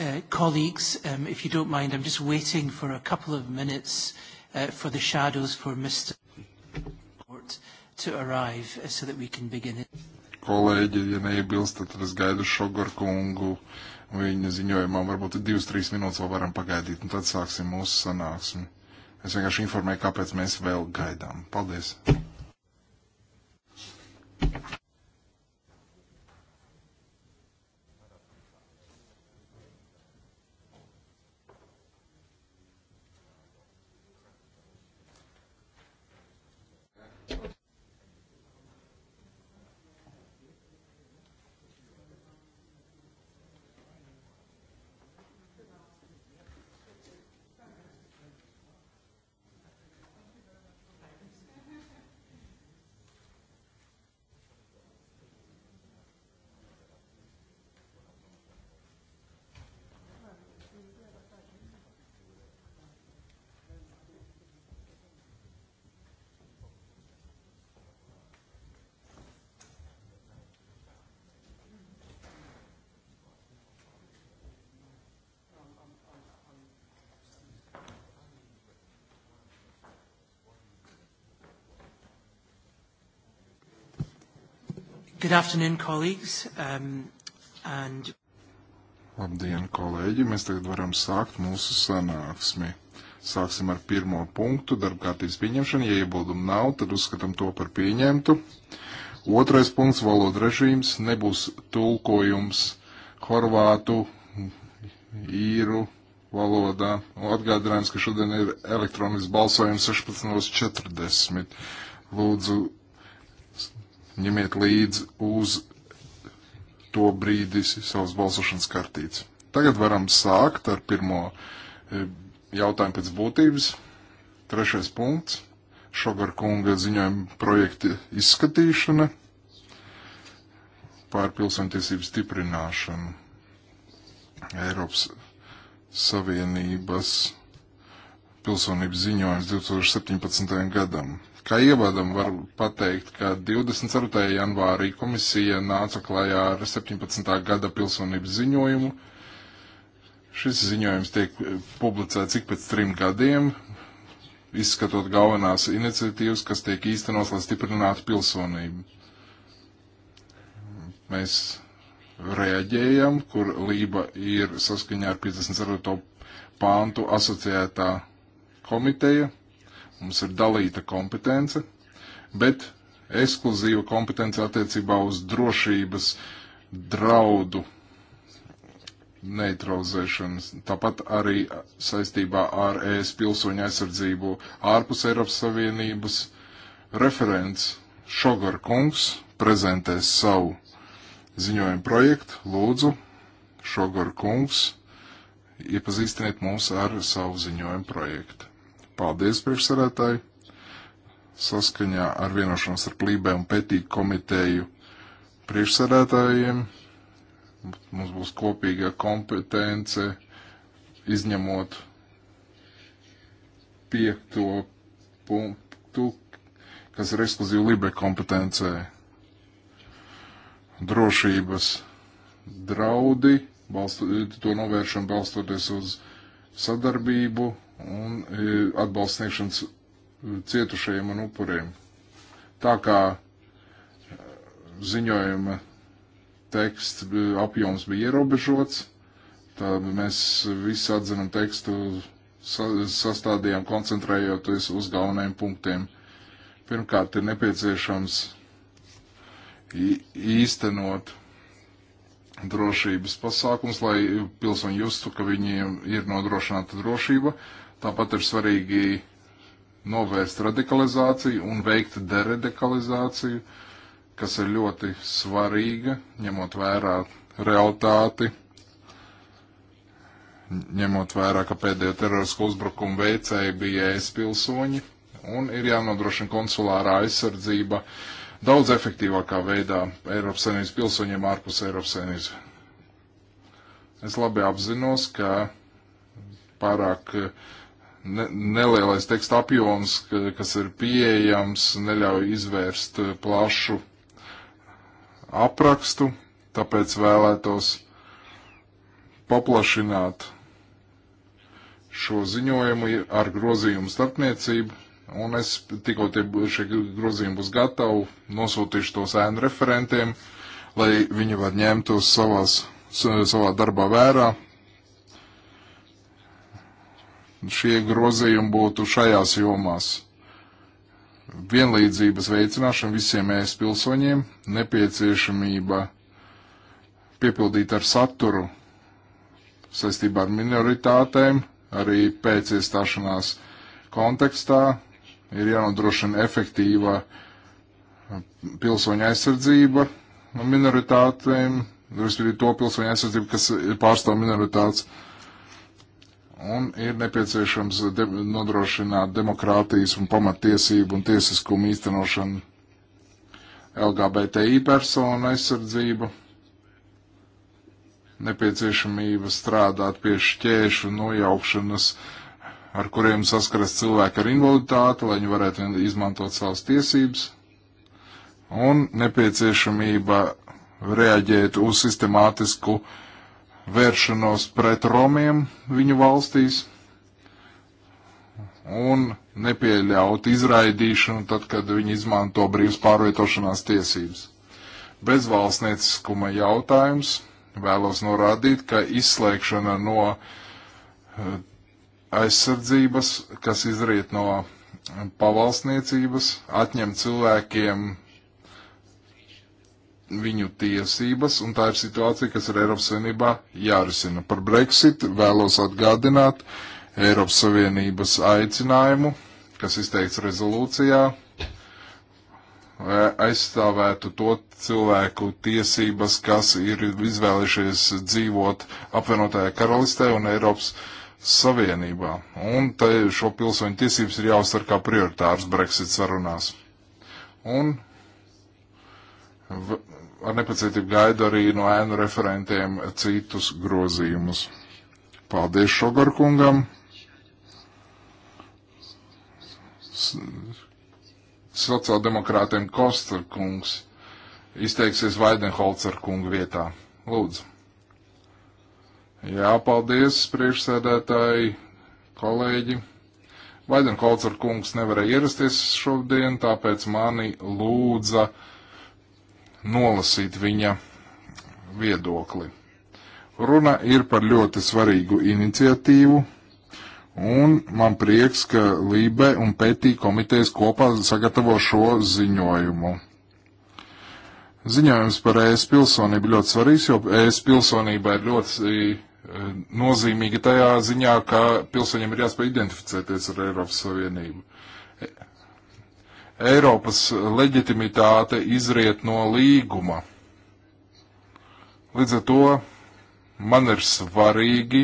Uh, colleagues, um, if you don't mind, I'm just waiting for a couple of minutes uh, for the shadows for Mr. Court to arrive uh, so that we can begin it. Kolēģi, ja neiebilstat, tad es gaidu Šogar kungu viņa ziņojumam. Varbūt divas, trīs minūtes vēl varam pagaidīt, un tad sāksim mūsu sanāksmi. Es vienkārši informēju, kāpēc mēs vēl gaidām. Paldies! Good afternoon, colleagues. Um, and... Labdien, kolēģi! Mēs tagad varam sākt mūsu sanāksmi. Sāksim ar pirmo punktu - darbkārtības pieņemšanu. Ja iebildumu nav, tad uzskatām to par pieņemtu. Otrais punkts - valoda režīms. Nebūs tulkojums horvātu, īru valodā. Atgādinājums, ka šodien ir elektronisks balsojums 16.40. Lūdzu, ņemiet līdzi uz to brīdi savas balsošanas kartītes. Tagad varam sākt ar pirmo e, jautājumu pēc būtības. Trešais punkts - Šogar kunga ziņojuma projekta izskatīšana pār pilsēmtiesību stiprināšanu Eiropas Savienības pilsonības ziņojums 2017. gadam. Kā ievadam var pateikt, ka 24. janvārī komisija nāca klajā ar 17. gada pilsonības ziņojumu. Šis ziņojums tiek publicēts ik pēc trim gadiem, izskatot galvenās iniciatīvas, kas tiek īstenos, lai stiprinātu pilsonību. Mēs reaģējam, kur Lība ir saskaņā ar 54. pāntu asociētā komiteja. Mums ir dalīta kompetence, bet ekskluzīva kompetence attiecībā uz drošības draudu neutralizēšanas. Tāpat arī saistībā ar ES pilsoņu aizsardzību ārpus Eiropas Savienības referents Šogar kungs prezentēs savu ziņojumu projektu. Lūdzu, Šogar kungs, iepazīstiniet mūs ar savu ziņojumu projektu. Paldies, priekšsarētāji! Saskaņā ar vienošanos ar plībē un petīt komiteju priekšsarētājiem mums būs kopīga kompetence izņemot piekto punktu, kas ir ekskluzīvi Libe kompetencē. Drošības draudi, balstu, to novēršam balstoties uz sadarbību un e, atbalsts sniegšanas e, cietušajiem un upuriem. Tā kā e, ziņojuma teksts apjoms bija ierobežots, tad mēs visu atzinam tekstu sastādījām koncentrējoties uz galvenajiem punktiem. Pirmkārt, ir nepieciešams īstenot drošības pasākums, lai pilsoņi justu, ka viņiem ir nodrošināta drošība. Tāpat ir svarīgi novērst radikalizāciju un veikt deradikalizāciju, kas ir ļoti svarīga, ņemot vērā realitāti, ņemot vērā, ka pēdējo terorisku uzbrukumu veicēji bija es pilsoņi, un ir jānodrošina konsulārā aizsardzība daudz efektīvākā veidā Eiropas Savienības pilsoņiem ārpus Eiropas Savienības. Es labi apzinos, ka pārāk uh, ne, nelielais teksta apjoms, kas ir pieejams, neļauj izvērst eh, plašu aprakstu, tāpēc vēlētos paplašināt šo ziņojumu ar grozījumu starpniecību, un es tikko tie šie grozījumi būs gatavi, nosūtīšu tos ēnu referentiem, lai viņi var ņemt tos savās, savā darbā vērā, šie grozījumi būtu šajās jomās. Vienlīdzības veicināšana visiem ēst pilsoņiem, nepieciešamība piepildīt ar saturu saistībā ar minoritātēm, arī pēc iestāšanās kontekstā ir jānodrošina efektīva pilsoņa aizsardzība no minoritātēm, respektīvi to pilsoņa aizsardzību, kas pārstāv minoritātes. Uh, un ir nepieciešams de nodrošināt demokrātijas un pamatiesību un tiesiskumu īstenošanu, LGBTI personu aizsardzību, nepieciešamība strādāt pie šķēršu nojaukšanas, ar kuriem saskaras cilvēki ar invaliditāti, lai viņi varētu izmantot savas tiesības, un nepieciešamība reaģēt uz sistemātisku uh, vēršanos pret romiem viņu valstīs un nepieļaut izraidīšanu tad, kad viņi izmanto brīvas pārvietošanās tiesības. Bezvalstnieciskuma jautājums vēlos norādīt, ka izslēgšana no eh, aizsardzības, kas izriet no pavalstniecības, atņem cilvēkiem viņu tiesības, un tā ir situācija, kas ir Eiropas Savienībā jārisina. Par Brexit vēlos atgādināt Eiropas Savienības aicinājumu, kas izteikts rezolūcijā, aizstāvētu to cilvēku tiesības, kas ir izvēlējušies dzīvot apvienotajā karalistē un Eiropas Savienībā. Un te šo pilsoņu tiesības ir jāuztver kā prioritārs Brexit sarunās. Un ar nepacietību gaidu arī no ēnu referentiem citus grozījumus. Paldies Šogarkungam. Sociāldemokrātiem Koster kungs izteiksies Vaidenholzer kunga vietā. Lūdzu. Jā, paldies, priekšsēdētāji, kolēģi. Vaidenholzer kungs nevarēja ierasties šodien, tāpēc mani lūdza uh, nolasīt viņa viedokli. Runa ir par ļoti svarīgu iniciatīvu, un man prieks, ka Lībe un Pētī komitejas kopā sagatavo šo ziņojumu. Ziņojums par ES pilsonību ļoti svarīgs, jo ES pilsonība ir ļoti e, nozīmīga tajā ziņā, ka pilsoņiem ir jāspēj identificēties ar Eiropas Savienību. Eiropas leģitimitāte izriet no līguma. Līdz ar to man ir svarīgi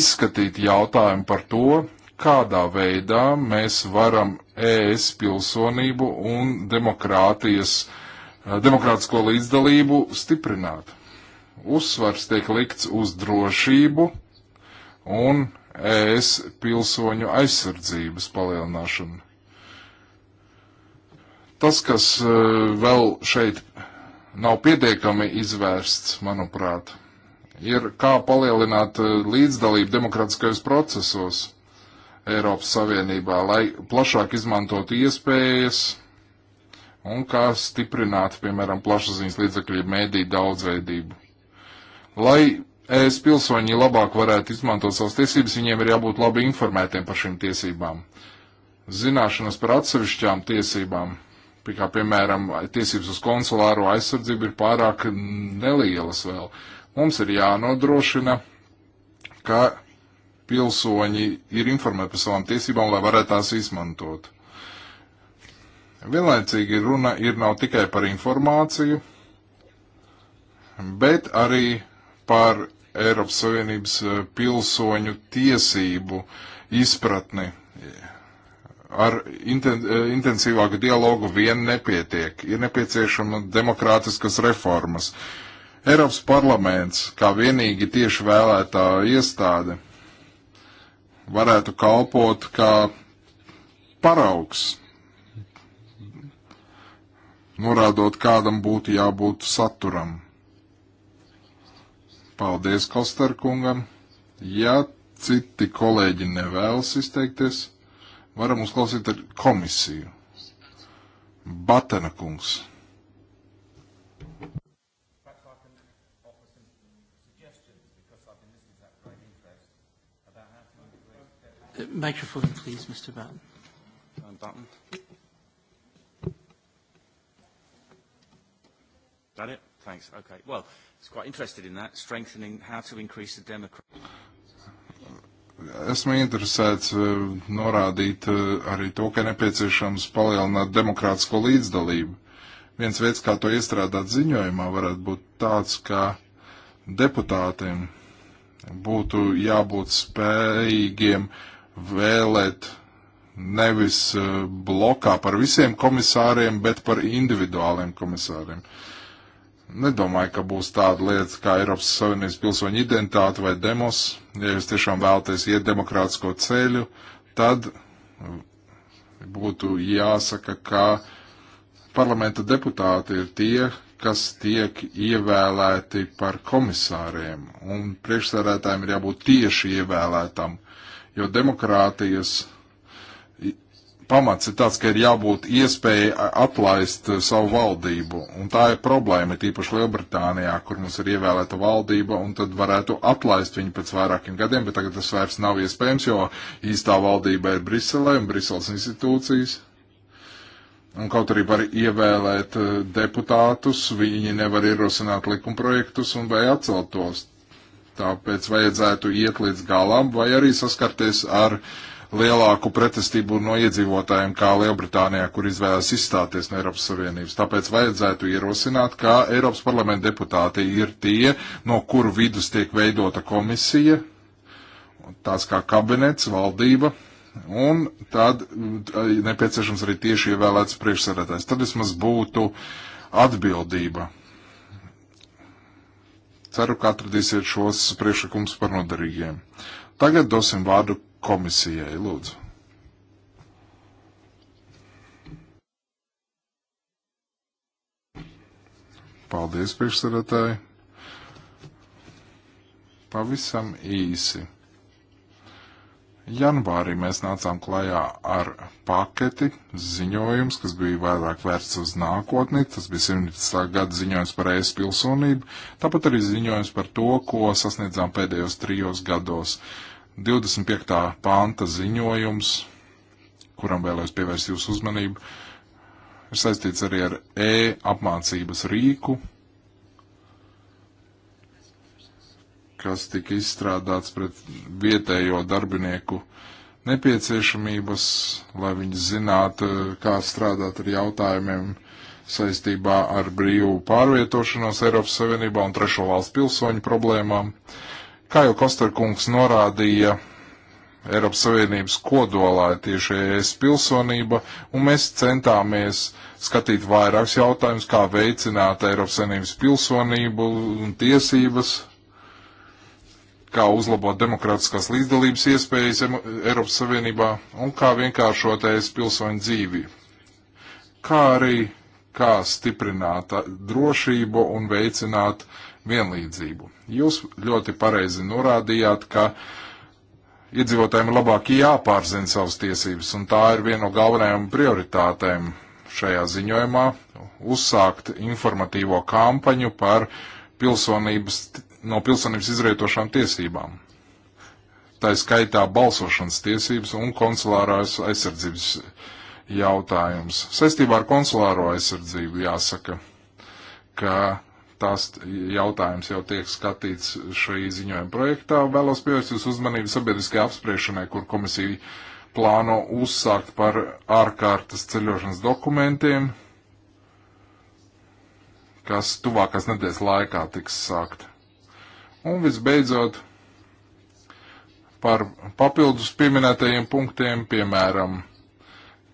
izskatīt jautājumu par to, kādā veidā mēs varam ES pilsonību un demokrātijas, eh, demokrātisko līdzdalību stiprināt. Uzsvars tiek likts uz drošību un ES pilsoņu aizsardzības palielināšanu. Tas, kas e, vēl šeit nav pietiekami izvērsts, manuprāt, ir kā palielināt e, līdzdalību demokratiskajos procesos Eiropas Savienībā, lai plašāk izmantotu iespējas un kā stiprināt, piemēram, plašsaziņas līdzekļu mēdīju daudzveidību. Lai es pilsoņi labāk varētu izmantot savas tiesības, viņiem ir jābūt labi informētiem par šīm tiesībām. Zināšanas par atsevišķām tiesībām pie kā piemēram tiesības uz konsulāro aizsardzību ir pārāk nelielas vēl. Mums ir jānodrošina, ka pilsoņi ir informēti par savām tiesībām, lai varētu tās izmantot. Vienlaicīgi runa ir nav tikai par informāciju, bet arī par Eiropas Savienības pilsoņu tiesību izpratni ar inten, eh, intensīvāku dialogu vien nepietiek. Ir nepieciešama demokrātiskas reformas. Eiropas parlaments, kā vienīgi tieši vēlētā iestāde, varētu kalpot kā paraugs, norādot, kādam būtu jābūt saturam. Paldies Kosterkungam. Ja citi kolēģi nevēlas izteikties. Varam uzklausīt ar komisiju. Batena kungs. Microphone, please, Mr. Batten. Batten. That it? Thanks. Okay. Well, it's quite interested in that, strengthening how to increase the democracy. Esmu interesēts eh, norādīt eh, arī to, ka nepieciešams palielināt demokrātisko līdzdalību. Viens veids, kā to iestrādāt ziņojumā, varētu būt tāds, ka deputātiem būtu jābūt spējīgiem vēlēt nevis eh, blokā par visiem komisāriem, bet par individuāliem komisāriem. Uh, nedomāju, ka būs tāda lieta kā Eiropas Savienības pilsoņu identitāte vai demos. Ja jūs tiešām vēlaties iet demokrātisko ceļu, tad būtu jāsaka, ka parlamenta deputāti ir tie, kas tiek ievēlēti par komisāriem, un priekšsēdētājiem ir jābūt tieši ievēlētam, jo demokrātijas pamats ir tāds, ka ir jābūt iespēja atlaist eh, savu valdību. Un tā ir problēma, tīpaši Lielbritānijā, kur mums ir ievēlēta valdība, un tad varētu atlaist viņu pēc vairākiem gadiem, bet tagad tas vairs nav iespējams, jo īstā valdība ir Briselē un Briseles institūcijas. Un kaut arī var ievēlēt eh, deputātus, viņi nevar ierosināt likumprojektus un vai atcelt tos. Tāpēc vajadzētu iet līdz galam vai arī saskarties ar uh, lielāku pretestību no iedzīvotājiem kā Lielbritānijā, kur izvēlas izstāties no Eiropas Savienības. Tāpēc vajadzētu ierosināt, kā Eiropas parlamenta deputāti ir tie, no kuru vidus tiek veidota komisija, tās kā kabinets, valdība. Un tad eh, nepieciešams arī tieši ievēlēts priekšsēdētājs. Tad vismaz būtu atbildība ceru, ka atradīsiet šos priekšlikumus par noderīgiem. Tagad dosim vārdu komisijai. Lūdzu. Paldies, priekšsarētāji. Pavisam īsi. Janvārī mēs nācām klajā ar paketi ziņojums, kas bija vairāk vērsts uz nākotni. Tas bija 17. gada ziņojums par ES pilsonību, tāpat arī ziņojums par to, ko sasniedzām pēdējos trijos gados. 25. panta ziņojums, kuram vēlēs pievērst jūsu uzmanību, ir saistīts arī ar e-apmācības rīku, kas tika izstrādāts pret vietējo darbinieku nepieciešamības, lai viņi zinātu, kā strādāt ar jautājumiem saistībā ar brīvu pārvietošanos Eiropas Savienībā un trešo valstu pilsoņu problēmām. Uh, Kā jau Kostarkungs norādīja, Eiropas Savienības kodolā ir tieši ES pilsonība, un mēs centāmies skatīt vairākus jautājumus, kā veicināt Eiropas Savienības pilsonību un tiesības, kā uzlabot demokrātiskās līdzdalības iespējas Eiropas Savienībā un kā vienkāršot ES pilsoņu dzīvi. Kā arī kā stiprināt drošību un veicināt uh, vienlīdzību. Jūs ļoti pareizi norādījāt, ka iedzīvotājiem ir labāk jāpārzina savas tiesības, un tā ir viena no galvenajām prioritātēm šajā ziņojumā - uzsākt informatīvo kampaņu par pilsonības, no pilsonības izrietošām tiesībām. Tā skaitā balsošanas tiesības un konsulārās aizsardzības jautājums. Sestībā ar konsulāro aizsardzību jāsaka, ka tās jautājums jau tiek skatīts šī ziņojuma projektā. Vēlos pievērst jūsu uzmanību sabiedriskajai apspriešanai, kur komisija plāno uzsākt par ārkārtas ceļošanas dokumentiem, kas tuvākās nedēļas laikā tiks sākt. Un visbeidzot, par papildus pieminētajiem punktiem, piemēram,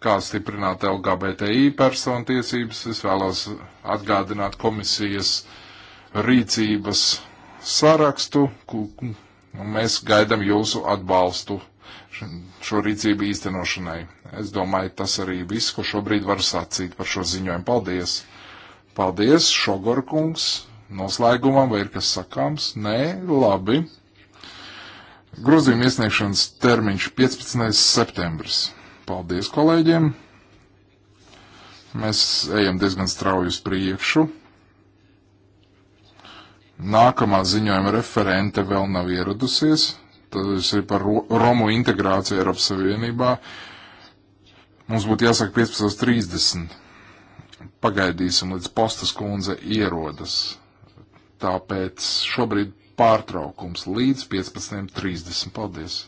kā stiprināt LGBTI personu tiesības. Es vēlos atgādināt komisijas rīcības sarakstu, un mēs gaidam jūsu atbalstu šo rīcību īstenošanai. Es domāju, tas arī viss, ko šobrīd varu sacīt par šo ziņojumu. Paldies! Paldies, Šogorkungs! Noslēgumam vai ir kas sakāms? Nē, labi. Grozījuma iesniegšanas termiņš 15. septembris. Paldies kolēģiem. Mēs ejam diezgan strauji uz priekšu. Nākamā ziņojuma referente vēl nav ieradusies. Tas ir par Romu integrāciju Eiropas Savienībā. Mums būtu jāsaka 15.30. Pagaidīsim, līdz postas kundze ierodas. Tāpēc šobrīd pārtraukums līdz 15.30. Paldies!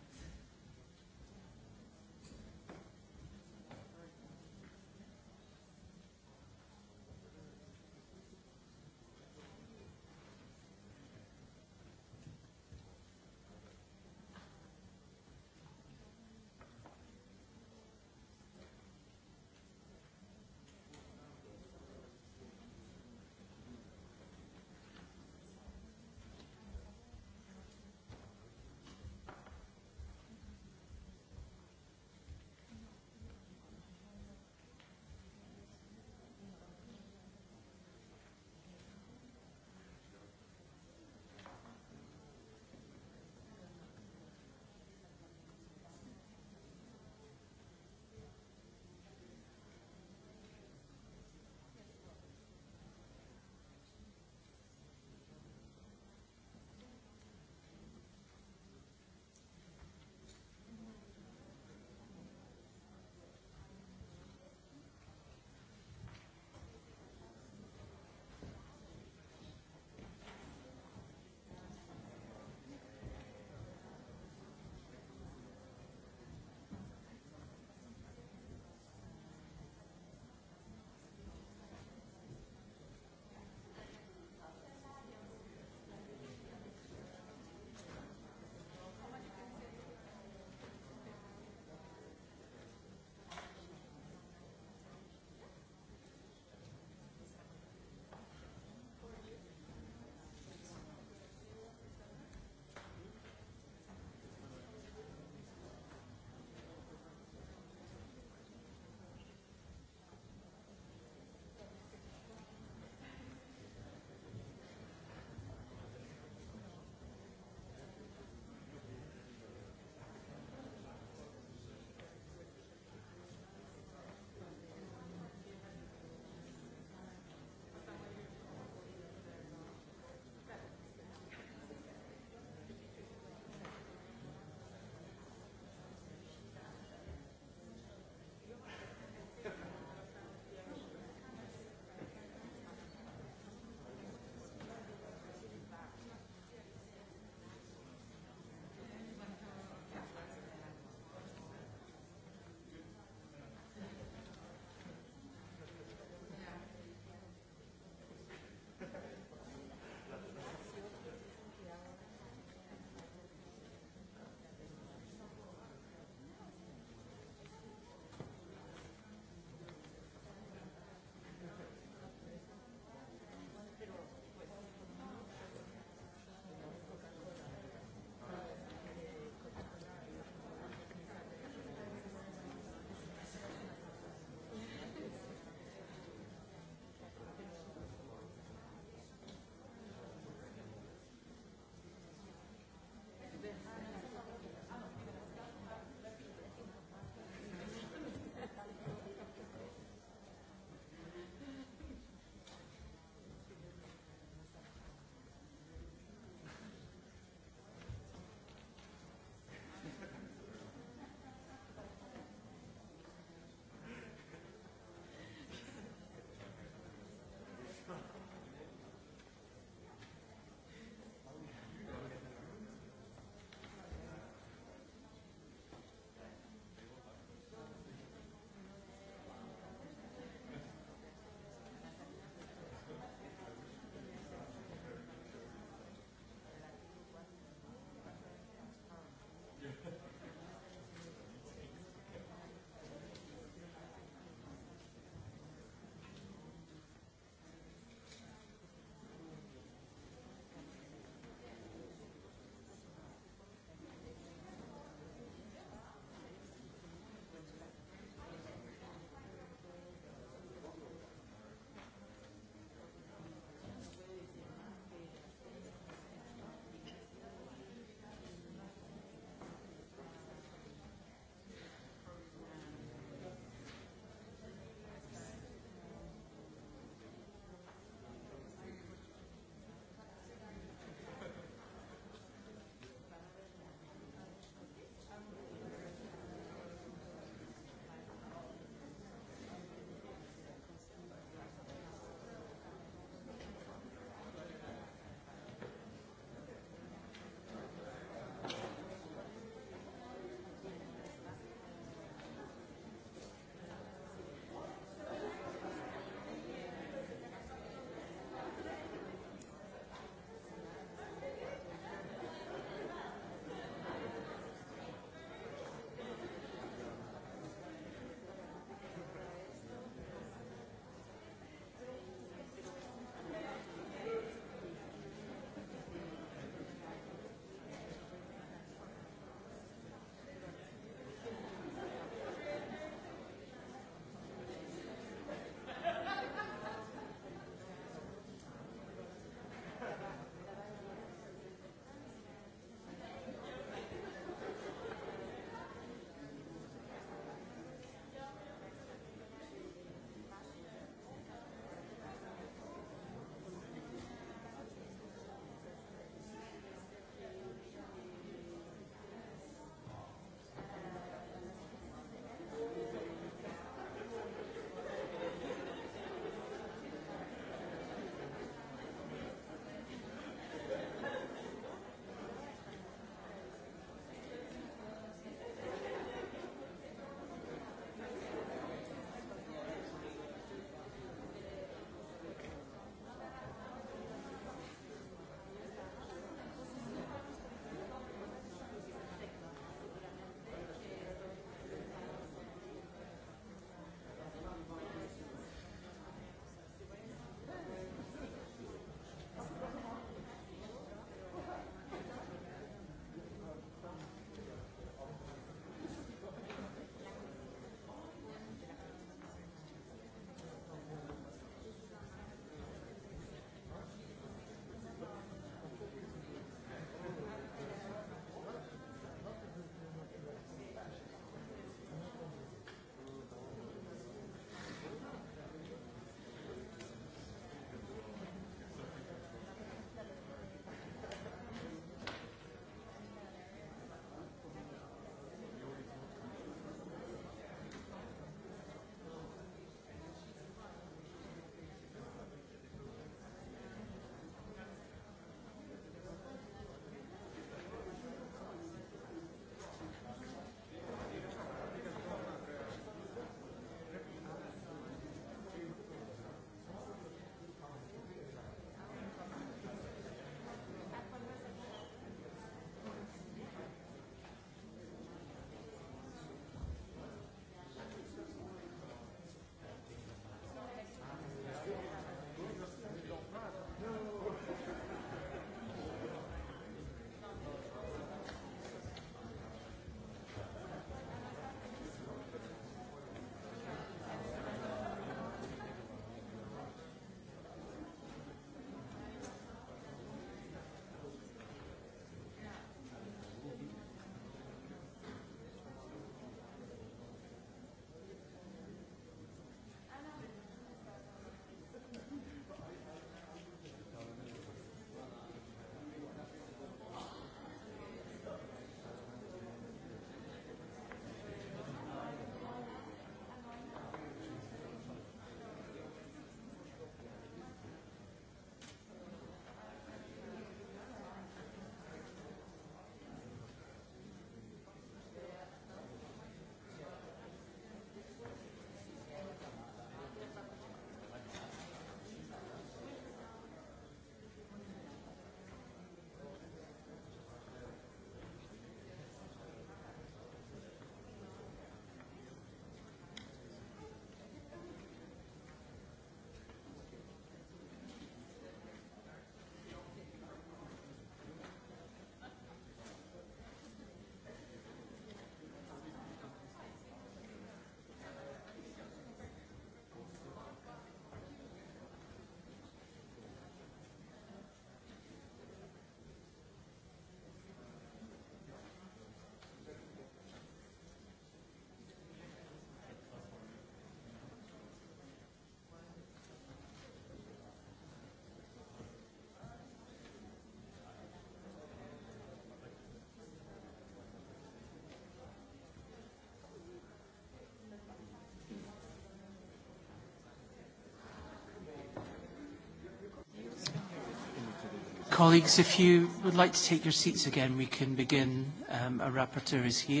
Colleagues, if you would like to take your seats again, we can begin. Um, our rapporteur is here.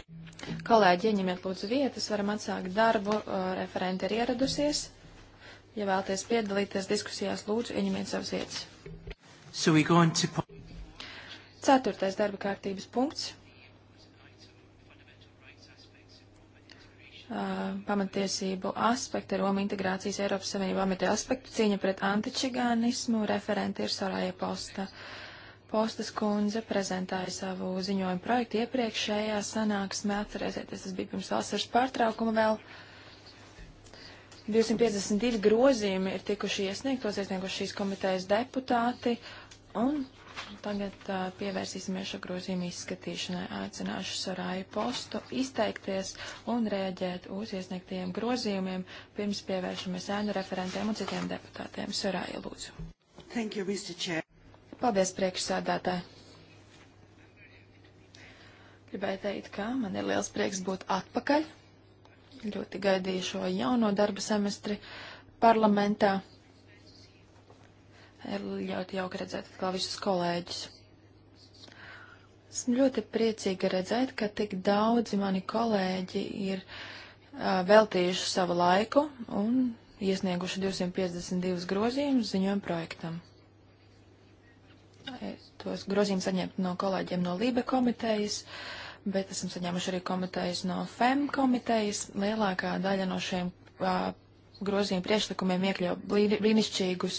Kolēģi, ieņemiet lūdzu vietas, varam atsākt darbu, uh, referenti ir ieradusies. Ja vēlaties piedalīties diskusijās, lūdzu, ieņemiet savas vietas. So to... Ceturtais darba kārtības punkts pamatiesību aspekti Roma integrācijas Eiropas Savienībā, bet aspektu cīņa pret antičigānismu referenti ir Sorāja Posta. Postas kundze prezentēja savu ziņojumu projektu iepriekšējā sanāksmē, atcerēsieties, tas bija pirms vasaras pārtraukuma vēl. 252 grozījumi ir tikuši iesniegtos, iesnieguši šīs komitejas deputāti, un Tagad uh, pievērsīsimies šo grozījumu izskatīšanai. Aicināšu Sorāju postu izteikties un rēģēt uz iesniegtajiem grozījumiem, pirms pievēršamies ēnu referentiem un citiem deputātiem. Sorāja, lūdzu. Thank you, Mr. Chair. Paldies, priekšsādātāji. Gribēju teikt, ka man ir liels prieks būt atpakaļ. Ļoti gaidīju šo jauno darba semestri parlamentā. Ir ļoti jauki redzēt atkal visus kolēģus. Esmu ļoti priecīga redzēt, ka tik daudzi mani kolēģi ir uh, veltījuši savu laiku un iesnieguši 252 grozījumus ziņojumu projektam. E, tos grozījumus saņemt no kolēģiem no Lībe komitejas, bet esam saņēmuši arī komitejas no FEM komitejas. Lielākā daļa no šiem uh, grozījuma priekšlikumiem iekļaut brīnišķīgus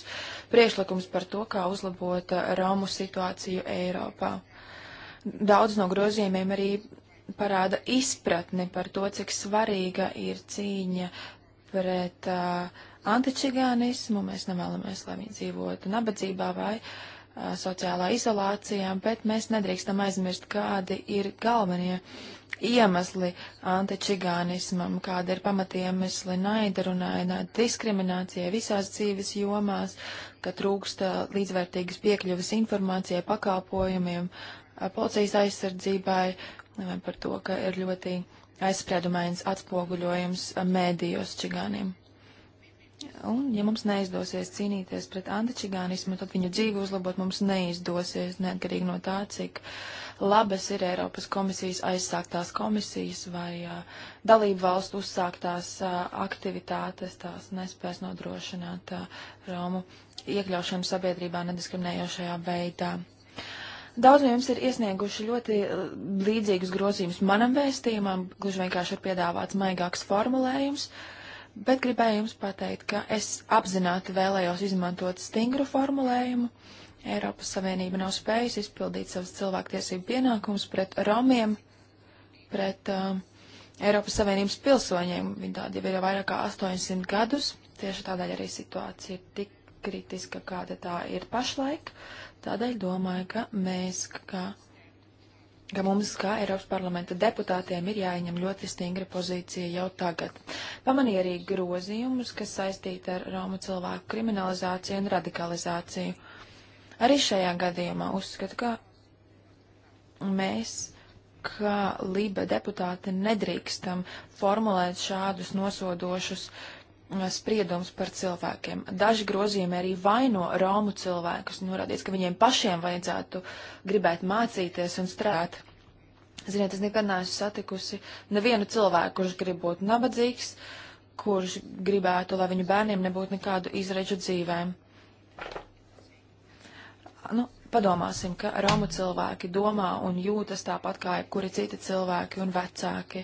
priekšlikumus par to, kā uzlabot uh, Romu situāciju Eiropā. Daudz no grozījumiem arī parāda izpratni par to, cik svarīga ir cīņa pret uh, antičigānismu. Mēs nevēlamies, lai viņi dzīvotu nabadzībā vai uh, sociālā izolācijā, bet mēs nedrīkstam aizmirst, kādi ir galvenie iemesli antičigānismam, kāda ir pamatiemesli naidarunai, naida diskriminācijai visās dzīves jomās, ka trūksta līdzvērtīgas piekļuvas informācijai, pakalpojumiem, policijas aizsardzībai, par to, ka ir ļoti aizspriedumains atspoguļojums mēdījos čigāniem. Un, ja mums neizdosies cīnīties pret antičigānismu, tad viņu dzīvi uzlabot mums neizdosies, neatkarīgi no tā, cik labas ir Eiropas komisijas aizsāktās komisijas vai uh, dalību valstu uzsāktās uh, aktivitātes, tās nespēs nodrošināt uh, Romu iekļaušanu sabiedrībā nediskriminējošajā veidā. Daudz no jums ir iesnieguši ļoti līdzīgus grozījumus manam vēstījumam, gluži vienkārši ir piedāvāts maigāks formulējums, bet gribēju jums pateikt, ka es apzināti vēlējos izmantot stingru formulējumu. Uh, Eiropas Savienība nav spējusi izpildīt savus cilvēktiesību pienākumus pret romiem, pret uh, Eiropas Savienības pilsoņiem. Viņi tādi jau ir vairāk kā 800 gadus. Tieši tādēļ arī situācija ir tik kritiska, kāda tā ir pašlaik. Tādēļ domāju, ka mēs, kā, ka mums, kā Eiropas parlamenta deputātiem, ir jāieņem ļoti stingra pozīcija jau tagad. Pamanīju arī grozījumus, kas saistīti ar Romu cilvēku kriminalizāciju un radikalizāciju. Arī šajā gadījumā uzskatu, ka mēs, kā Lība deputāti, nedrīkstam formulēt šādus nosodošus eh, spriedums par cilvēkiem. Daži grozījumi arī vaino Romu cilvēkus, norādīts, nu, ka viņiem pašiem vajadzētu gribēt mācīties un strādāt. Ziniet, es nekad neesmu satikusi nevienu cilvēku, kurš grib būt nabadzīgs, kurš gribētu, lai viņu bērniem nebūtu nekādu izreģu dzīvēm nu, padomāsim, ka Romu cilvēki domā un jūtas tāpat kā jebkuri citi cilvēki un vecāki.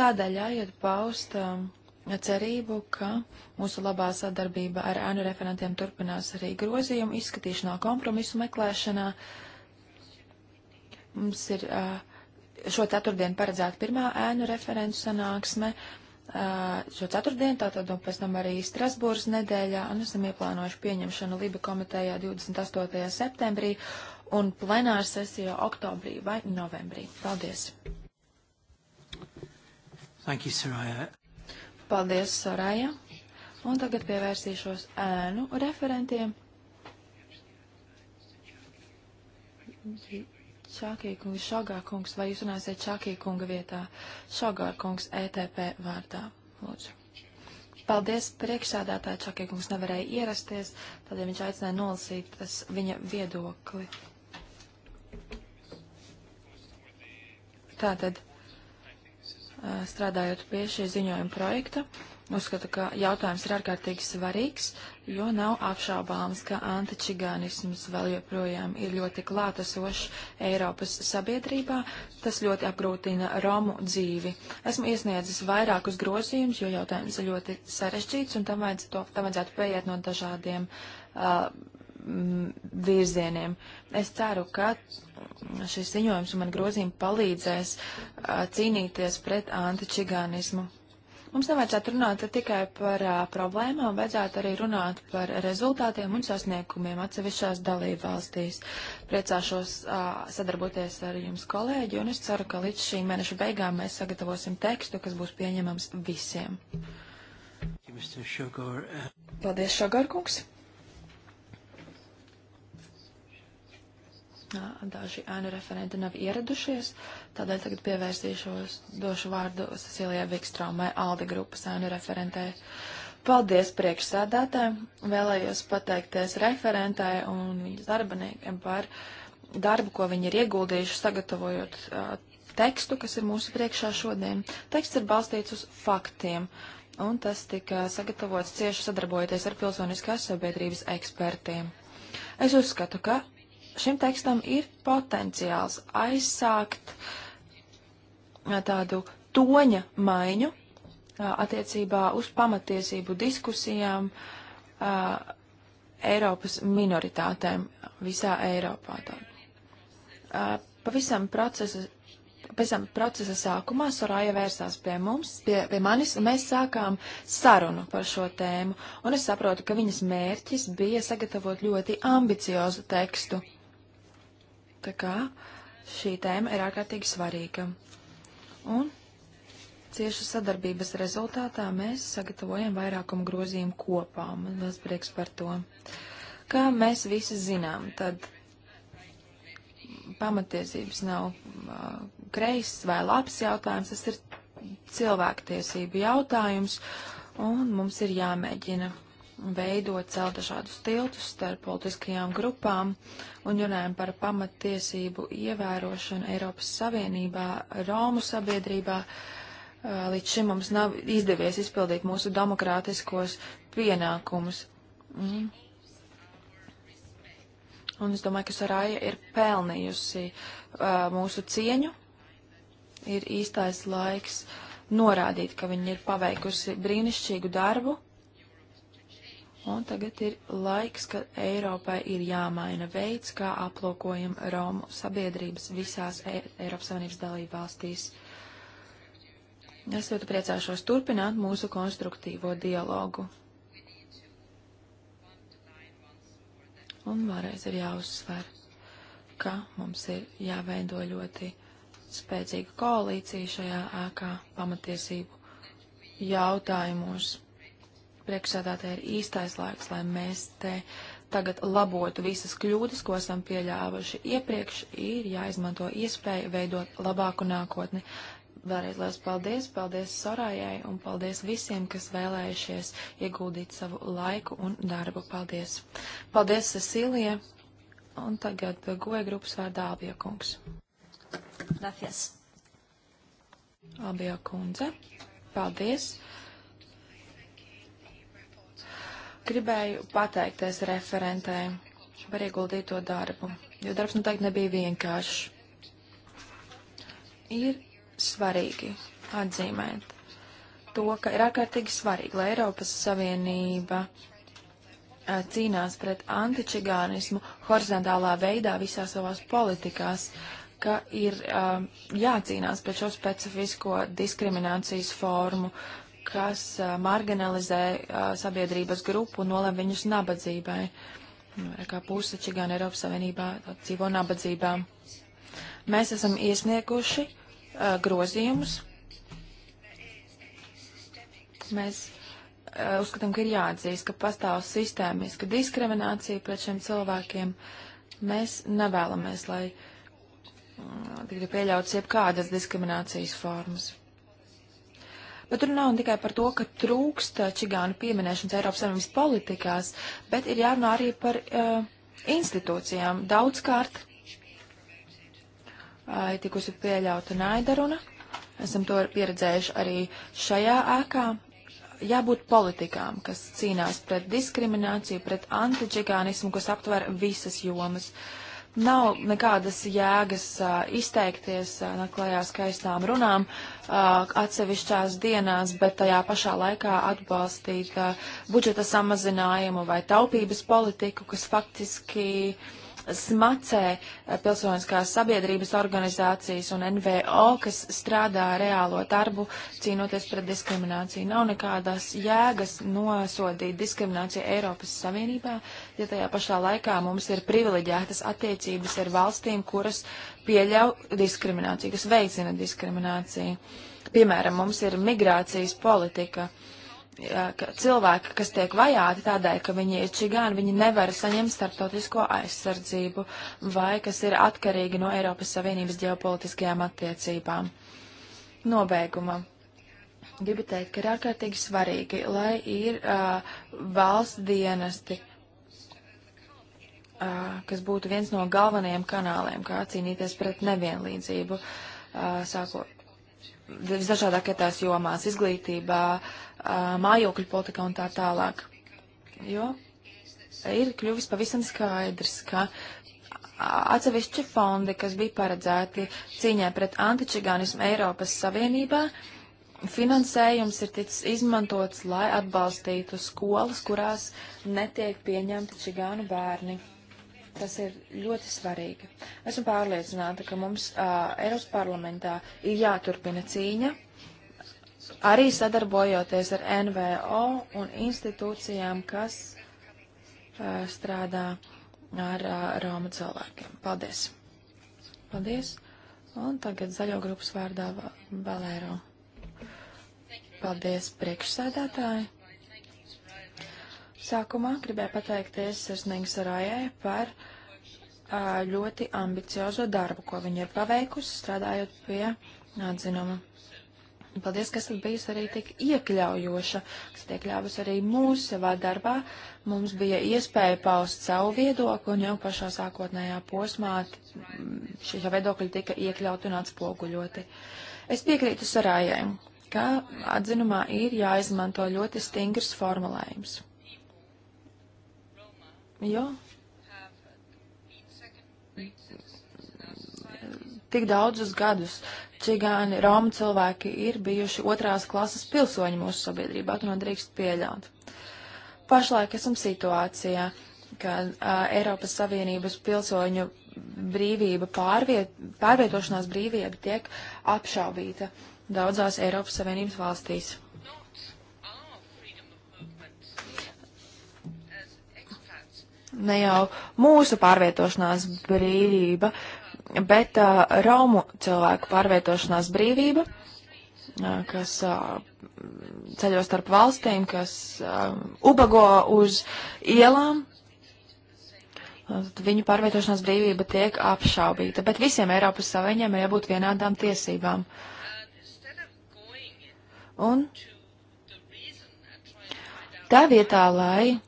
Tādēļ jāiet paust um, cerību, ka mūsu labā sadarbība ar ANU referentiem turpinās arī grozījumu izskatīšanā, kompromisu meklēšanā. Mums ir uh, šo ceturtdienu paredzēta pirmā ēnu referentu sanāksme. Uh, šo ceturtdienu, tātad un pēc tam arī Strasbūras nedēļā, un esam ieplānojuši pieņemšanu Liba komitejā 28. septembrī un plenāra sesijā oktobrī vai novembrī. Paldies! Thank you, Soraya. Paldies, Soraya. Un tagad pievērsīšos ēnu referentiem. Šākīkungs, Šogārkungs, vai jūs runāsiet Šākīkunga vietā? Šogārkungs ETP vārdā, lūdzu. Paldies, priekšsādātāja Čakiekungs nevarēja ierasties, tādēļ ja viņš aicināja nolasīt tas viņa viedokli. Tātad, strādājot pie šī ziņojuma projekta, Uzskatu, ka jautājums ir ārkārtīgi svarīgs, jo nav apšaubāms, ka antičigānisms vēl joprojām ir ļoti klātesošs Eiropas sabiedrībā. Tas ļoti apgrūtina Romu dzīvi. Esmu iesniedzis vairākus grozījumus, jo jautājums ir ļoti sarežģīts, un tam, vajadz, to, tam vajadzētu paiet no dažādiem uh, virzieniem. Es ceru, ka šis ziņojums un man grozījumi palīdzēs uh, cīnīties pret antičigānismu Mums nevajadzētu runāt tikai par uh, problēmām, vajadzētu arī runāt par rezultātiem un sasniegumiem atsevišķās dalībvalstīs. Priecāšos uh, sadarboties ar jums, kolēģi, un es ceru, ka līdz šī mēneša beigām mēs sagatavosim tekstu, kas būs pieņemams visiem. Paldies, Šogar kungs! Daži ēnu referenti nav ieradušies, tādēļ tagad pievērsīšos, došu vārdu Cecilijai Vikstraumai, Aldi grupas ēnu referentē. Paldies priekšsēdētājiem, vēlējos pateikties referentai un viņas darbiniekiem par darbu, ko viņi ir ieguldījuši, sagatavojot uh, tekstu, kas ir mūsu priekšā šodien. Teksts ir balstīts uz faktiem, un tas tika sagatavots cieši sadarbojoties ar pilsoniskās sabiedrības ekspertiem. Es uzskatu, ka šim tekstam ir potenciāls aizsākt tādu toņa maiņu attiecībā uz pamatiesību diskusijām Eiropas minoritātēm visā Eiropā. Pavisam procesa, pavisam procesa sākumā Sorāja vērsās pie mums, pie, pie manis, un mēs sākām sarunu par šo tēmu, un es saprotu, ka viņas mērķis bija sagatavot ļoti ambiciozu tekstu. Uh, Tā kā šī tēma ir ārkārtīgi svarīga. Un cieša sadarbības rezultātā mēs sagatavojam vairākumu grozījumu kopā. Man liels prieks par to. Kā mēs visi zinām, tad pamatiesības nav uh, kreiss vai labs jautājums, tas ir cilvēktiesību jautājums, un mums ir jāmēģina veidot, celt dažādus tiltus starp politiskajām grupām un runājam par pamatiesību ievērošanu Eiropas Savienībā, Romu sabiedrībā. Uh, līdz šim mums nav izdevies izpildīt mūsu demokrātiskos pienākumus. Mm. Un es domāju, ka Saraja ir pelnījusi uh, mūsu cieņu. Ir īstais laiks norādīt, ka viņa ir paveikusi brīnišķīgu darbu Un tagad ir laiks, ka Eiropai ir jāmaina veids, kā aplokojam Romu sabiedrības visās e Eiropas Savienības dalību valstīs. Es ļoti priecāšos turpināt mūsu konstruktīvo dialogu. Un vēlreiz ir jāuzsver, ka mums ir jāveido ļoti spēcīga koalīcija šajā ēkā pamatiesību jautājumos priekšsēdētāji ir īstais laiks, lai mēs te tagad labotu visas kļūdas, ko esam pieļāvuši iepriekš, ir jāizmanto iespēja veidot labāku nākotni. Vēlreiz liels paldies, paldies Sorājai un paldies visiem, kas vēlējušies ieguldīt savu laiku un darbu. Paldies! Paldies, Cecilija! Un tagad goja grupas vārdā Albija kungs. Gracias. Albija kundze, paldies! Gribēju pateikties referentē par ieguldīto darbu, jo darbs noteikti nebija vienkāršs. Ir svarīgi atzīmēt to, ka ir ārkārtīgi svarīgi, lai Eiropas Savienība eh, cīnās pret antičigānismu horizontālā veidā visā savās politikās, ka ir um, jācīnās pret šo specifisko diskriminācijas formu, kas uh, marginalizē uh, sabiedrības grupu un nolem viņus nabadzībai. Nu, kā puse čigāna Eiropas Savienībā dzīvo nabadzībā. Mēs esam iesnieguši uh, grozījumus. Mēs uzskatām, ka ir jāatzīst, ka pastāv sistēmiska diskriminācija pret šiem cilvēkiem. Mēs nevēlamies, lai tiktu pieļauts jebkādas diskriminācijas formas. Bet runa nav tikai par to, ka trūkst eh, čigānu pieminēšanas Eiropas Savienības politikās, bet ir jārunā arī par uh, institūcijām. Daudzkārt uh, tikusi pieļauta naidaruna, esam to pieredzējuši arī šajā ēkā. Jābūt politikām, kas cīnās pret diskrimināciju, pret antičigānismu, kas aptver visas jomas. Uh, Nav nekādas jēgas uh, izteikties, uh, naklajā skaistām runām uh, atsevišķās dienās, bet tajā pašā laikā atbalstīt budžeta samazinājumu vai taupības politiku, kas faktiski uh, smacē eh, pilsoniskās sabiedrības organizācijas un NVO, kas strādā reālo darbu cīnoties pret diskrimināciju. Nav nekādas jēgas nosodīt diskrimināciju Eiropas Savienībā, ja tajā pašā laikā mums ir privileģētas attiecības ar valstīm, kuras pieļauj diskrimināciju, kas veicina diskrimināciju. Piemēram, mums ir migrācijas politika. Uh, ka cilvēki, kas tiek vajāti tādēļ, ka viņi ir čigāni, viņi nevar saņemt starptautisko aizsardzību vai kas ir atkarīgi no Eiropas Savienības ģeopolitiskajām attiecībām. Nobeigumā. Gribu teikt, ka ir ārkārtīgi svarīgi, lai ir uh, valsts dienesti, uh, kas būtu viens no galvenajiem kanāliem, kā cīnīties pret nevienlīdzību, uh, sākot visdažādākajās tās jomās - izglītībā, mājokļu politikā un tā tālāk. Jo ir kļuvis pavisam skaidrs, ka atsevišķi fondi, kas bija paredzēti cīņai pret antičigānismu Eiropas Savienībā, finansējums ir ticis izmantots, lai atbalstītu skolas, kurās netiek pieņemti čigānu bērni. Tas ir ļoti svarīgi. Esmu pārliecināta, ka mums uh, Eiropas parlamentā ir jāturpina cīņa, arī sadarbojoties ar NVO un institūcijām, kas uh, strādā ar uh, Roma cilvēkiem. Paldies! Paldies! Un tagad zaļo grupas vārdā Valēro. Paldies, priekšsēdētāji! Sākumā gribēju pateikties Sirsnīgi Sarājai par ļoti ambiciozo darbu, ko viņa ir paveikusi, strādājot pie atzinuma. Paldies, ka esat bijusi arī tik iekļaujoša, kas tiek ļāvis arī mūsu savā darbā. Mums bija iespēja paust savu viedokli, un jau pašā sākotnējā posmā šie viedokļi tika iekļauti un atspoguļoti. Es piekrītu sarājai, ka atzinumā ir jāizmanto ļoti stingrs formulējums jo tik daudzus gadus čigāni, romu cilvēki ir bijuši otrās klases pilsoņi mūsu sabiedrībā, to nedrīkst pieļaut. Pašlaik esam situācijā, ka a, Eiropas Savienības pilsoņu brīvība, pārviet, pārvietošanās brīvība tiek apšaubīta daudzās Eiropas Savienības valstīs. ne jau mūsu pārvietošanās brīvība, bet uh, Romu cilvēku pārvietošanās brīvība, uh, kas uh, ceļo starp valstīm, kas uh, ubago uz ielām. Uh, viņu pārvietošanās brīvība tiek apšaubīta, bet visiem Eiropas Savieniem ir jābūt vienādām tiesībām. Un tā vietā, lai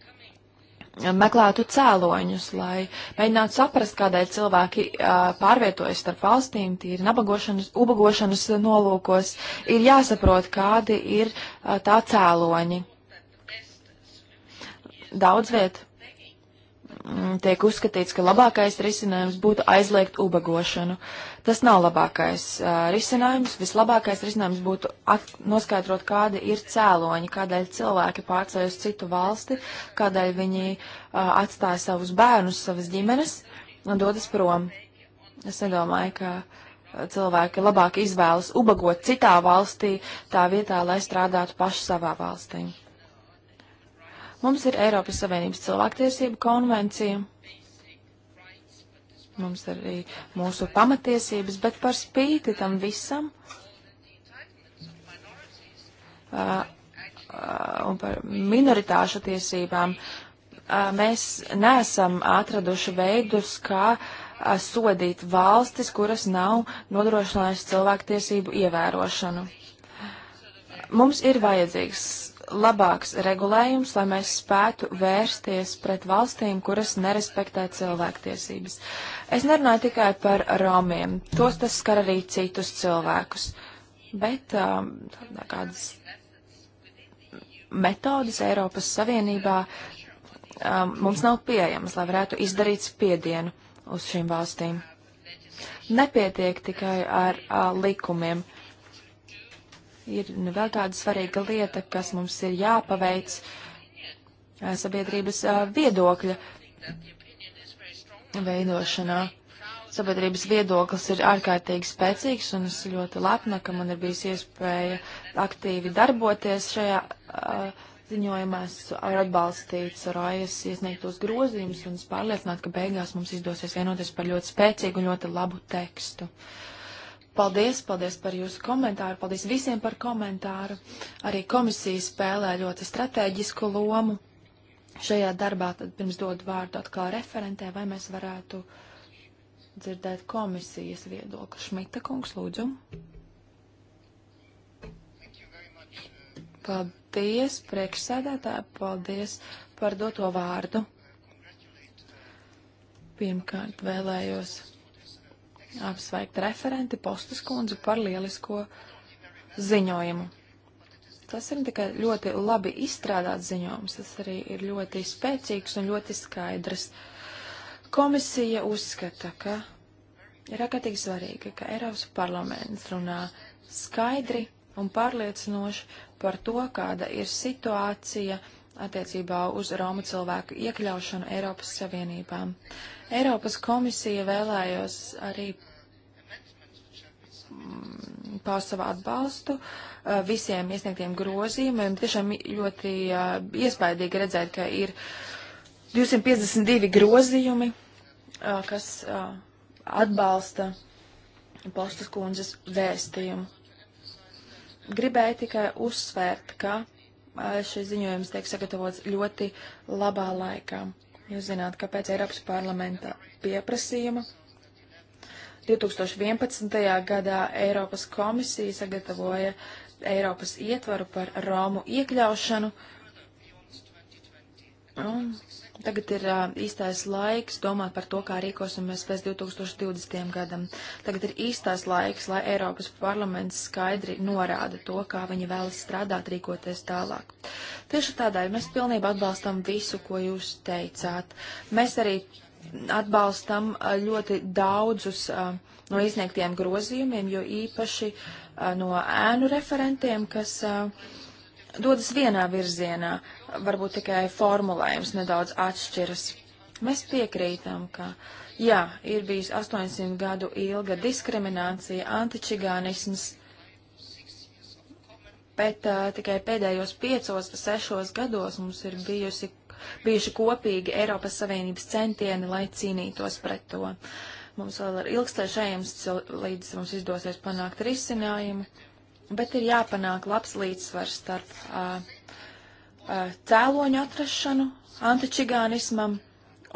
meklētu cēloņus, lai mēģinātu saprast, kādēļ cilvēki pārvietojas starp valstīm, tīri nabagošanas, ubagošanas nolūkos, ir jāsaprot, kādi ir tā cēloņi. Daudz viet Mm, tiek uzskatīts, ka labākais risinājums būtu aizliegt ubagošanu. Tas nav labākais uh, risinājums. Vislabākais risinājums būtu noskaidrot, kādi ir cēloņi, kādēļ cilvēki pārceļ uz citu valsti, kādēļ viņi uh, atstāja savus bērnus, savas ģimenes un dodas prom. Es nedomāju, ka cilvēki labāk izvēlas ubagot citā valstī, tā vietā, lai strādātu paši savā valstī. Mums ir Eiropas Savienības cilvēktiesību konvencija. Mums ir arī mūsu pamatiesības, bet par spīti tam visam uh, un par minoritāšu tiesībām mēs neesam atraduši veidus, kā sodīt valstis, kuras nav nodrošinājusi cilvēktiesību ievērošanu. Mums ir vajadzīgs labāks regulējums, lai mēs spētu vērsties pret valstīm, kuras nerespektē cilvēktiesības. Es nerunāju tikai par romiem, tos tas skar arī citus cilvēkus, bet um, kādas metodas Eiropas Savienībā um, mums nav pieejamas, lai varētu izdarīt spiedienu uz šīm valstīm. Nepietiek tikai ar uh, likumiem. Uh, ir nu, vēl tāda svarīga lieta, kas mums ir jāpaveic sabiedrības viedokļa veidošanā. Sabiedrības viedoklis ir ārkārtīgi spēcīgs, un es ļoti lepna, ka man ir bijusi iespēja aktīvi darboties šajā uh, ziņojumā. Es ar atbalstīju Sorajas iesniegtos grozījumus, un es pārliecinātu, ka beigās mums izdosies vienoties par ļoti spēcīgu un ļoti labu tekstu. Uh, Paldies, paldies par jūsu komentāru, paldies visiem par komentāru. Arī komisija spēlē ļoti strateģisku lomu šajā darbā. Tad pirms dodu vārdu atkal referentē, vai mēs varētu dzirdēt komisijas viedokli. Šmita kungs, lūdzu. Paldies, priekšsēdētāji, paldies par doto vārdu. Pirmkārt vēlējos apsveikt referenti Postas kundzi par lielisko ziņojumu. Tas ir tikai ļoti labi izstrādāts ziņojums, tas arī ir ļoti spēcīgs un ļoti skaidrs. Komisija uzskata, ka ir ārkārtīgi svarīgi, ka Eiropas parlaments runā skaidri un pārliecinoši par to, kāda ir situācija attiecībā uz Romu cilvēku iekļaušanu Eiropas Savienībām. Eiropas komisija vēlējos arī mm, paust savu atbalstu uh, visiem iesniegtiem grozījumiem. Tiešām ļoti uh, iespaidīgi redzēt, ka ir 252 grozījumi, uh, kas atbalsta postas kundzes vēstījumu. Gribēju tikai uzsvērt, ka šis ziņojums tiek sagatavots ļoti labā laikā. Jūs zināt, ka pēc Eiropas parlamenta pieprasījuma 2011. gadā Eiropas komisija sagatavoja Eiropas ietvaru par Romu iekļaušanu. Un Tagad ir uh, īstais laiks domāt par to, kā rīkosimies pēc 2020. gadam. Tagad ir īstais laiks, lai Eiropas parlaments skaidri norāda to, kā viņi vēlas strādāt, rīkoties tālāk. Tieši tādēļ mēs pilnībā atbalstam visu, ko jūs teicāt. Mēs arī atbalstam uh, ļoti daudzus uh, no izniegtiem grozījumiem, jo īpaši no ēnu referentiem, kas. Uh, dodas vienā virzienā, varbūt tikai formulējums nedaudz atšķiras. Mēs piekrītam, ka jā, ir bijis 800 gadu ilga diskriminācija, antičigānisms, bet uh, tikai pēdējos piecos, sešos gados mums ir bijusi, bijuši kopīgi Eiropas Savienības centieni, lai cīnītos pret to. Mums vēl ir ilgstēšējums, līdz mums izdosies panākt risinājumu bet ir jāpanāk labs līdzsvars starp uh, uh, cēloņu atrašanu antičigānismam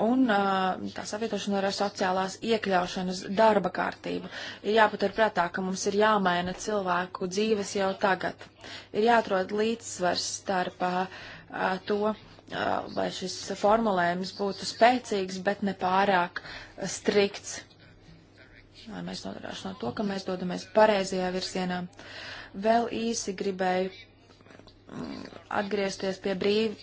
un uh, tā savietošana ar sociālās iekļaušanas darba kārtību. Ir jāpaturprātā, ka mums ir jāmaina cilvēku dzīves jau tagad. Ir jāatrod līdzsvars starp uh, to, uh, lai šis formulējums būtu spēcīgs, bet ne pārāk strikts. Lai mēs nodrošinātu to, ka mēs dodamies pareizajā virzienā. Uh, Vēl īsi gribēju mm, atgriezties pie brīv,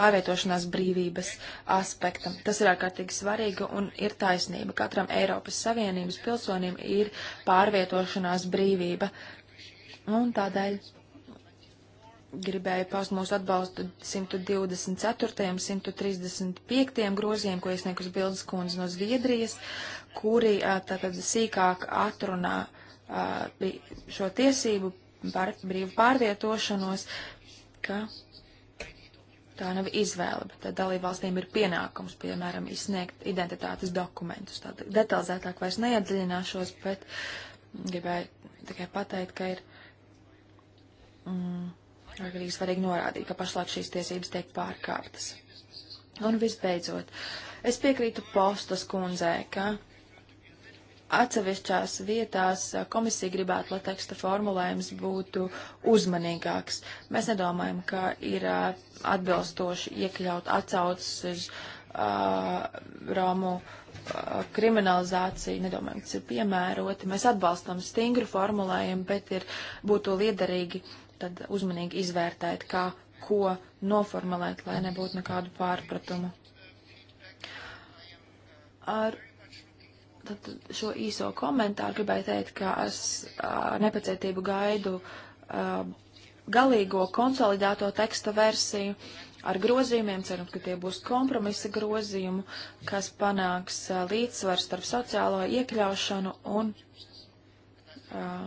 pārvietošanās brīvības aspekta. Tas ir ārkārtīgi svarīgi un ir taisnība. Katram Eiropas Savienības pilsonim ir pārvietošanās brīvība. Un tādēļ gribēju paust mūsu atbalstu 124. un 135. grozījiem, ko iesniegus Bildes kundze no Zviedrijas, kuri tātad sīkāk atrunā Uh, šo tiesību par brīvu pārvietošanos, ka tā nav izvēle, bet tad dalībvalstīm ir pienākums, piemēram, izsniegt identitātes dokumentus. Tad detalizētāk vairs neiedziļināšos, bet gribēju tikai pateikt, ka ir mm, arī svarīgi norādīt, ka pašlaik šīs tiesības tiek pārkāptas. Un visbeidzot, es piekrītu postas kundzē, ka atsevišķās vietās komisija gribētu, lai teksta formulējums būtu uzmanīgāks. Mēs nedomājam, ka ir atbilstoši iekļaut atsaucas uz uh, Romu uh, kriminalizāciju, nedomājam, tas ir piemēroti. Mēs atbalstam stingru formulējumu, bet ir būtu liederīgi tad uzmanīgi izvērtēt, kā ko noformulēt, lai nebūtu nekādu pārpratumu. Ar Tad šo īso komentāru gribēju teikt, ka es ar nepacietību gaidu uh, galīgo konsolidēto teksta versiju ar grozījumiem, ceram, ka tie būs kompromisa grozījumi, kas panāks uh, līdzsvaru starp sociālo iekļaušanu un uh,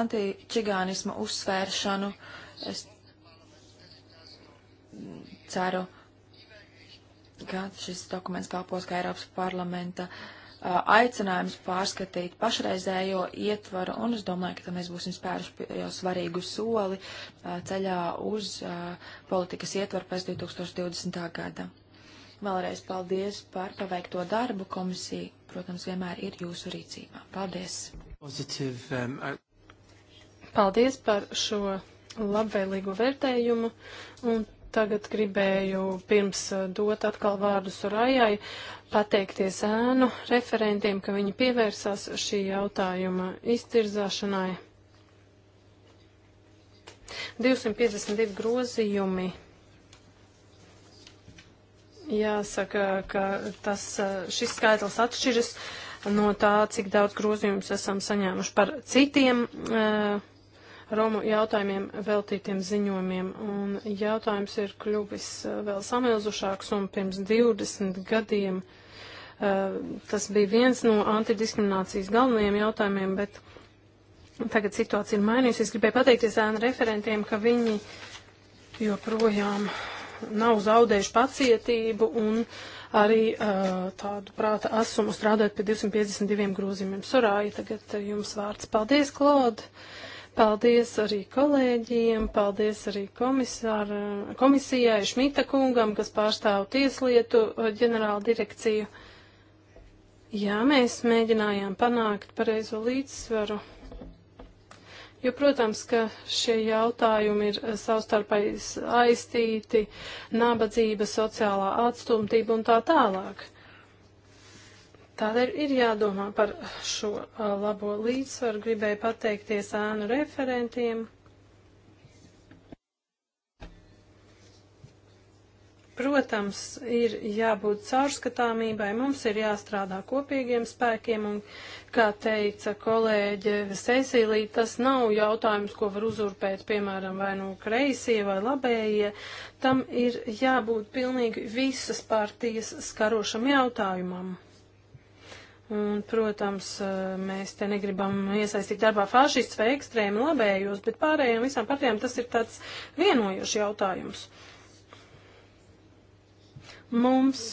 antičigānisma uzsvēršanu. Es ceru, ka šis dokuments kalpos kā Eiropas parlamenta uh, Uh, aicinājums pārskatīt pašreizējo ietvaru, un es domāju, ka tam mēs būsim spēruši jau svarīgu soli uh, ceļā uz uh, politikas ietvaru pēc 2020. gada. Vēlreiz paldies par paveikto darbu. Komisija, protams, vienmēr ir jūsu rīcībā. Paldies! Positive, um, Paldies par šo labvēlīgo vērtējumu. Un Tagad gribēju pirms eh, dot atkal vārdu Surajai pateikties ēnu referentiem, ka viņi pievērsās šī jautājuma izcirzāšanai. 252 grozījumi. Jāsaka, ka tas, eh, šis skaitlis atšķiras no tā, cik daudz grozījumus esam saņēmuši par citiem. Uh, Romu jautājumiem veltītiem ziņojumiem. Un jautājums ir kļuvis eh, vēl samilzušāks un pirms 20 gadiem. Eh, tas bija viens no antidiskriminācijas galvenajiem jautājumiem, bet tagad situācija ir mainījusies. Gribēju pateikties ēnu referentiem, ka viņi joprojām nav zaudējuši pacietību un arī uh, tādu prāta asumu strādāt pie 252 grozījumiem. Sorāja, tagad jums vārds. Paldies, Klod! Uh, Paldies arī kolēģiem, paldies arī komisāra, komisijai Šmita kungam, kas pārstāv tieslietu uh, ģenerāla direkciju. Jā, mēs mēģinājām panākt pareizo līdzsvaru. Jo, protams, ka šie jautājumi ir uh, savstarpēji aiztīti, nabadzība, sociālā atstumtība un tā tālāk. Tādēļ ir jādomā par šo labo līdzsvaru. Gribēju pateikties ēnu referentiem. Protams, ir jābūt caurskatāmībai, mums ir jāstrādā kopīgiem spēkiem, un, kā teica kolēģe Cecīlija, tas nav jautājums, ko var uzurpēt, piemēram, vai no nu kreisie vai labējie. Tam ir jābūt pilnīgi visas partijas skarošam jautājumam. Un, protams, eh, mēs te negribam iesaistīt darbā fašistus vai ekstrēmu labējos, bet pārējiem visām partijām tas ir tāds vienojošs jautājums. Mums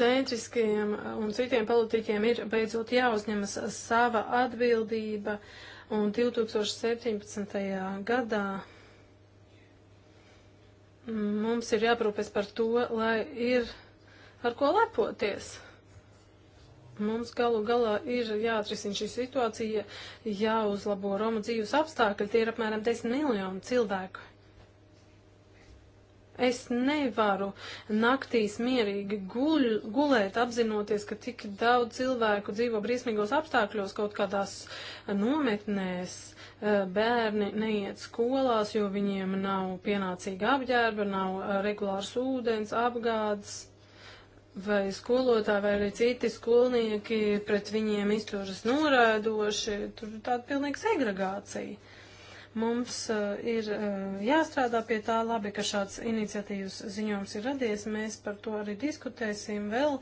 centriskajiem un citiem politiķiem ir beidzot jāuzņemas sava atbildība, un 2017. gadā mums ir jāprūpēs par to, lai ir ar ko lepoties. Mums galu galā ir jāatrisina šī situācija, jāuzlabo Roma dzīves apstākļi, tie ir apmēram 10 miljoni cilvēku. Es nevaru naktīs mierīgi guļ, gulēt, apzinoties, ka tik daudz cilvēku dzīvo briesmīgos apstākļos kaut kādās nometnēs. Eh, bērni neiet skolās, jo viņiem nav pienācīga apģērba, nav eh, regulārs ūdens, apgādes vai skolotāji vai arī citi skolnieki pret viņiem izturas noraidoši, tur ir tāda pilnīga segregācija. Mums uh, ir uh, jāstrādā pie tā labi, ka šāds iniciatīvas ziņojums ir radies. Mēs par to arī diskutēsim vēl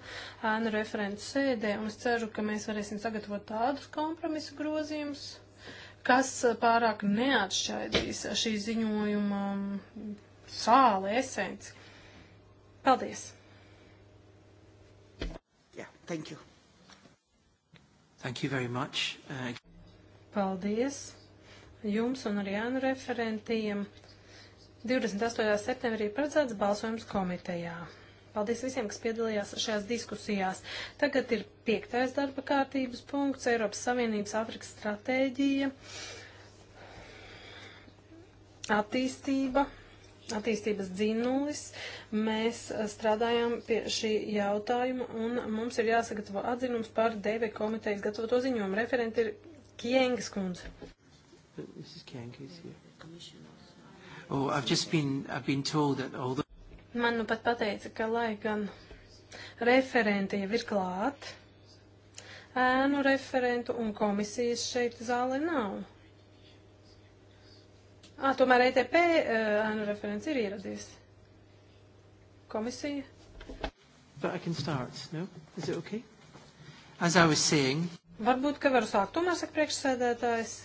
ēnu referentu sēdē un es ceru, ka mēs varēsim sagatavot tādus kompromisu grozījumus, kas eh, pārāk neatšķaidīs šī ziņojuma mm, sāli esenci. Paldies! Thank you. Thank you very much. Uh... Paldies jums un arī Jānu referentiem. 28. septembrī paredzēts balsojums komitejā. Paldies visiem, kas piedalījās šajās diskusijās. Tagad ir piektais darba kārtības punkts - Eiropas Savienības Afrikas stratēģija, attīstība attīstības dzinulis, mēs eh, strādājam pie šī jautājuma un mums ir jāsagatavo atzinums par DV komitejas gatavoto ziņojumu. Referenti ir Kiengas kundze. Oh, I've just been, I've been told that all the... Man nu pat pateica, ka lai gan referenti jau ir klāt, ēnu referentu un komisijas šeit zālē nav. Ā, ah, tomēr ETP eh, ēnu uh, referents ir ieradies. Komisija. But I can start, no? Is it okay? As I was saying. Varbūt, ka varu sākt. Tomēr saka priekšsēdētājs.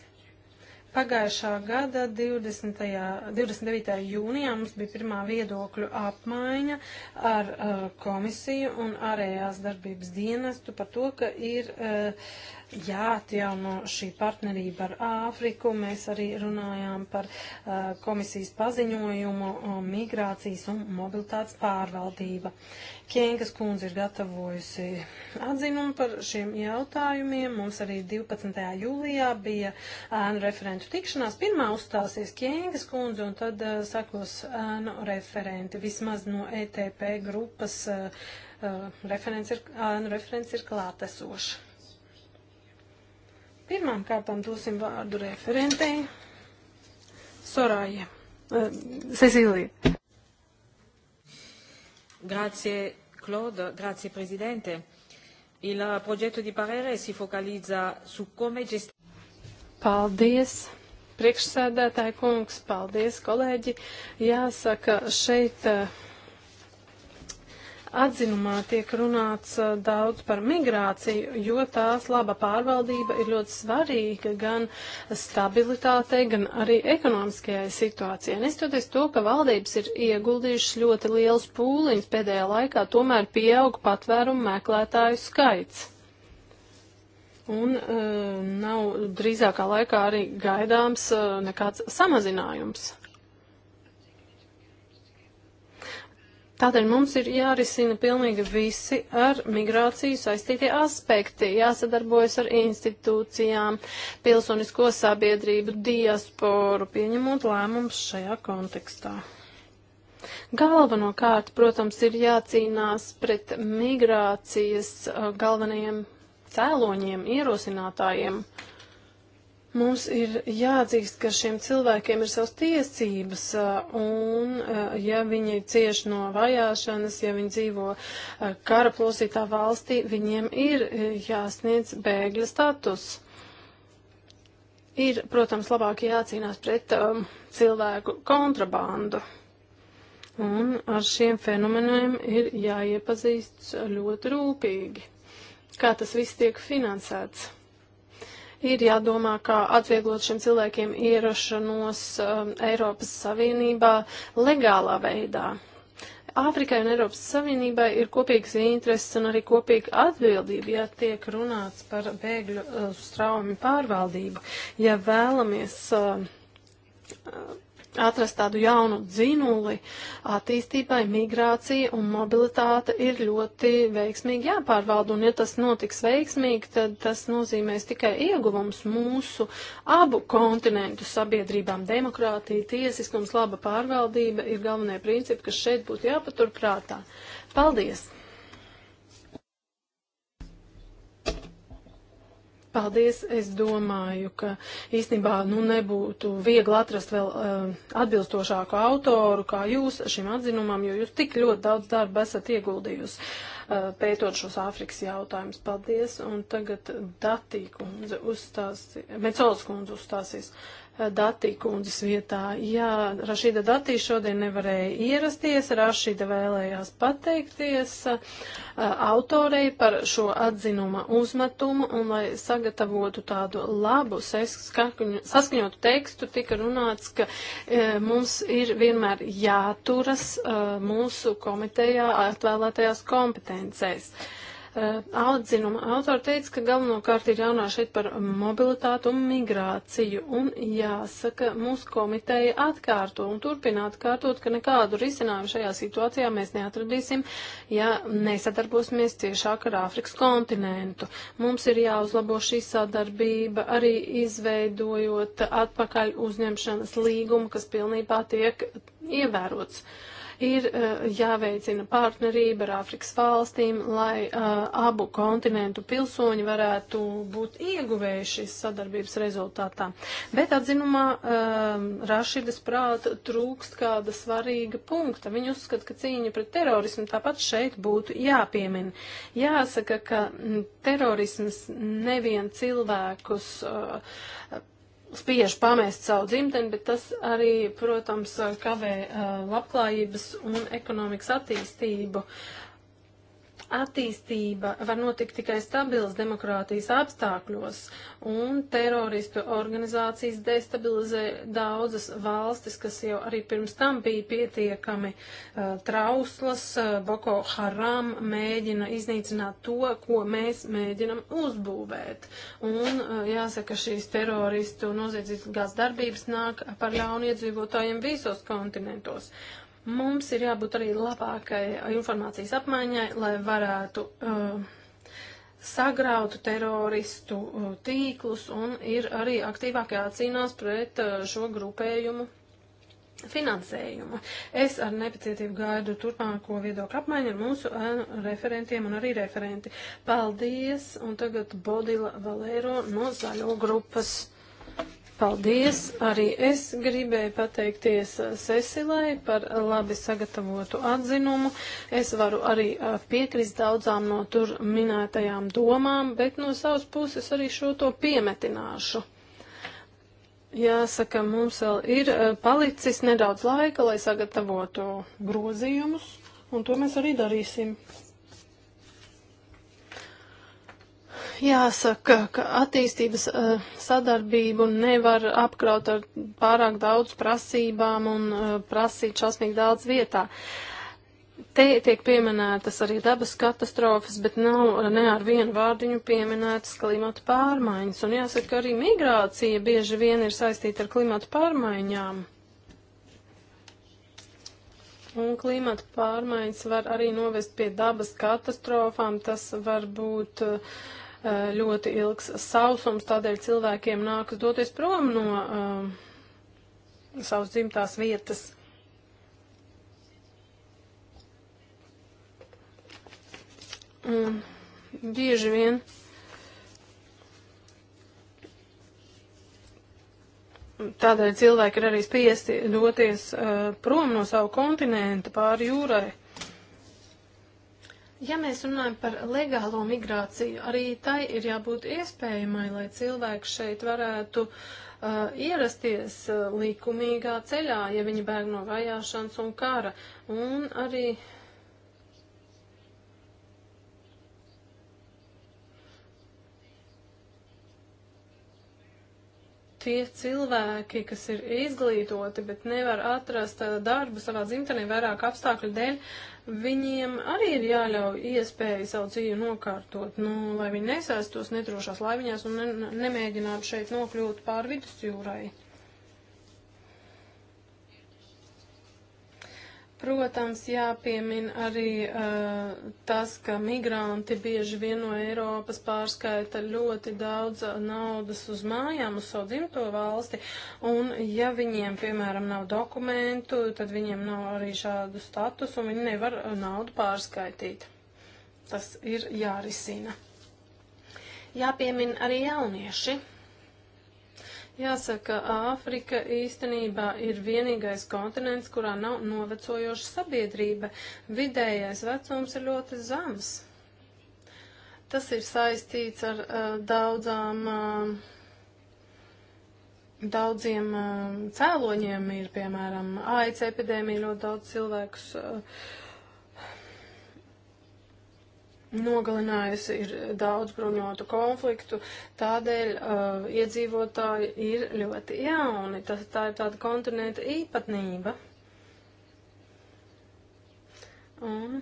Pagājušā gada 20. 29. jūnijā mums bija pirmā viedokļu apmaiņa ar, ar eh, komisiju un ārējās darbības dienestu par to, ka ir uh, jāatjauno šī partnerība ar Āfriku. Mēs arī runājām par uh, komisijas paziņojumu um, migrācijas un mobilitātes pārvaldība. Kienkas kundze ir gatavojusi atzinumu par šiem jautājumiem. Mums arī 12. jūlijā bija uh, ēnu referentu tikšanās. Pirmā uzstāsies Kienkas kundze un tad uh, sakos ēnu referenti vismaz no ETP grupas. Uh, uh, referents ir, uh, referents ir klātesošs. Pirmām kārtām dosim vārdu referentei Sorāja. Uh, eh, Cecīlija. Grazie Claude, grazie Presidente. Il eh, progetto di parere si focalizza su come gestire. Paldies, priekšsēdētāji kungs, paldies, kolēģi. Jāsaka, šeit. Uh, Atzinumā tiek runāts uh, daudz par migrāciju, jo tās laba pārvaldība ir ļoti svarīga gan stabilitātei, gan arī ekonomiskajai situācijai. Nestoties to, ka valdības ir ieguldījušas ļoti liels pūliņus pēdējā laikā, tomēr pieaug patvērumu meklētāju skaits. Un uh, nav drīzākā laikā arī gaidāms uh, nekāds samazinājums. Tādēļ mums ir jārisina pilnīgi visi ar migrāciju saistītie aspekti, jāsadarbojas ar institūcijām, pilsonisko sabiedrību, diasporu, pieņemot lēmumus šajā kontekstā. Galvenokārt, protams, ir jācīnās pret migrācijas uh, galvenajiem cēloņiem, ierosinātājiem. Uh, Mums ir jādzīst, ka šiem cilvēkiem ir savas tiesības, uh, un uh, ja viņi cieš no vajāšanas, ja viņi dzīvo uh, kara plosītā valstī, viņiem ir jāsniedz bēgļa status. Ir, protams, labāk jācīnās pret um, cilvēku kontrabandu. Un ar šiem fenomeniem ir jāiepazīst ļoti rūpīgi. Kā tas viss tiek finansēts? Ir jādomā, kā atvieglot šiem cilvēkiem ierašanos um, Eiropas Savienībā legālā veidā. Āfrikai un Eiropas Savienībai ir kopīgas intereses un arī kopīga atbildība, ja tiek runāts par bēgļu uh, straumi pārvaldību. Ja vēlamies uh, atrast tādu jaunu dzinuli attīstībai, migrācija un mobilitāte ir ļoti veiksmīgi jāpārvalda, un ja tas notiks veiksmīgi, tad tas nozīmēs tikai ieguvums mūsu abu kontinentu sabiedrībām. Demokrātija, tiesiskums, laba pārvaldība ir galvenie principi, kas šeit būtu jāpaturprātā. Paldies! Paldies. Es domāju, ka īstenībā nu, nebūtu viegli atrast vēl uh, atbilstošāku autoru kā jūs šim atzinumam, jo jūs tik ļoti daudz darba esat ieguldījusi uh, pētot šos Āfrikas jautājumus. Paldies. Un tagad Datī kundze uzstāsies, Mecols kundze uzstāsies. Uh, Datī kundzes vietā. Jā, Rašīda Datī šodien nevarēja ierasties, Rašīda vēlējās pateikties autorei par šo atzinuma uzmetumu un, lai sagatavotu tādu labu saskaņotu tekstu, tika runāts, ka e, mums ir vienmēr jāturas e, mūsu komitejā atvēlētajās kompetencēs. E, Eh, atzinuma autori teica, ka galvenokārt ir jaunā šeit par mobilitātu un migrāciju. Un jāsaka, mūsu komiteja atkārto un turpina atkārtot, ka nekādu risinājumu šajā situācijā mēs neatradīsim, ja nesadarbosimies ciešāk ar Āfrikas kontinentu. Mums ir jāuzlabo šī sadarbība arī izveidojot atpakaļ uzņemšanas līgumu, kas pilnībā tiek ievērots. Uh, Ir eh, jāveicina partnerība ar Āfrikas valstīm, lai eh, abu kontinentu pilsoņi varētu būt ieguvēji šīs sadarbības rezultātā. Bet atzinumā eh, Rašidas prāta trūkst kāda svarīga punkta. Viņa uzskata, ka cīņa pret terorismu tāpat šeit būtu jāpiemina. Jāsaka, ka mm, terorisms nevien cilvēkus spiež pamest savu dzimteni, bet tas arī, protams, kavē labklājības un ekonomikas attīstību. Uh, attīstība var notikt tikai stabils demokrātijas apstākļos, un teroristu organizācijas destabilizē daudzas valstis, kas jau arī pirms tam bija pietiekami uh, trauslas. Uh, Boko Haram mēģina iznīcināt to, ko mēs mēģinam uzbūvēt. Un uh, jāsaka, šīs teroristu noziedzīgās darbības nāk par ļaunu iedzīvotājiem visos kontinentos. Uh, Mums ir jābūt arī labākai informācijas apmaiņai, lai varētu uh, sagrautu teroristu uh, tīklus un ir arī aktīvāk jācīnās pret uh, šo grupējumu finansējumu. Es ar nepacietību gaidu turpmāko viedokļu apmaiņu ar mūsu uh, referentiem un arī referenti. Paldies! Un tagad Bodila Valēro no Zaļo grupas. Paldies! Arī es gribēju pateikties Sesilai par labi sagatavotu atzinumu. Es varu arī piekrist daudzām no tur minētajām domām, bet no savas puses arī šo to piemetināšu. Jāsaka, mums vēl ir palicis nedaudz laika, lai sagatavotu grozījumus, un to mēs arī darīsim. Jāsaka, ka attīstības uh, sadarbību nevar apkraut ar pārāk daudz prasībām un uh, prasīt šausmīgi daudz vietā. Te tiek pieminētas arī dabas katastrofas, bet nav ne ar vienu vārdiņu pieminētas klimata pārmaiņas. Un jāsaka, ka arī migrācija bieži vien ir saistīta ar klimata pārmaiņām. Un klimata pārmaiņas var arī novest pie dabas katastrofām. Tas var būt uh, Eh, ļoti ilgs sausums, tādēļ cilvēkiem nākas doties prom no uh, savas dzimtās vietas. Un bieži vien tādēļ cilvēki ir arī spiesti doties uh, prom no savu kontinentu pāri jūrai. Ja mēs runājam par legālo migrāciju, arī tai ir jābūt iespējamai, lai cilvēki šeit varētu uh, ierasties uh, likumīgā ceļā, ja viņi bēg no vajāšanas un kara. Un arī uh, tie cilvēki, kas ir izglītoti, bet nevar atrast uh, darbu savā dzimtenē vairāk apstākļu dēļ, viņiem arī ir jāļauj iespēju savu dzīvi nokārtot, nu, lai viņi nesēstos netrošās laiviņās un ne, nemēģinātu šeit nokļūt pār vidusjūrai. Protams, jāpiemina arī uh, tas, ka migranti bieži vien no Eiropas pārskaita ļoti daudz uh, naudas uz mājām, uz savu dzimto valsti, un ja viņiem, piemēram, nav dokumentu, tad viņiem nav arī šādu statusu, un viņi nevar uh, naudu pārskaitīt. Tas ir jārisina. Jāpiemina arī jaunieši Jāsaka, Āfrika īstenībā ir vienīgais kontinents, kurā nav novecojoša sabiedrība. Vidējais vecums ir ļoti zems. Tas ir saistīts ar uh, daudzām. Uh, Daudziem uh, cēloņiem ir, piemēram, AIDS epidēmija ļoti daudz cilvēkus uh, nogalinājusi, ir daudz bruņotu konfliktu, tādēļ uh, iedzīvotāji ir ļoti jauni. Tas, tā ir tāda kontinenta īpatnība. Un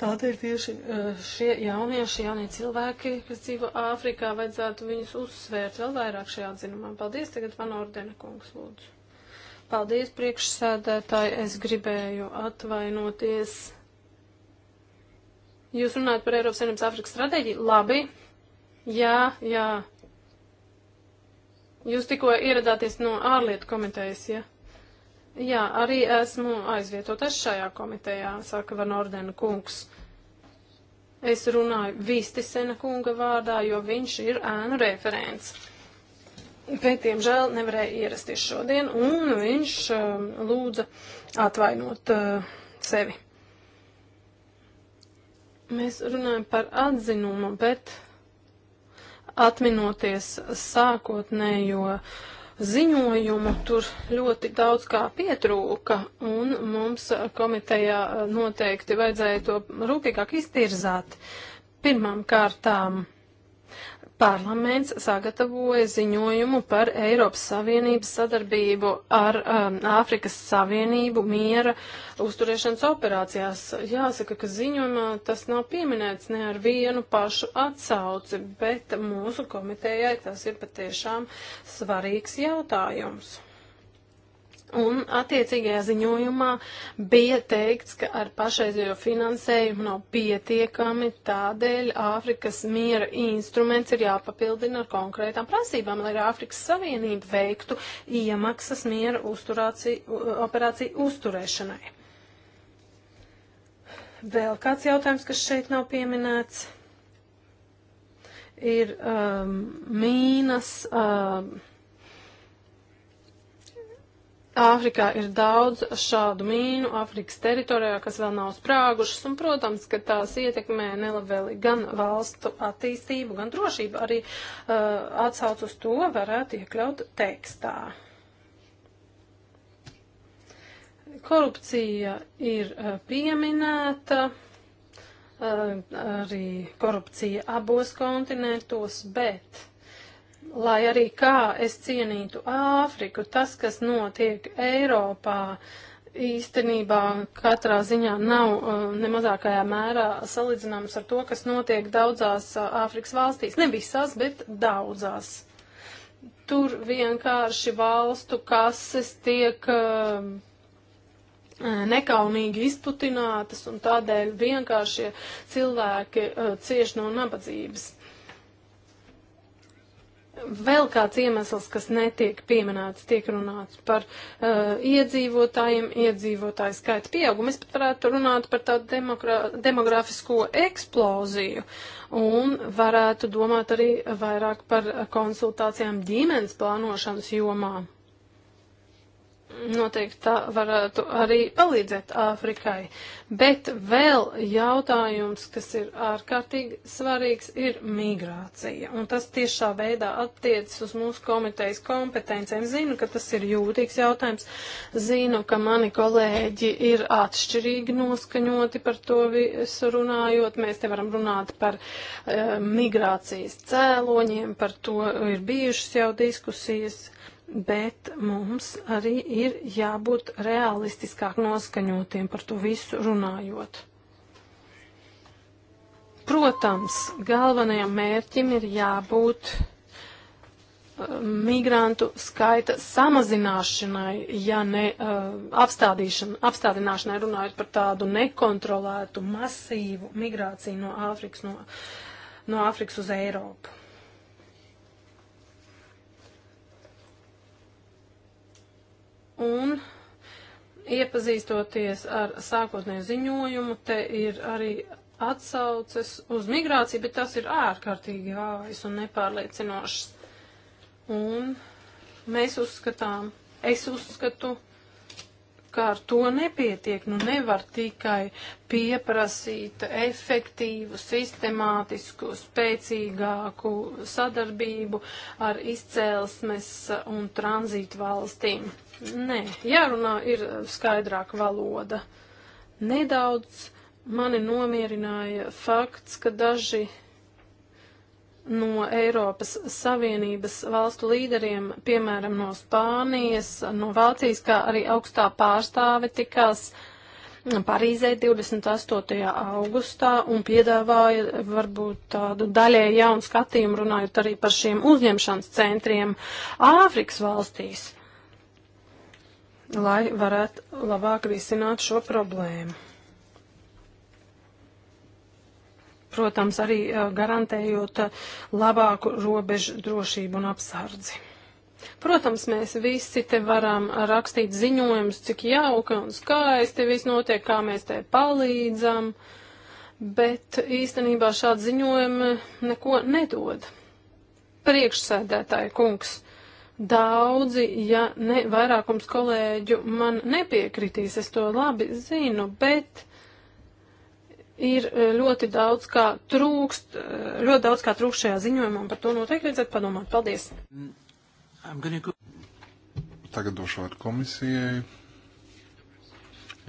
tādēļ tieši uh, šie jaunieši, jaunie cilvēki, kas dzīvo Āfrikā, vajadzētu viņus uzsvērt vēl vairāk šajā atzinumā. Paldies, tagad Van Ordena kungs lūdzu. Paldies, priekšsēdētāji, es gribēju atvainoties Jūs runājat par Eiropas Savienības Afrikas stratēģiju? Labi. Jā, jā. Jūs tikko ieradāties no ārlietu komitejas, ja? Jā, arī esmu aizvietotas šajā komitejā, saka Van Ordena kungs. Es runāju Vistisena kunga vārdā, jo viņš ir ēnu referents. Bet, diemžēl, nevarēja ierasties šodien, un viņš uh, lūdza atvainot uh, sevi. Mēs runājam par atzinumu, bet atminoties sākotnējo ziņojumu, tur ļoti daudz kā pietrūka, un mums komitejā noteikti vajadzēja to rūpīgāk iztirzāt. Pirmām kārtām Parlaments sagatavoja ziņojumu par Eiropas Savienības sadarbību ar um, Āfrikas Savienību miera uzturēšanas operācijās. Jāsaka, ka ziņojumā tas nav pieminēts ne ar vienu pašu atsauci, bet mūsu komitejai tas ir patiešām svarīgs jautājums. Un attiecīgajā ziņojumā bija teikts, ka ar pašreizējo finansējumu nav pietiekami, tādēļ Āfrikas miera instruments ir jāpapildina ar konkrētām prasībām, lai Āfrikas Savienība veiktu iemaksas miera operāciju uzturēšanai. Vēl kāds jautājums, kas šeit nav pieminēts, ir um, mīnas. Um, Āfrikā ir daudz šādu mīnu Āfrikas teritorijā, kas vēl nav sprāgušas, un, protams, ka tās ietekmē nelabvēli gan valstu attīstību, gan drošību. Arī uh, atsauc uz to varētu iekļaut tekstā. Korupcija ir uh, pieminēta, uh, arī korupcija abos kontinentos, bet lai arī kā es cienītu Āfriku, tas, kas notiek Eiropā, īstenībā katrā ziņā nav uh, ne mazākajā mērā salīdzināms ar to, kas notiek daudzās uh, Āfrikas uh, valstīs. Ne visās, bet daudzās. Tur vienkārši valstu kases tiek uh, nekaunīgi izputinātas un tādēļ vienkāršie cilvēki uh, cieši no nabadzības vēl kāds iemesls, kas netiek pieminēts, tiek runāts par uh, iedzīvotājiem, iedzīvotāju skaita pieaugumu. Mēs pat varētu runāt par tādu demografisko eksploziju un varētu domāt arī vairāk par konsultācijām ģimenes plānošanas jomā. Noteikti tā varētu arī palīdzēt Āfrikai. Bet vēl jautājums, kas ir ārkārtīgi svarīgs, ir migrācija. Un tas tiešā veidā attiecas uz mūsu komitejas kompetencijām. Zinu, ka tas ir jūtīgs jautājums. Zinu, ka mani kolēģi ir atšķirīgi noskaņoti par to visu runājot. Mēs te varam runāt par e, migrācijas cēloņiem, par to ir bijušas jau diskusijas bet mums arī ir jābūt realistiskāk noskaņotiem par to visu runājot. Protams, galvenajam mērķim ir jābūt uh, migrantu skaita samazināšanai, ja ne uh, apstādināšanai runājot par tādu nekontrolētu masīvu migrāciju no Āfrikas, no, no Āfrikas uz Eiropu. un iepazīstoties ar sākotnēju ziņojumu, te ir arī atsauces uz migrāciju, bet tas ir ārkārtīgi vājas un nepārliecinošs. Un mēs uzskatām, es uzskatu, ka ar to nepietiek. Nu nevar tikai pieprasīt efektīvu, sistemātisku, spēcīgāku sadarbību ar izcēlesmes un tranzītu valstīm. Nē, jārunā ir eh, skaidrāka valoda. Nedaudz mani nomierināja fakts, ka daži no Eiropas Savienības valstu līderiem, piemēram, no Spānijas, no Vācijas, kā arī augstā pārstāve tikās mm, Parīzē 28. augustā un piedāvāja varbūt tādu daļēju jaunu skatījumu, runājot arī par šiem uzņemšanas centriem Āfrikas valstīs lai varētu labāk risināt šo problēmu. Protams, arī garantējot labāku robežu drošību un apsardzi. Protams, mēs visi te varam rakstīt ziņojumus, cik jauka un skaisti viss notiek, kā mēs te palīdzam, bet īstenībā šādi ziņojumi neko nedod. Priekšsēdētāji kungs, Daudzi, ja ne vairākums kolēģu man nepiekritīs, es to labi zinu, bet ir e, ļoti daudz kā trūkst, e, ļoti daudz kā trūkst šajā ziņojumā, un par to noteikti vajadzētu padomāt. Paldies! Go... Tagad došu vārdu komisijai.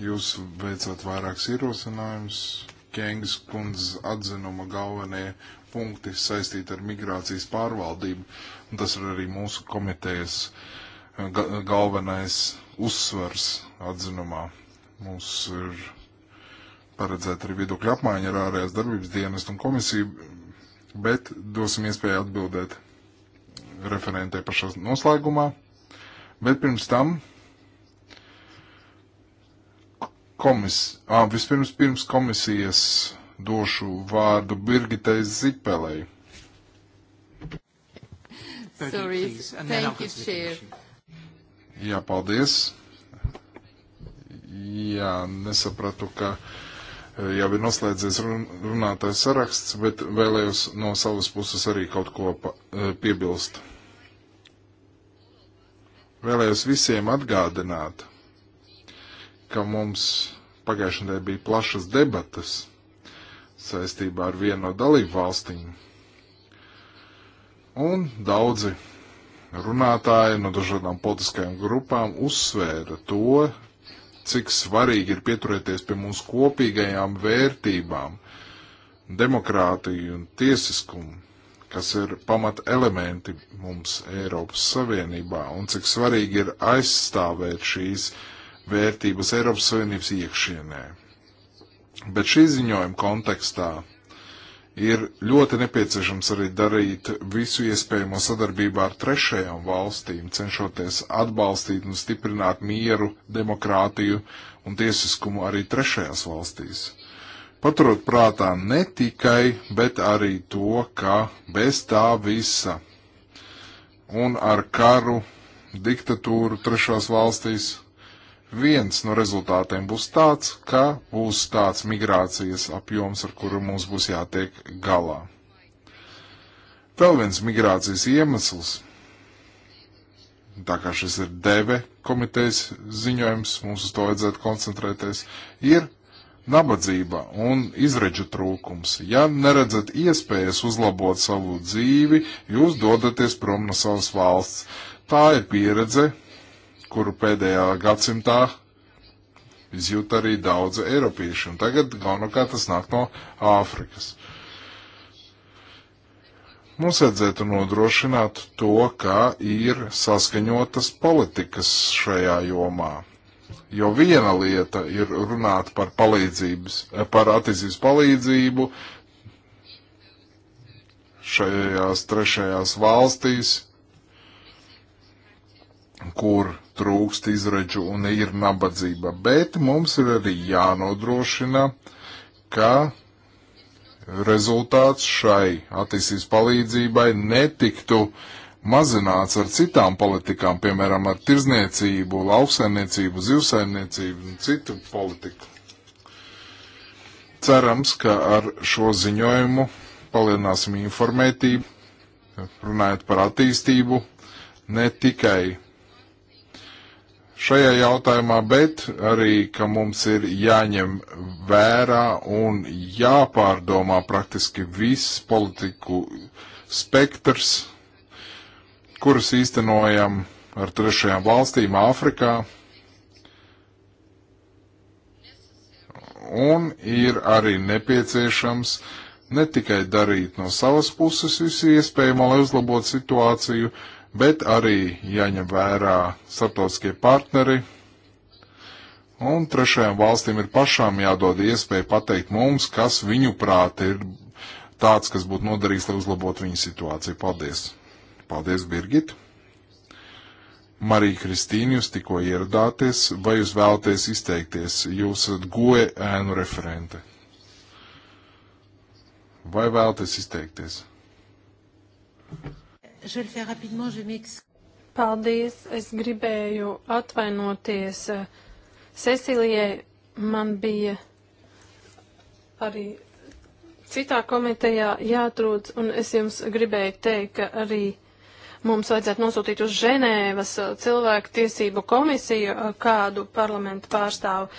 Jūs veicāt vairākus ierosinājumus. Kengas kundzes atzinuma galvenie punkti saistīti ar migrācijas pārvaldību. Uh, Tas ir arī mūsu komitejas eh, ga galvenais uzsvars atzinumā. Mums ir paredzēta arī viedokļa apmaiņa ar ārējās darbības dienestu un komisiju, bet dosim iespēju atbildēt referentē pašā noslēgumā. Bet pirms tam komis, à, vispirms pirms komisijas došu vārdu Birgitai Zipelei. 30, Sorry. please, and then I'll go to the Commission. Jā, paldies. Jā, nesapratu, ka eh, jau ir noslēdzies runātājs saraksts, bet vēlējos no savas puses arī kaut ko eh, piebilst. Vēlējos visiem atgādināt, ka mums pagājušajā nedēļā bija plašas debatas saistībā ar vienu no dalību valstīm Un daudzi runātāji no dažādām politiskajām grupām uzsvēra to, cik svarīgi ir pieturēties pie mūsu kopīgajām vērtībām, demokrātiju un tiesiskumu, kas ir pamat elementi mums Eiropas Savienībā, un cik svarīgi ir aizstāvēt šīs vērtības Eiropas Savienības iekšienē. Bet šī ziņojuma kontekstā ir ļoti nepieciešams arī darīt visu iespējamo sadarbībā ar trešajām valstīm, cenšoties atbalstīt un stiprināt mieru, demokrātiju un tiesiskumu arī trešajās valstīs. Paturot prātā ne tikai, bet arī to, ka bez tā visa un ar karu, diktatūru trešās valstīs Viens no rezultātiem būs tāds, ka būs tāds migrācijas apjoms, ar kuru mums būs jātiek galā. Vēl viens migrācijas iemesls, tā kā šis ir deve komitejas ziņojums, mums uz to vajadzētu koncentrēties, ir nabadzība un izredzu trūkums. Ja neredzat iespējas uzlabot savu dzīvi, jūs dodaties prom no savas valsts. Tā ir pieredze, kuru pēdējā gadsimtā izjūta arī daudzi eiropieši, un tagad galvenokārt tas nāk no Āfrikas. Mums vajadzētu nodrošināt to, ka ir saskaņotas politikas šajā jomā. Jo viena lieta ir runāt par palīdzības, par attīstības palīdzību šajās trešajās valstīs, kur trūkst izredžu un ir nabadzība, bet mums ir arī jānodrošina, ka rezultāts šai attīstības palīdzībai netiktu mazināts ar citām politikām, piemēram, ar tirzniecību, lauksaimniecību, zivsaimniecību un citu politiku. Cerams, ka ar šo ziņojumu palielināsim informētību, runājot par attīstību, ne tikai šajā jautājumā, bet arī, ka mums ir jāņem vērā un jāpārdomā praktiski viss politiku spektrs, kuras īstenojam ar trešajām valstīm Āfrikā. Un ir arī nepieciešams ne tikai darīt no savas puses visu iespējamo, lai uzlabotu situāciju, uh, bet arī jāņem vērā starptautiskie partneri. Un trešajām valstīm ir pašām jādod iespēja pateikt mums, kas viņu prāti ir tāds, kas būtu noderīgs, lai uzlabotu viņu situāciju. Paldies! Paldies, Birgit! Marija Kristīna, jūs tikko ieradāties, vai jūs vēlaties izteikties? Jūs esat goe ēnu referente. Vai vēlaties izteikties? Thank you. Paldies, es gribēju atvainoties Cecilijai, man bija arī citā komitejā jāatrod, un es jums gribēju teikt, ka arī mums vajadzētu nosūtīt uz Ženēvas cilvēku tiesību komisiju, kādu parlamentu pārstāvu.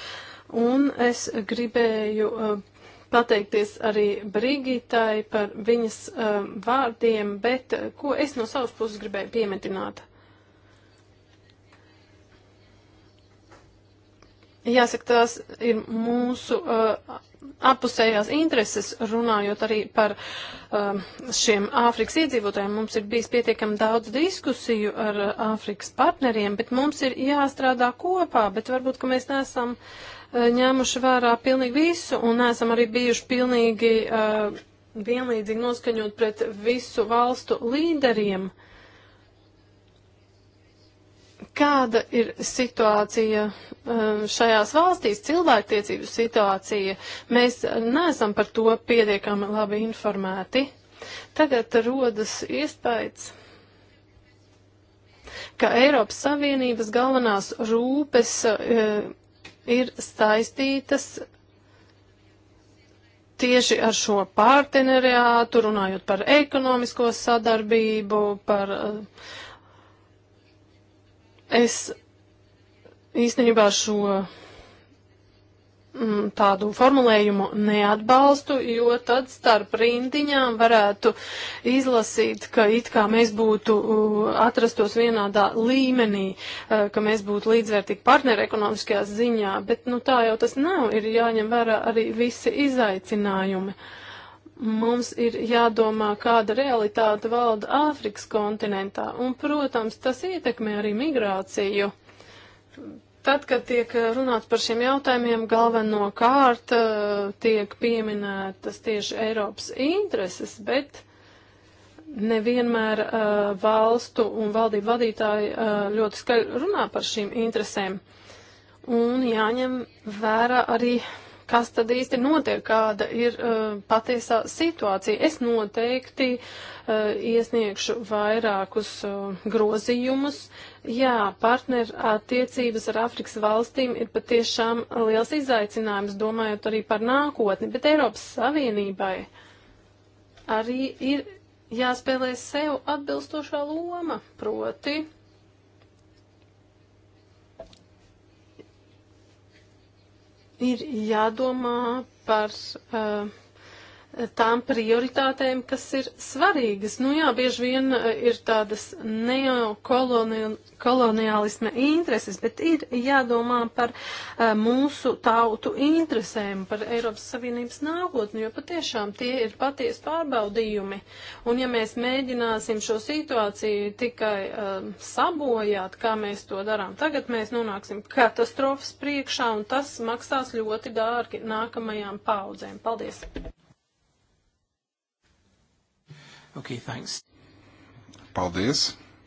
Un es gribēju uh, pateikties arī Brigitai par viņas um, vārdiem, bet uh, ko es no savas puses gribēju piemetināt? Jāsaka, tās ir mūsu uh, apusējās intereses, runājot arī par uh, šiem Āfrikas iedzīvotājiem. Mums ir bijis pietiekami daudz diskusiju ar uh, Āfrikas partneriem, bet mums ir jāstrādā kopā, bet varbūt, ka mēs neesam uh, Eh, ņēmuši vērā pilnīgi visu un neesam arī bijuši pilnīgi uh, vienlīdzīgi noskaņot pret visu valstu līderiem. Kāda ir situācija eh, šajās valstīs, cilvēktiecību situācija? Mēs neesam par to pietiekami labi informēti. Tagad rodas iespējas, ka Eiropas Savienības galvenās rūpes ir saistītas tieši ar šo partneriātu, runājot par ekonomisko sadarbību, par. Eh, es īstenībā šo Mm, tādu formulējumu neatbalstu, jo tad starp rindiņām varētu izlasīt, ka it kā mēs būtu uh, atrastos vienādā līmenī, uh, ka mēs būtu līdzvērtīgi partneri ekonomiskajā ziņā, bet nu tā jau tas nav, ir jāņem vērā arī visi izaicinājumi. Mums ir jādomā, kāda realitāte valda Āfrikas kontinentā, un, protams, tas ietekmē arī migrāciju Tad, kad tiek eh, runāts par šiem jautājumiem, galvenokārt eh, tiek pieminētas tieši Eiropas intereses, bet nevienmēr uh, valstu un valdību vadītāji uh, ļoti skaļi runā par šīm interesēm. Un jāņem vērā arī kas tad īsti notiek, kāda ir uh, patiesā situācija. Es noteikti uh, iesniegšu vairākus uh, grozījumus. Jā, partneru attiecības ar Afrikas valstīm ir patiešām liels izaicinājums, domājot arī par nākotni, bet Eiropas Savienībai arī ir jāspēlē sev atbilstošā loma, proti ir jādomā par. Uh, tām prioritātēm, kas ir svarīgas. Nu jā, bieži vien e, ir tādas neokoloniālisma intereses, bet ir jādomā par uh, mūsu tautu interesēm, par Eiropas Savienības nākotni, jo patiešām tie ir patiesi pārbaudījumi. Un ja mēs mēģināsim šo situāciju tikai uh, sabojāt, kā mēs to darām, tagad mēs nonāksim katastrofas priekšā un tas maksās ļoti dārgi nākamajām paudzēm. Paldies! Okay, thanks. Paldies.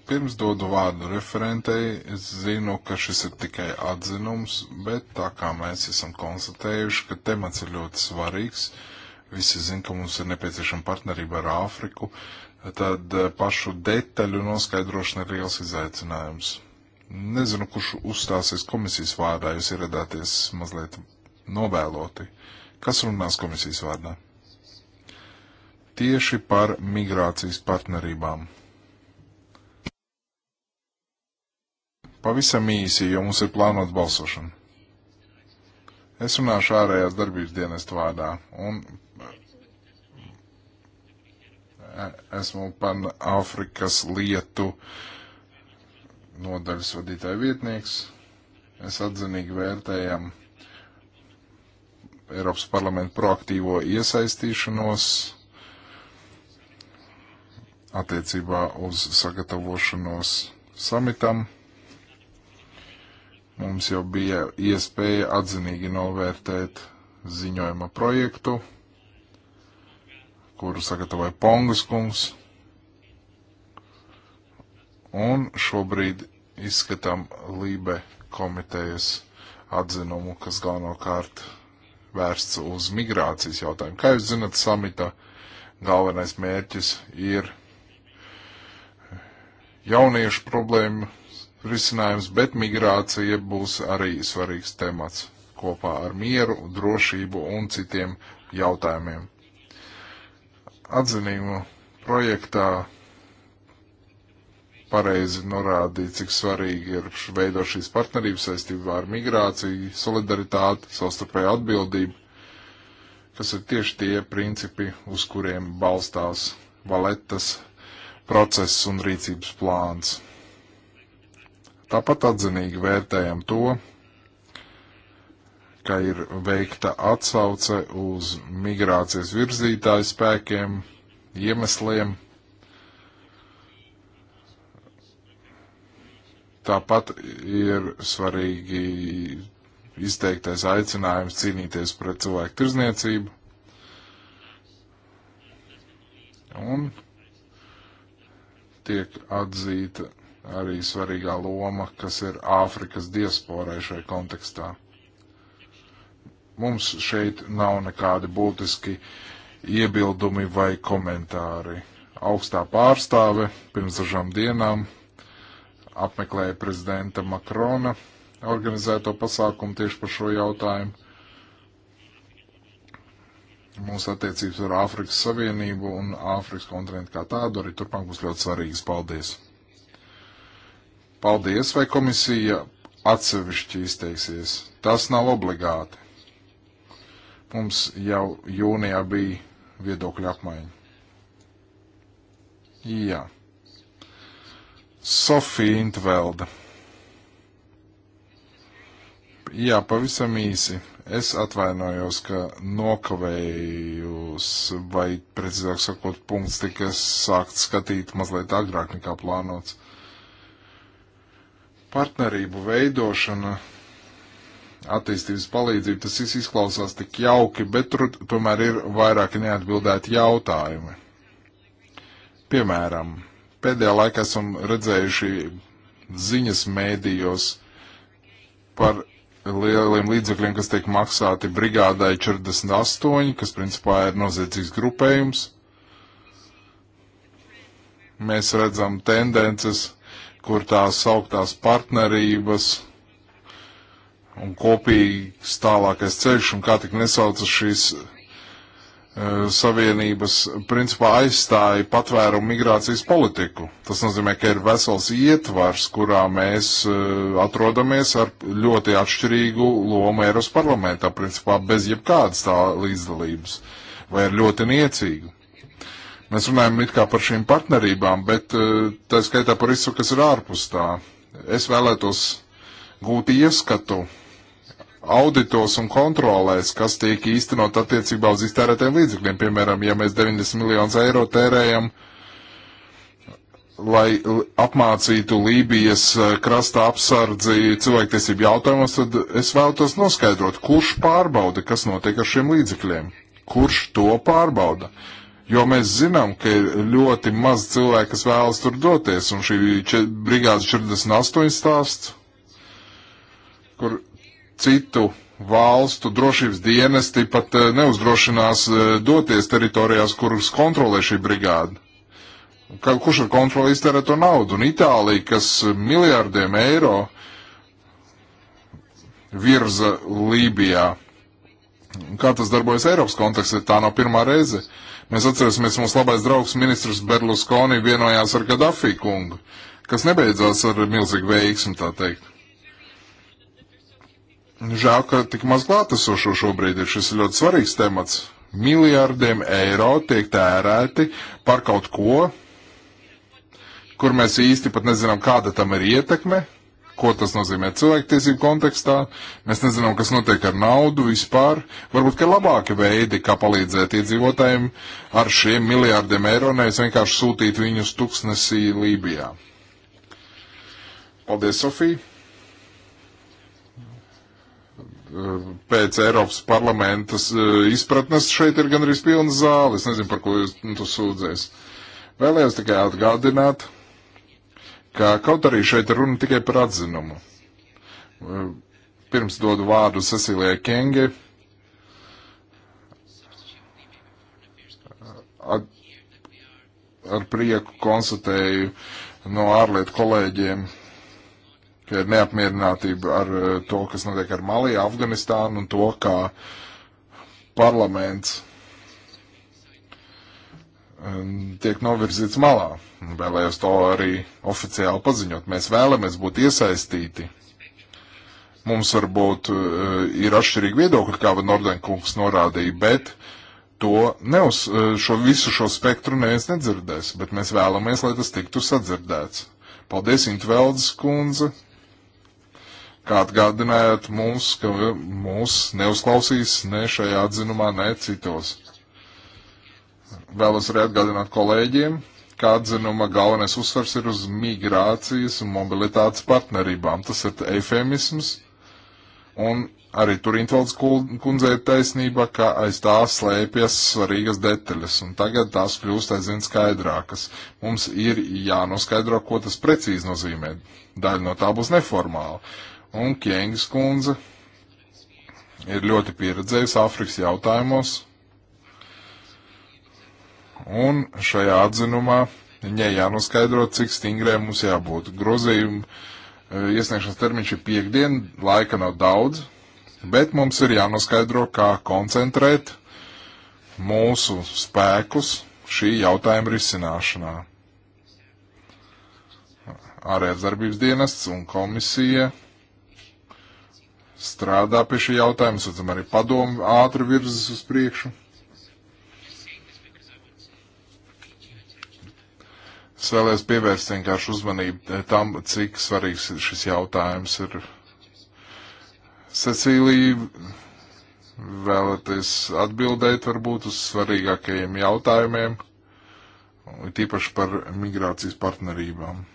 Pirms dodu vārdu referentei, es zinu, ka šis ir tikai atzinums, bet tā kā mēs esam konstatējuši, ka temats ir ļoti svarīgs, visi zin, ka mums ir nepieciešama partnerība ar Āfriku, tad eh, pašu detaļu noskaidrošana ir liels izaicinājums. Nezinu, kurš uzstāsies komisijas vārdā, jūs ieradāties mazliet novēloti. Kas runās komisijas vārdā? tieši par migrācijas partnerībām. Pavisam īsi, jo mums ir plānots balsošana. Es runāšu ārējās darbības dienestu vārdā un e, esmu pan Āfrikas lietu nodaļas vadītāja vietnieks. Es atzinīgi vērtējam Eiropas parlamentu proaktīvo iesaistīšanos attiecībā uz sagatavošanos samitam. Mums jau bija iespēja atzinīgi novērtēt ziņojuma projektu, kuru sagatavoja Pongas kungs. Un šobrīd izskatām Lībe komitejas atzinumu, kas galvenokārt vērsts uz migrācijas jautājumu. Kā jūs zinat, samita galvenais mērķis ir jauniešu problēmu risinājums, bet migrācija būs arī svarīgs temats kopā ar mieru, drošību un citiem jautājumiem. Atzinību projektā pareizi norādīja, cik svarīgi ir veidot šīs partnerības saistībā ar migrāciju, solidaritāti, savstarpēju atbildību, kas ir tieši tie principi, uz kuriem balstās Valetas process un rīcības plāns. Tāpat atzinīgi vērtējam to, ka ir veikta atsauce uz migrācijas virzītāju spēkiem, iemesliem. Tāpat ir svarīgi izteiktais aicinājums cīnīties pret cilvēku tirzniecību. Un tiek atzīta arī svarīgā loma, kas ir Āfrikas diasporai šajā kontekstā. Mums šeit nav nekādi būtiski iebildumi vai komentāri. Augstā pārstāve pirms dažām dienām apmeklēja prezidenta Makrona organizēto pasākumu tieši par šo jautājumu mūsu attiecības ar Āfrikas Savienību un Āfrikas kontinentu kā tādu arī turpmāk būs ļoti svarīgas. Paldies! Paldies, vai komisija atsevišķi izteiksies? Tas nav obligāti. Mums jau jūnijā bija viedokļa apmaiņa. Jā. Sofija Intvelda. Jā, pavisam īsi. Es atvainojos, ka nokavējos, vai precīzāk sakot, punkts tika sākt skatīt mazliet agrāk nekā plānots. Partnerību veidošana, attīstības palīdzība, tas viss izklausās tik jauki, bet tur tomēr ir vairāki neatbildēti jautājumi. Piemēram, pēdējā laikā esam redzējuši ziņas mēdījos par lieliem līdzekļiem, kas tiek maksāti brigādai 48, kas principā ir noziedzīgs grupējums. Mēs redzam tendences, kur tās sauktās partnerības un kopīgs tālākais ceļš un kā tik nesaucas šīs Eh, Savienības principā aizstāja patvērumu migrācijas politiku. Tas nozīmē, ka ir vesels ietvars, kurā mēs eh, atrodamies ar ļoti atšķirīgu lomu Eiropas parlamentā, principā bez jebkādas tā līdzdalības, vai ir ļoti niecīgu. Mēs runājam it kā par šīm partnerībām, bet eh, tā skaitā par visu, kas ir ārpus tā. Es vēlētos gūt ieskatu auditos un kontrolēs, kas tiek īstenot attiecībā uz iztērētiem līdzekļiem. Piemēram, ja mēs 90 miljonus eiro tērējam, lai apmācītu Lībijas eh, krasta apsardzi cilvēktiesību jautājumos, tad es vēlos noskaidrot, kurš pārbauda, kas notiek ar šiem līdzekļiem. Kurš to pārbauda? Jo mēs zinām, ka ir ļoti maz cilvēku, kas vēlas tur doties, un šī brigāde 48 stāsts, kur citu valstu drošības dienesti pat eh, neuzdrošinās eh, doties teritorijās, kuras kontrolē šī brigāda. Kā, kurš ar kontroli iztērē to naudu? Un Itālija, kas miljārdiem eiro virza Lībijā. Kā tas darbojas Eiropas kontekstā, tā nav pirmā reize. Mēs atcerēsimies, mūsu labais draugs ministrs Berluskoni vienojās ar Gadafī kungu, kas nebeidzās ar milzīgu veiksmu, tā teikt. Žēl, ka tik maz klātesošo šobrīd ir šis ļoti svarīgs temats. Miliārdiem eiro tiek tērēti par kaut ko, kur mēs īsti pat nezinām, kāda tam ir ietekme, ko tas nozīmē cilvēktiesību kontekstā. Mēs nezinām, kas notiek ar naudu vispār. Varbūt, ka labāki veidi, kā palīdzēt iedzīvotājiem ar šiem miljārdiem eiro, nevis vienkārši sūtīt viņus tuksnesī Lībijā. Paldies, Sofija! pēc Eiropas parlamentas e, izpratnes šeit ir gandrīz pilna zāle. Es nezinu, par ko jūs nu, tu sūdzēs. Vēlējos tikai atgādināt, ka kaut arī šeit ir runa tikai par atzinumu. E, pirms dodu vārdu Cecilijai Kenge. At, ar prieku konstatēju no ārlietu kolēģiem ka ir neapmierinātība ar eh, to, kas notiek ar Maliju, Afganistānu un to, kā parlaments eh, tiek novirzīts malā. Vēlējos to arī oficiāli paziņot. Mēs vēlamies būt iesaistīti. Mums varbūt eh, ir atšķirīgi viedokļi, kā Nordenkungs norādīja, bet to neuz, šo, visu šo spektru neviens nedzirdēs, bet mēs vēlamies, lai tas tiktu sadzirdēts. Paldies, Intveldes kundze, kā atgādinājāt mums, ka mūs neuzklausīs ne šajā atzinumā, ne citos. Vēlos arī atgādināt kolēģiem, ka atzinuma galvenais uzsvars ir uz migrācijas un mobilitātes partnerībām. Tas ir eifemisms, un arī tur Intvalds kundzei ir taisnība, ka aiz tā slēpjas svarīgas detaļas, un tagad tās kļūst aizvien skaidrākas. Mums ir jānoskaidro, ko tas precīzi nozīmē. Daļa no tā būs neformāla un Kjēngas kundze ir ļoti pieredzējusi Āfrikas jautājumos, un šajā atzinumā viņai jānoskaidro, cik stingrē mums jābūt. Grozījuma eh, iesniegšanas termiņš ir piekdien, laika nav daudz, bet mums ir jānoskaidro, kā koncentrēt mūsu spēkus šī jautājuma risināšanā. Ārējās darbības dienests un komisija strādā pie šī jautājuma, sacam, arī padomu ātri virzas uz priekšu. Es vēlēs pievērst vienkārši uzmanību tam, cik svarīgs šis jautājums ir. Cecīlija, vēlaties atbildēt varbūt uz svarīgākajiem jautājumiem, tīpaši par migrācijas partnerībām.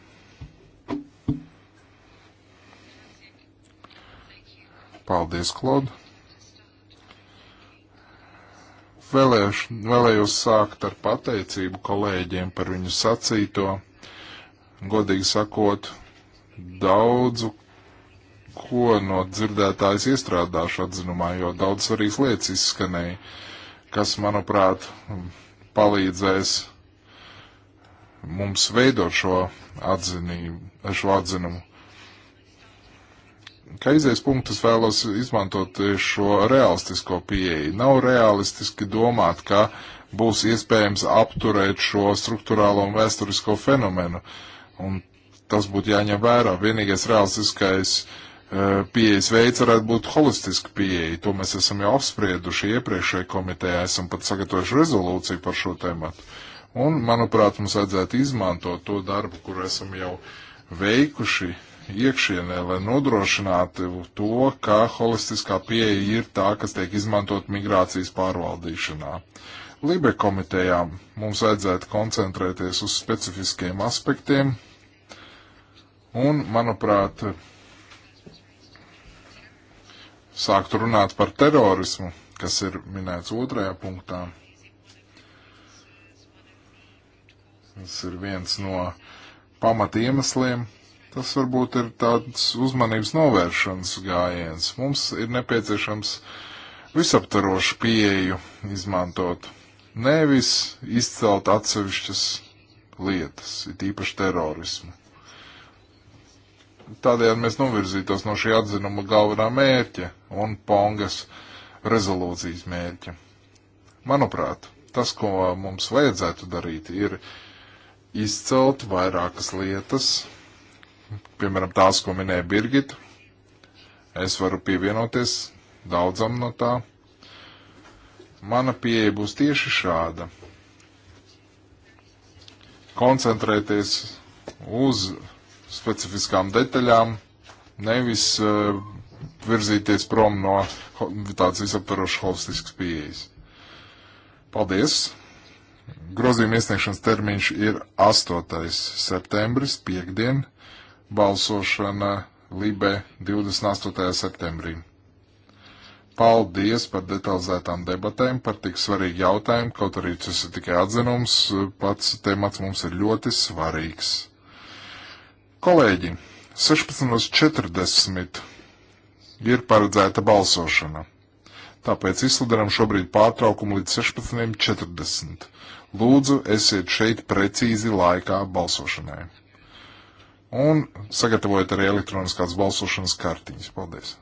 Paldies, Klod! Vēlēš, vēlējos sākt ar pateicību kolēģiem par viņu sacīto. Godīgi sakot, daudzu, ko no dzirdētājs iestrādāšu atzinumā, jo daudz svarīgas lietas izskanēja, kas, manuprāt, palīdzēs mums veidot šo atzinību, šo atzinumu. Kā izies punktus vēlos izmantot šo realistisko pieeju. Nav realistiski domāt, ka būs iespējams apturēt šo struktūrālo un vēsturisko fenomenu. Un tas būtu jāņem vērā. Vienīgais realistiskais uh, pieejas veids varētu būt holistiska pieeja. To mēs esam jau apsprieduši iepriekšējā komitejā, esam pat sagatavojuši rezolūciju par šo tēmatu. Un, manuprāt, mums vajadzētu izmantot to darbu, kur esam jau veikuši iekšienē, lai nodrošinātu to, ka holistiskā pieeja ir tā, kas tiek izmantot migrācijas pārvaldīšanā. Libe komitejām mums vajadzētu koncentrēties uz specifiskiem aspektiem, un, manuprāt, sākt runāt par terorismu, kas ir minēts otrajā punktā. Tas ir viens no pamatiemesliem, Tas varbūt ir tāds uzmanības novēršanas gājiens. Mums ir nepieciešams visaptarošu pieeju izmantot, nevis izcelt atsevišķas lietas, it īpaši terorismu. Tādējādi mēs novirzītos no šī atzinuma galvenā mērķa un Pongas rezolūcijas mērķa. Manuprāt, tas, ko mums vajadzētu darīt, ir izcelt vairākas lietas, piemēram, tās, ko minēja Birgita. Es varu pievienoties daudzam no tā. Mana pieeja būs tieši šāda. Koncentrēties uz specifiskām detaļām, nevis uh, virzīties prom no tādas visaptvarošas holistiskas pieejas. Paldies! Grozījuma iesniegšanas termiņš ir 8. septembris, piekdiena balsošana Libe 28. septembrī. Paldies par detalizētām debatēm par tik svarīgu jautājumu, kaut arī tas ir tikai atzinums, pats temats mums ir ļoti svarīgs. Kolēģi, 16.40 ir paredzēta balsošana, tāpēc izsludinām šobrīd pārtraukumu līdz 16.40. Lūdzu, esiet šeit precīzi laikā balsošanai un sagatavojiet arī elektroniskās balsošanas kartiņas. Paldies!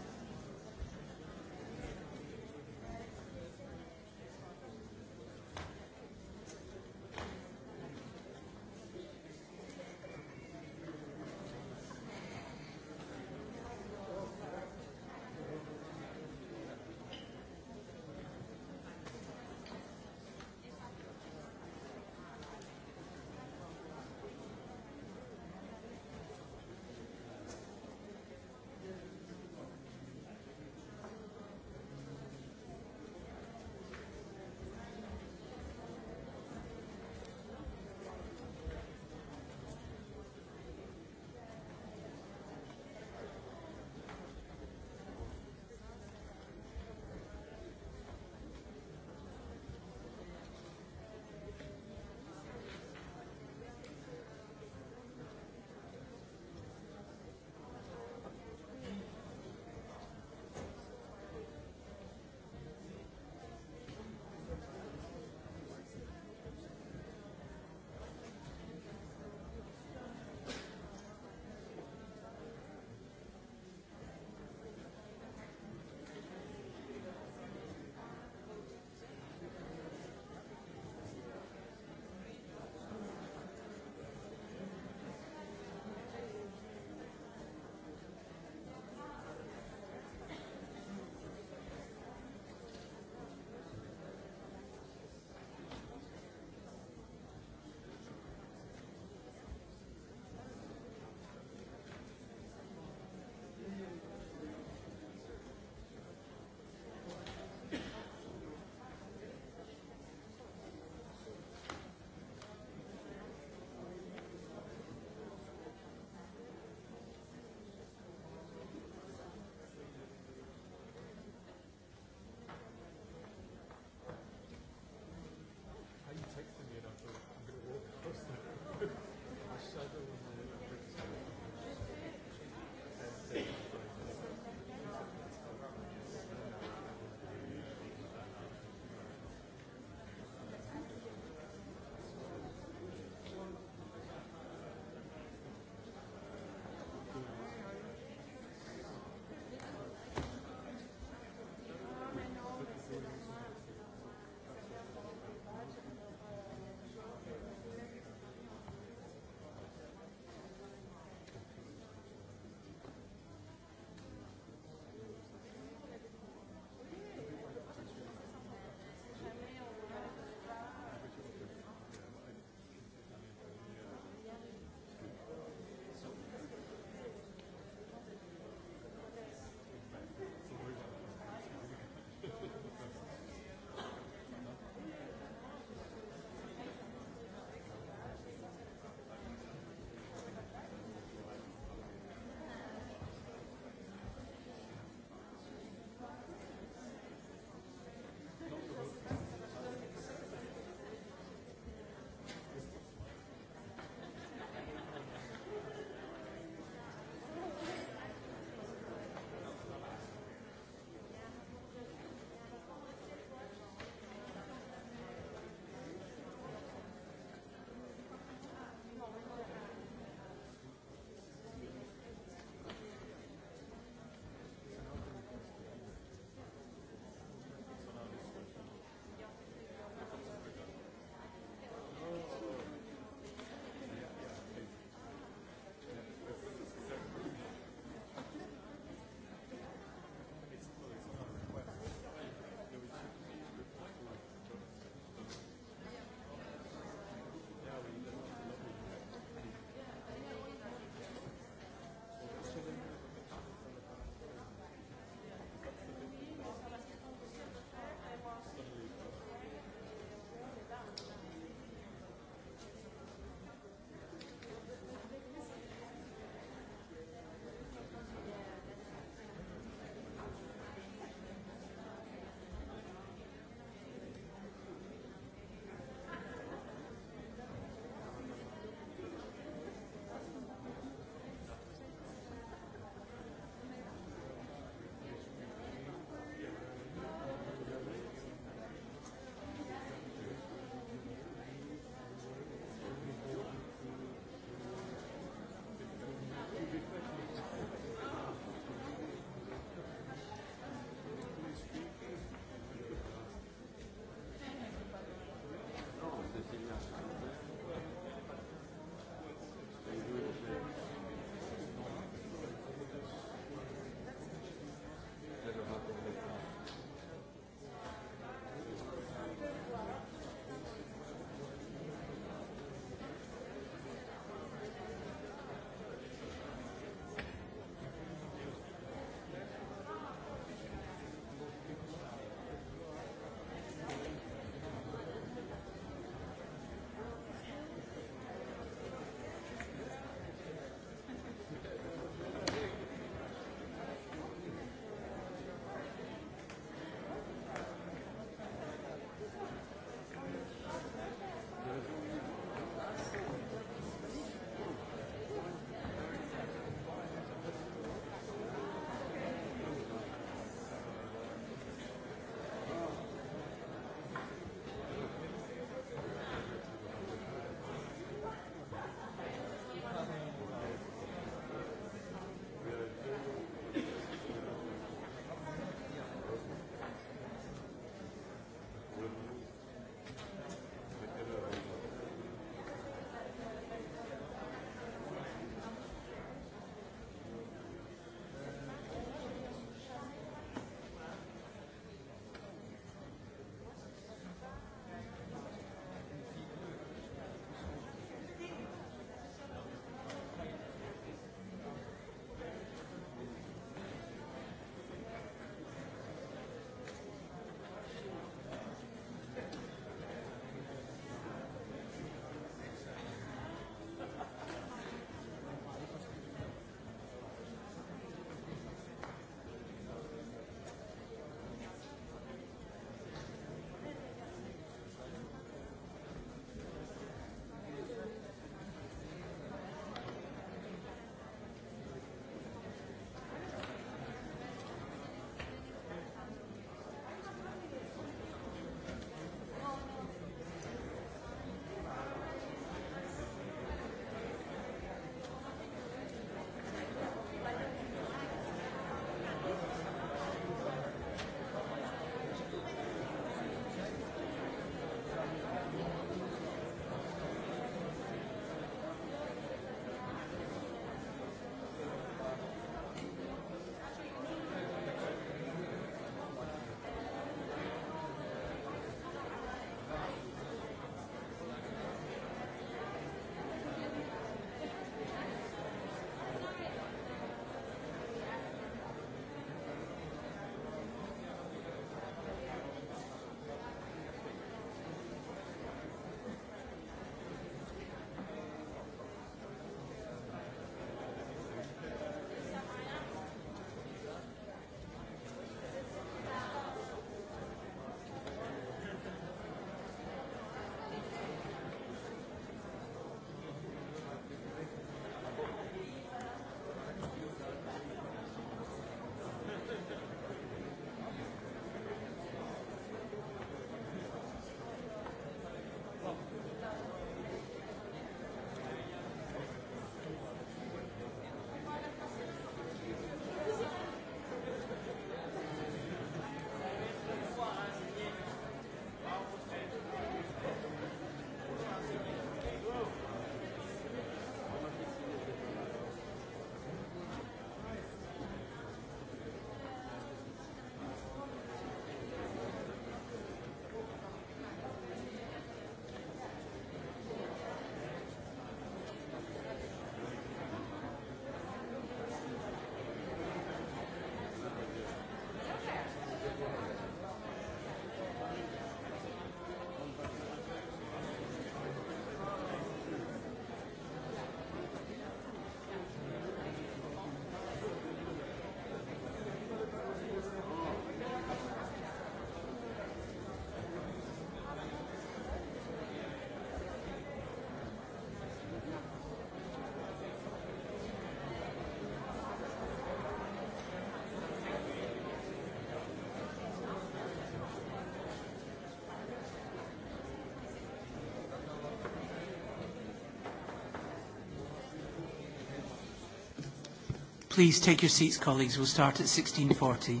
Please take your seats, colleagues. We'll start at 16.40.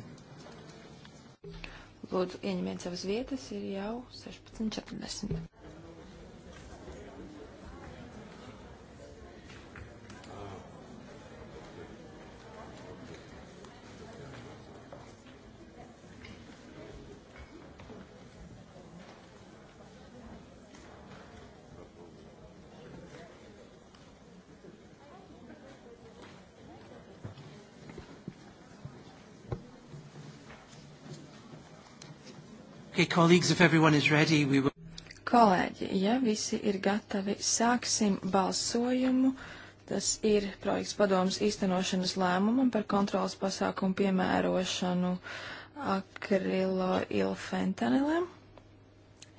Lūdzu, ieņemiet savas vietas, ir jau 16.40. Okay, colleagues, if everyone is ready, we will... Kolēģi, ja visi ir gatavi, sāksim balsojumu. Tas ir projekts padomas īstenošanas lēmumam par kontrolas pasākumu piemērošanu akrilo ilfentanilēm.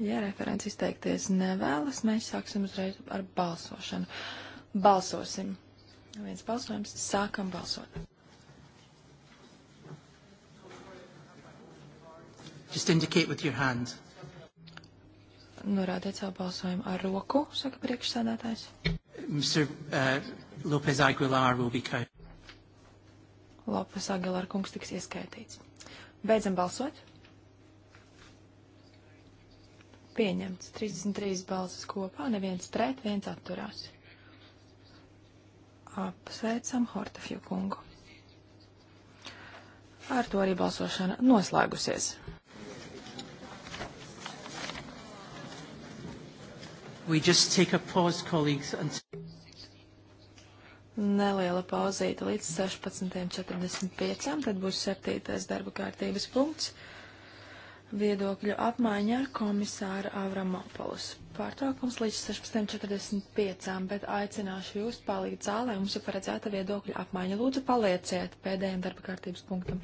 Ja referents izteikties nevēlas, mēs sāksim uzreiz ar balsošanu. Balsosim. Viens balsojums. Sākam balsot. Just indicate with your hand. Norādiet savu balsojumu ar roku, saka priekšsēdētājs. Mr. Uh, Lopez Aguilar will be counted. Lopes Aguilar kungs tiks ieskaitīts. Beidzam balsot. Pieņemts. 33 balsas kopā, neviens pret, viens atturās. Apsveicam Hortafju kungu. Ar to arī balsošana noslēgusies. We just take a pause, colleagues, until... Neliela pauzīte līdz 16.45, tad būs septītais darba kārtības punkts - viedokļu apmaiņa ar komisāru Avramopolus. Pārtraukums līdz 16.45, bet aicināšu jūs palikt zālē, mums ir paredzēta viedokļu apmaiņa. Lūdzu, palieciet pēdējiem darba kārtības punktam.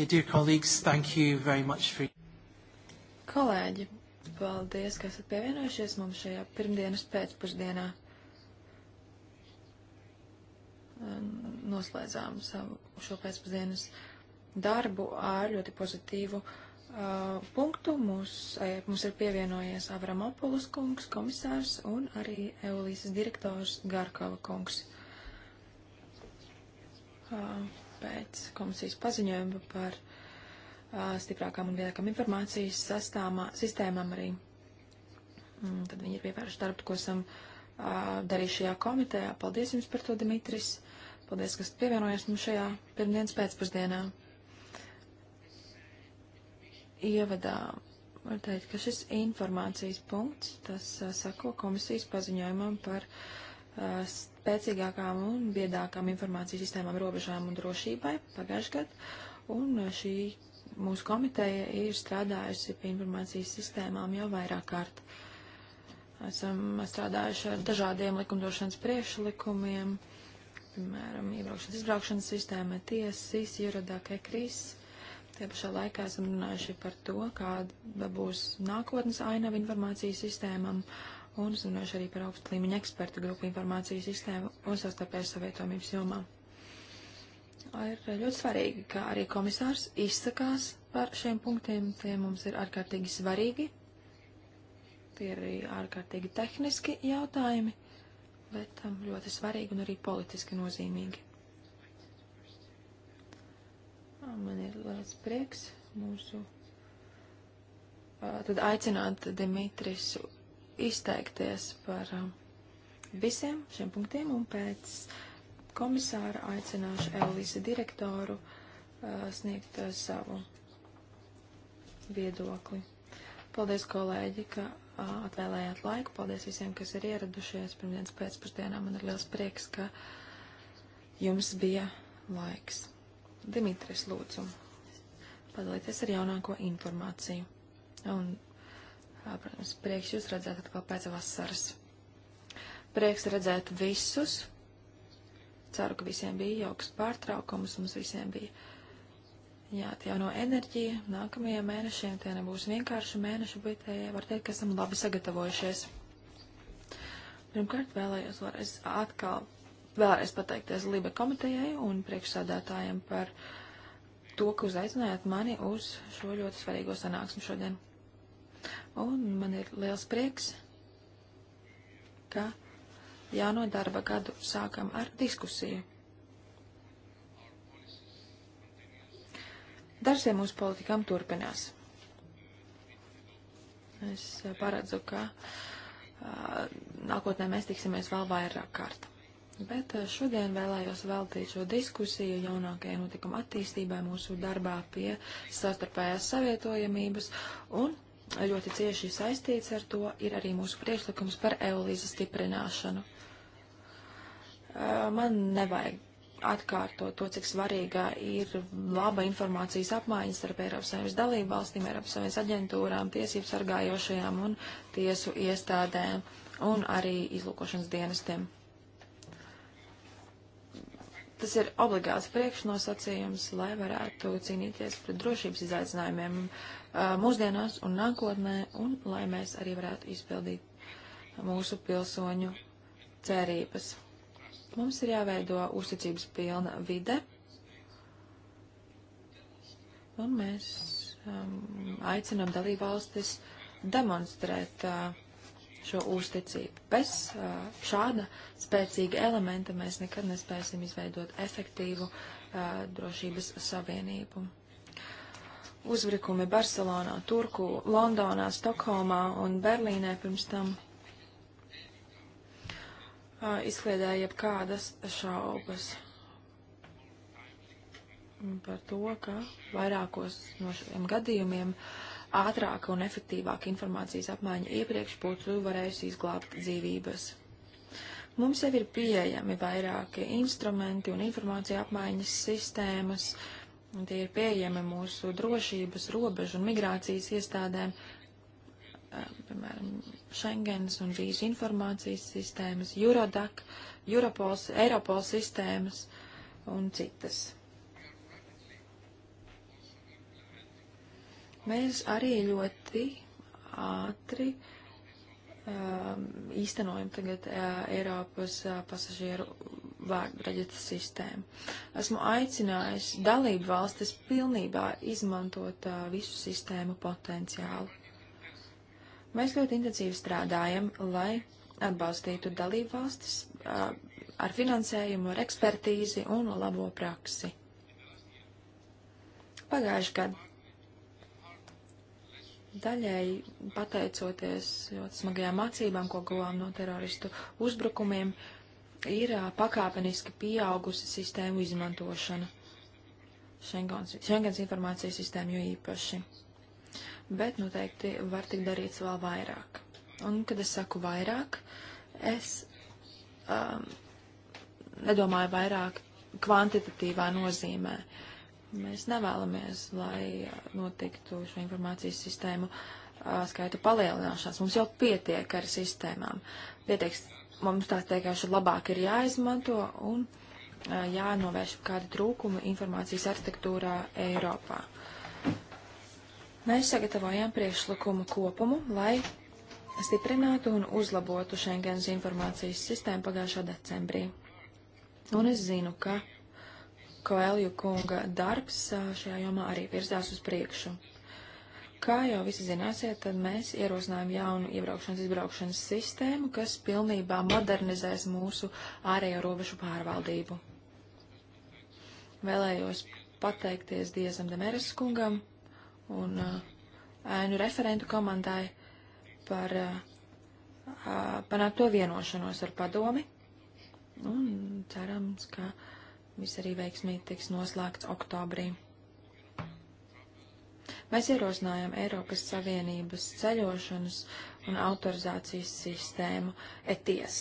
Okay, dear colleagues, thank you very much for... Kolēģi, paldies, ka esat pievienojušies mums šajā pirmdienas pēcpusdienā. Noslēdzām savu šo pēcpusdienas darbu ar ļoti pozitīvu uh, punktu. Mums, mums ir pievienojies Avramopulus kungs, komisārs, un arī Eulīsas direktors Garkava kungs. Uh, pēc komisijas paziņojuma par uh, stiprākām un vieglākām informācijas sastāmā, sistēmām arī. Un mm, tad viņi ir pievērši darbu, ko esam uh, darījuši šajā komitejā. Paldies jums par to, Dimitris. Paldies, kas pievienojies mums šajā pirmdienas pēcpusdienā. Ievadā var teikt, ka šis informācijas punkts, tas uh, sako komisijas paziņojumam par uh, Uh, spēcīgākām un biedākām informācijas sistēmām robežām un drošībai pagājušajā gadā, un uh, šī mūsu komiteja ir strādājusi pie informācijas sistēmām jau vairāk kārt. Esam strādājuši ar dažādiem likumdošanas priekšlikumiem, piemēram, iebraukšanas izbraukšanas sistēma, tiesas, juradāk, ekrīs. Tie pašā laikā esam runājuši par to, kāda būs nākotnes ainava informācijas sistēmām. Uh, un zināšu arī par augstu līmeņu ekspertu grupu informācijas sistēmu un sastarpēju savietojumības jomā. Ir ļoti svarīgi, ka arī komisārs izsakās par šiem punktiem. Tie mums ir ārkārtīgi svarīgi. Tie ir arī ārkārtīgi tehniski jautājumi, bet um, ļoti svarīgi un arī politiski nozīmīgi. Ah, man ir liels prieks mūsu. Uh, tad aicināt Dimitris izteikties par um, visiem šiem punktiem un pēc komisāra aicināšu Elīsa direktoru uh, sniegt uh, savu viedokli. Paldies, kolēģi, ka uh, atvēlējāt laiku. Paldies visiem, kas ir ieradušies pirmdienas pēcpusdienā. Man ir liels prieks, ka jums bija laiks. Dimitris, lūdzu, padalīties ar jaunāko informāciju. Un Protams, prieks jūs redzēt atkal pēc vasaras. Prieks redzēt visus. Ceru, ka visiem bija jauks pārtraukums, mums visiem bija jāatjauno enerģija. Nākamajiem mēnešiem tie nebūs vienkārši mēneši, bet eh, var teikt, ka esam labi sagatavojušies. Pirmkārt, vēlējos vēlreiz atkal vēlreiz pateikties Libe komitejai un priekšsādātājiem par to, ka uzaicinājāt mani uz šo ļoti svarīgo sanāksmu šodien. Un man ir liels prieks, ka jauno darba gadu sākam ar diskusiju. Dažiem mūsu politikām turpinās. Es eh, paredzu, ka uh, nākotnē mēs tiksimies vēl vairāk kārt. Bet uh, šodien vēlējos veltīt šo diskusiju jaunākajai notikuma attīstībai mūsu darbā pie sastarpējās savietojamības un ļoti cieši saistīts ar to, ir arī mūsu priekšlikums par eolīzes stiprināšanu. Man nevajag atkārtot to, cik svarīga ir laba informācijas apmaiņa starp Eiropas Savienības dalību valstīm, Eiropas Savienības aģentūrām, tiesību sargājošajām un tiesu iestādēm un arī izlūkošanas dienestiem. Tas ir obligāts priekšnosacījums, lai varētu cīnīties pret drošības izaicinājumiem. Uh, mūsdienās un nākotnē, un lai mēs arī varētu izpildīt mūsu pilsoņu cerības. Mums ir jāveido uzticības pilna vide, un mēs um, aicinām dalībvalstis demonstrēt uh, šo uzticību. Bez uh, šāda spēcīga elementa mēs nekad nespēsim izveidot efektīvu uh, drošības savienību uzbrukumi Barcelonā, Turku, Londonā, Stokholmā un Berlīnē pirms tam uh, izkliedēja jebkādas šaubas par to, ka vairākos no šiem gadījumiem ātrāka un efektīvāka informācijas apmaiņa iepriekš būtu varējusi izglābt dzīvības. Mums jau ir pieejami vairāki instrumenti un informācija apmaiņas sistēmas, uh, Un tie ir pieejami mūsu drošības, robežu un migrācijas iestādēm, piemēram, Schengens un vīzu informācijas sistēmas, Eurodac, Europols, Eiropols sistēmas un citas. Mēs arī ļoti ātri um, īstenojam tagad uh, Eiropas uh, pasažieru vārdu reģistra sistēmu. Esmu aicinājis dalību valstis pilnībā izmantot uh, visu sistēmu potenciālu. Mēs ļoti intensīvi strādājam, lai atbalstītu dalību valstis uh, ar finansējumu, ar ekspertīzi un labo praksi. Pagājuši gadu daļēji pateicoties ļoti smagajām mācībām, ko guvām no teroristu uzbrukumiem, uh, ir pakāpeniski pieaugusi sistēmu izmantošana. Schengens, Schengens informācijas sistēmu jo īpaši. Bet noteikti var tik darīts vēl vairāk. Un, kad es saku vairāk, es um, nedomāju vairāk kvantitatīvā nozīmē. Mēs nevēlamies, lai notiktu šo informācijas sistēmu uh, skaitu palielināšanās. Mums jau pietiek ar sistēmām. Pietiek mums tā teikšu labāk ir jāizmanto un jānovērš kādi trūkumi informācijas arhitektūrā Eiropā. Mēs sagatavojām priekšlikumu kopumu, lai stiprinātu un uzlabotu Schengens informācijas sistēmu pagājušā decembrī. Un es zinu, ka Koelju kunga darbs šajā jomā arī virzās uz priekšu. Kā jau visi zināsiet, tad mēs ierosinājām jaunu iebraukšanas izbraukšanas sistēmu, kas pilnībā modernizēs mūsu ārējo robežu pārvaldību. Vēlējos pateikties Diezam Demeres kungam un uh, ēnu uh, referentu komandai par uh, panākto vienošanos ar padomi. Un cerams, ka viss arī veiksmīgi tiks noslēgts oktobrī. Mēs ierosinājām Eiropas Savienības ceļošanas un autorizācijas sistēmu ETIES.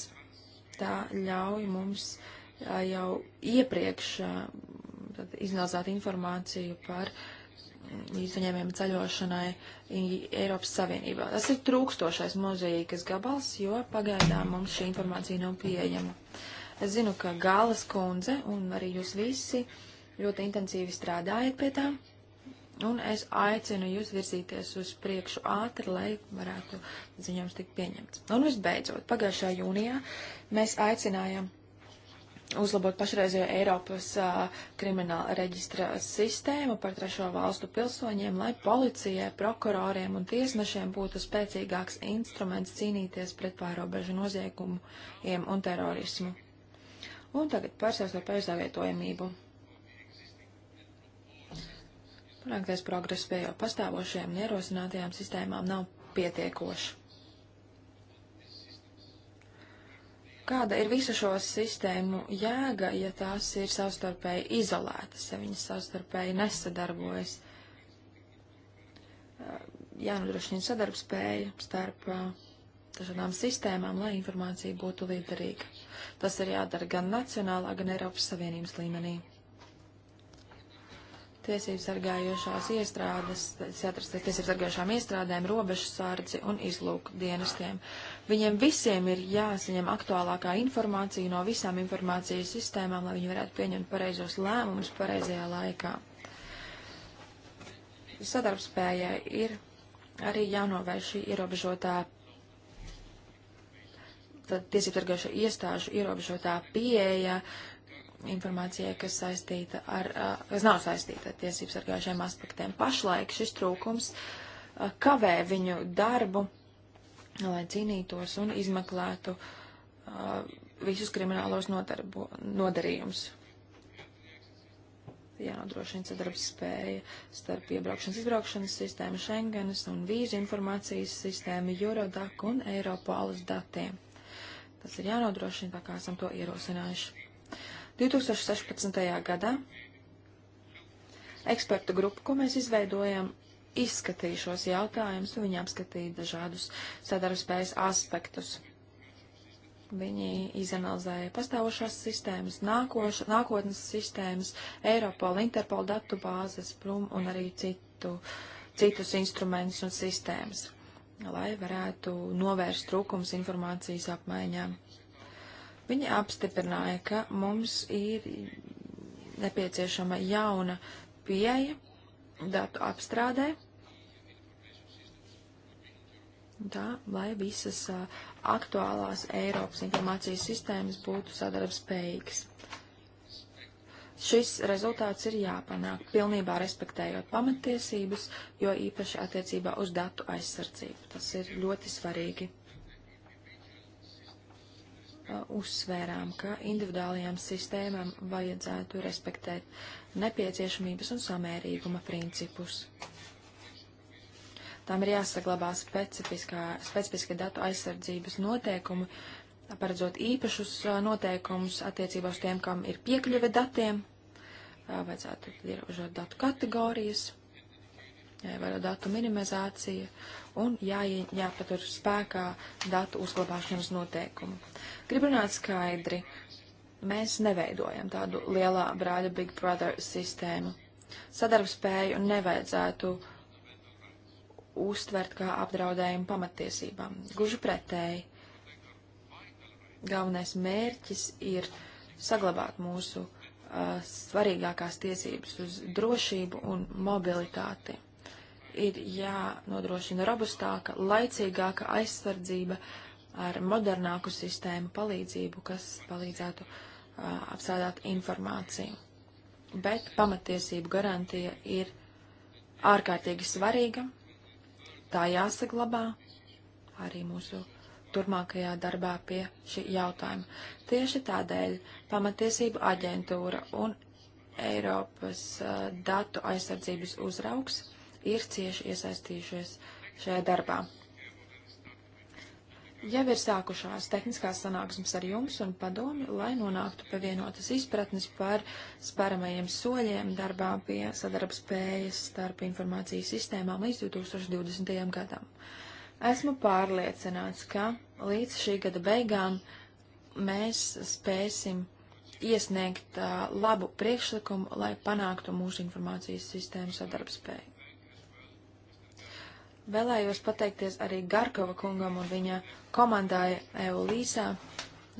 Tā ļauj mums jau iepriekš iznalzāt informāciju par izņēmiem ceļošanai Eiropas Savienībā. Tas ir trūkstošais mozaīkas gabals, jo pagaidām mums šī informācija nav pieejama. Es zinu, ka Gāles kundze un arī jūs visi ļoti intensīvi strādājat pie tām. Un es aicinu jūs virzīties uz priekšu ātri, lai varētu ziņojums tikt pieņemts. Un visbeidzot, pagājušā jūnijā mēs aicinājām uzlabot pašreizējo Eiropas a, krimināla reģistra sistēmu par trešo valstu pilsoņiem, lai policijai, prokuroriem un tiesnešiem būtu spēcīgāks instruments cīnīties pret pārobežu noziegumiem un terorismu. Un tagad par savstarpēju savietojamību. Panāktais progress pie jau pastāvošajām un ierosinātajām sistēmām nav pietiekošs. Kāda ir visu šo sistēmu jēga, ja tās ir savstarpēji izolētas, ja viņas savstarpēji nesadarbojas? Jānodrošina sadarbspēja starp dažādām sistēmām, lai informācija būtu līderīga. Tas ir jādara gan nacionālā, gan Eiropas Savienības līmenī tiesību sargājošās iestrādes, jāatrasties tiesību sargājošām iestrādēm, robežu sārdzi un izlūku dienestiem. Viņiem visiem ir jāsaņem aktuālākā informācija no visām informācijas sistēmām, lai viņi varētu pieņemt pareizos lēmumus pareizajā laikā. Sadarbspējai ir arī jānovērš šī ierobežotā tiesību sargājošo iestāžu ierobežotā pieeja uh, informācijai, kas saistīta ar, kas nav saistīta ar tiesības sargājušiem aspektiem. Pašlaik šis trūkums kavē viņu darbu, lai cīnītos un izmeklētu visus kriminālos nodarbu, nodarījumus. Jānodrošina sadarbs spēja starp iebraukšanas izbraukšanas sistēmu Schengenas un vīzu informācijas sistēmu Eurodac un Eiropolas datiem. Tas ir jānodrošina, tā kā esam to ierosinājuši. 2016. gadā ekspertu grupu, ko mēs izveidojam, izskatīja šos jautājumus, un viņi apskatīja dažādus sadarbspējas aspektus. Viņi izanalizēja pastāvošās sistēmas, nākoš, nākotnes sistēmas, Eiropola, Interpol datu bāzes, prum un arī citu, citus instrumentus un sistēmas, lai varētu novērst trūkums informācijas apmaiņām. Viņa apstiprināja, ka mums ir nepieciešama jauna pieeja datu apstrādē, tā, lai visas a, aktuālās Eiropas informācijas sistēmas būtu sadarbspējīgas. Šis rezultāts ir jāpanāk, pilnībā respektējot pamatiesības, jo īpaši attiecībā uz datu aizsardzību. Tas ir ļoti svarīgi. Uh, uzsvērām, ka individuālajām sistēmām vajadzētu respektēt nepieciešamības un samērīguma principus. Tām ir jāsaglabā specifiska datu aizsardzības noteikumi, paredzot īpašus uh, noteikumus attiecībā uz tiem, kam ir piekļuve datiem, uh, vajadzētu ierobežot datu kategorijas jāievēro datu minimizācija un jā, jāpatur spēkā datu uzglabāšanas noteikumu. Gribu runāt skaidri, mēs neveidojam tādu lielā brāļa Big Brother sistēmu. Sadarbspēju nevajadzētu uztvert kā apdraudējumu pamatiesībām. Guži pretēji. Galvenais mērķis ir saglabāt mūsu uh, svarīgākās tiesības uz drošību un mobilitāti ir jānodrošina robustāka, laicīgāka aizsardzība ar modernāku sistēmu palīdzību, kas palīdzētu uh, apsādāt informāciju. Bet pamatiesību garantija ir ārkārtīgi svarīga, tā jāsaglabā arī mūsu turmākajā darbā pie šī jautājuma. Tieši tādēļ pamatiesību aģentūra un Eiropas uh, datu aizsardzības uzraugs ir cieši iesaistījušies šajā darbā. Jau ir sākušās tehniskās sanāksmes ar jums un padomi, lai nonāktu pie vienotas izpratnes par spēramajiem soļiem darbā pie sadarbspējas starp informācijas sistēmām līdz 2020. gadam. Esmu pārliecināts, ka līdz šī gada beigām mēs spēsim iesniegt uh, labu priekšlikumu, lai panāktu mūsu informācijas sistēmu sadarbspēju. Vēlējos pateikties arī Garkova kungam un viņa komandai EULīsā.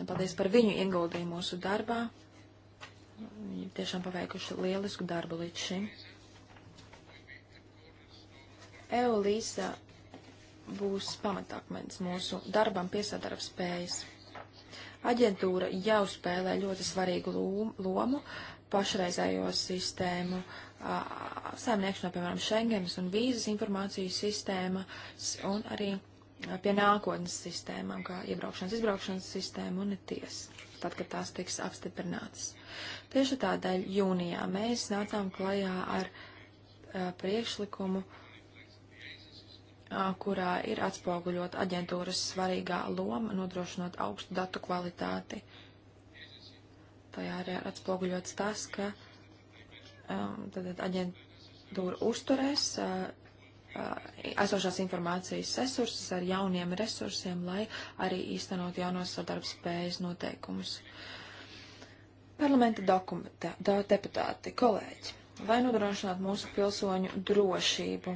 Paldies par viņu ieguldījumu mūsu darbā. Viņi tiešām paveikuši lielisku darbu līdz šim. EULīsa būs pamatakmens mūsu darbam piesadarb spējas. Aģentūra jau spēlē ļoti svarīgu lomu pašreizējo sistēmu uh, saimniekšanā, piemēram, Schengens un vīzas informācijas sistēma un arī pie nākotnes sistēmām, kā iebraukšanas, izbraukšanas sistēma un ties, tad, kad tās tiks apstiprinātas. Tieši tādēļ jūnijā mēs nācām klajā ar a, priekšlikumu, a, kurā ir atspoguļot aģentūras svarīgā loma, nodrošinot augstu datu kvalitāti. Tajā arī ir atspoguļots tas, ka uh, Tātad um, aģentūra uzturēs uh, uh, esošās informācijas resursus ar jauniem resursiem, lai arī īstenot jaunos sadarbspējas noteikumus. Parlamenta dokumenta, deputāti, kolēģi, lai nodrošinātu mūsu pilsoņu drošību,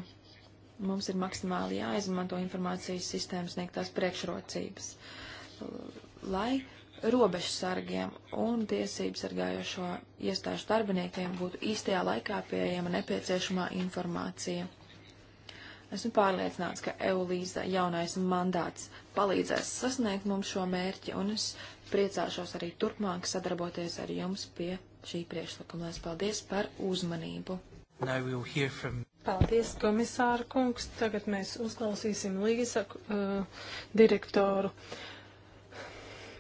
mums ir maksimāli jāizmanto informācijas sistēmas sniegtās priekšrocības, lai robežsargiem un tiesību sargājošo iestāžu darbiniekiem būtu īstajā laikā pieejama nepieciešamā informācija. Esmu pārliecināts, ka Eulīza jaunais mandāts palīdzēs sasniegt mums šo mērķi, un es priecāšos arī turpmāk sadarboties ar jums pie šī priekšlikuma. Lielas paldies par uzmanību! We'll from... Paldies, komisāra kungs! Tagad mēs uzklausīsim Līza uh, direktoru. Uh,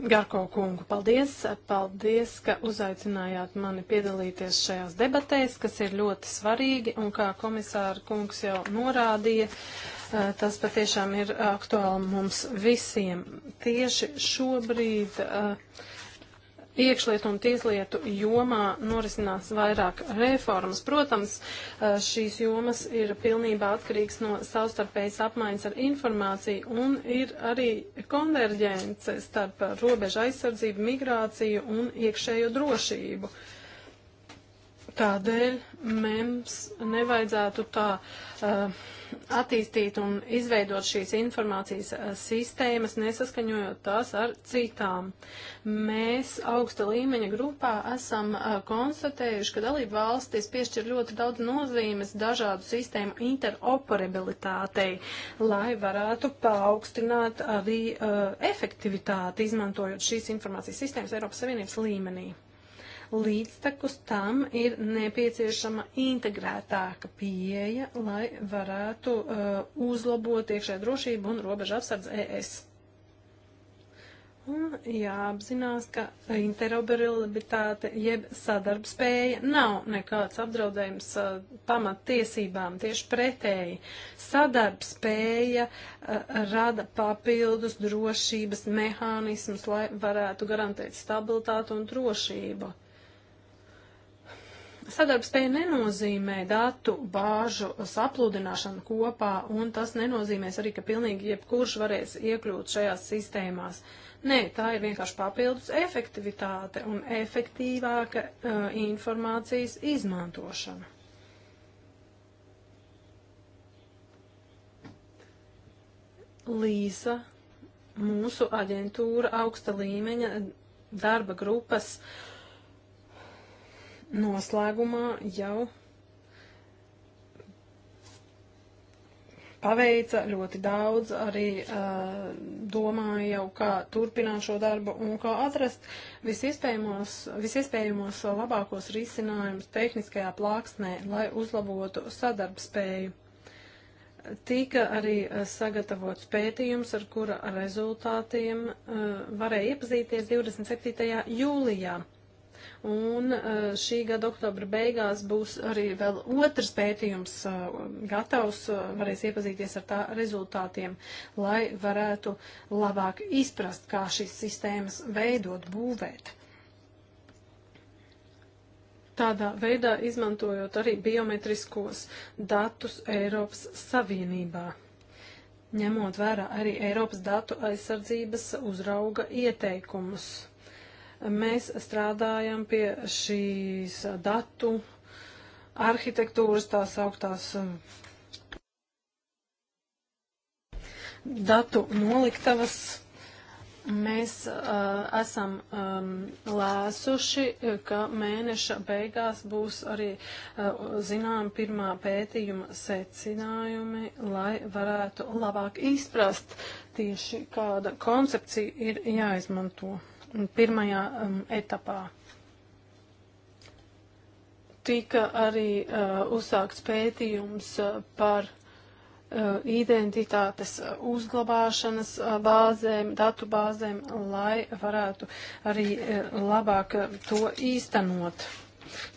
Garko kungu. Paldies, paldies, ka uzaicinājāt mani piedalīties šajās debatēs, kas ir ļoti svarīgi, un kā komisāra kungs jau norādīja, eh, tas patiešām ir aktuāli mums visiem. Tieši šobrīd. Uh, iekšlietu un tieslietu jomā norisinās vairāk reformas. Protams, šīs jomas ir pilnībā atkarīgs no savstarpējas apmaiņas ar informāciju un ir arī konverģence starp robežu aizsardzību, migrāciju un iekšējo drošību. Uh, Tādēļ mums nevajadzētu tā uh, attīstīt un izveidot šīs informācijas eh, sistēmas, nesaskaņojot tās ar citām. Mēs augsta līmeņa grupā esam uh, konstatējuši, ka dalību valstis piešķir ļoti daudz nozīmes dažādu sistēmu interoperabilitātei, lai varētu paaugstināt arī uh, efektivitāti, izmantojot šīs informācijas sistēmas Eiropas Savienības līmenī. Līdztekus tam ir nepieciešama integrētāka pieeja, lai varētu uh, uzlabot iekšē drošību un robežu apsardz ES. Un jāapzinās, ka interoperabilitāte jeb sadarbspēja nav nekāds apdraudējums uh, pamattiesībām, tieši pretēji. Sadarbspēja uh, rada papildus drošības mehānismus, lai varētu garantēt stabilitātu un drošību. Sadarbspēja nenozīmē datu bāžu sapludināšanu kopā, un tas nenozīmēs arī, ka pilnīgi jebkurš varēs iekļūt šajās sistēmās. Nē, tā ir vienkārši papildus efektivitāte un efektīvāka uh, informācijas izmantošana. Līsa, mūsu aģentūra augsta līmeņa darba grupas uh, noslēgumā jau paveica ļoti daudz, arī uh, domāja jau, kā turpināt šo darbu un kā atrast visiespējamos, visiespējamos labākos risinājumus tehniskajā plāksnē, lai uzlabotu sadarbspēju. Tika arī uh, sagatavots pētījums, ar kura rezultātiem uh, varēja iepazīties 27. jūlijā. Un uh, šī gada oktobra beigās būs arī vēl otrs pētījums uh, gatavs, uh, varēs iepazīties ar tā rezultātiem, lai varētu labāk izprast, kā šīs sistēmas veidot, būvēt. Tādā veidā izmantojot arī biometriskos datus Eiropas Savienībā, ņemot vērā arī Eiropas datu aizsardzības uzrauga ieteikumus. Mēs strādājam pie šīs datu arhitektūras, tās augtās um, datu noliktavas. Mēs uh, esam um, lēsuši, ka mēneša beigās būs arī uh, zinām pirmā pētījuma secinājumi, lai varētu labāk izprast tieši kāda koncepcija ir jāizmanto pirmajā um, etapā. Tika arī uh, uzsākts pētījums uh, par uh, identitātes uh, uzglabāšanas uh, bāzēm, datu bāzēm, lai varētu arī uh, labāk uh, to īstenot.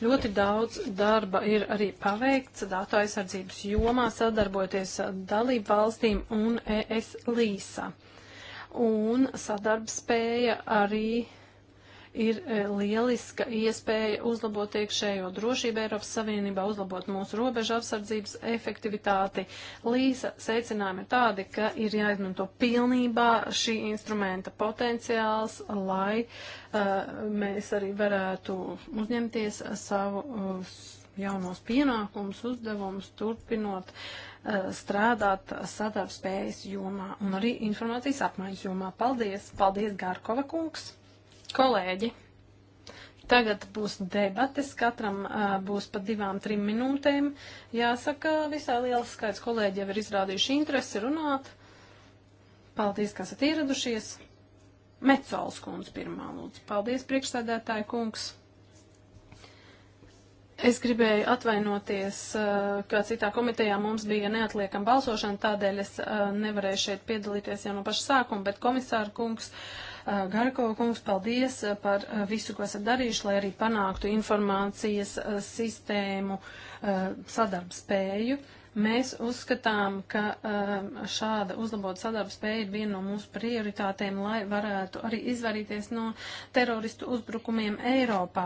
Ļoti daudz darba ir arī paveikts datu aizsardzības jomā, sadarbojoties uh, dalību valstīm un ES līsā. Uh, un sadarbspēja arī ir e, lieliska iespēja uzlabot iekšējo drošību Eiropas Savienībā, uzlabot mūsu robežu apsardzības efektivitāti. Līsa secinājumi ir tādi, ka ir jāizmanto pilnībā šī instrumenta potenciāls, lai uh, mēs arī varētu uzņemties savu uh, jaunos pienākumus, uzdevumus, turpinot uh, Eh, strādāt sadarbspējas jomā un arī informācijas apmaiņas jomā. Paldies! Paldies, Gārkova kungs! Kolēģi! Tagad būs debates, katram uh, būs pa divām, trim minūtēm. Jāsaka, visai liels skaits kolēģi jau ir izrādījuši interesi runāt. Paldies, ka esat ieradušies. Mecols kundze pirmā lūdzu. Paldies, priekšsēdētāji kungs. Es gribēju atvainoties, eh, ka citā komitejā mums bija neatliekama balsošana, tādēļ es eh, nevarēju šeit piedalīties jau no paša sākuma, bet komisāra kungs, eh, Garko kungs, paldies par visu, ko esat darījuši, lai arī panāktu informācijas sistēmu sadarbspēju. spēju Mēs uzskatām, ka um, šāda uzlabota sadarbspēja ir viena no mūsu prioritātēm, lai varētu arī izvarīties no teroristu uzbrukumiem Eiropā.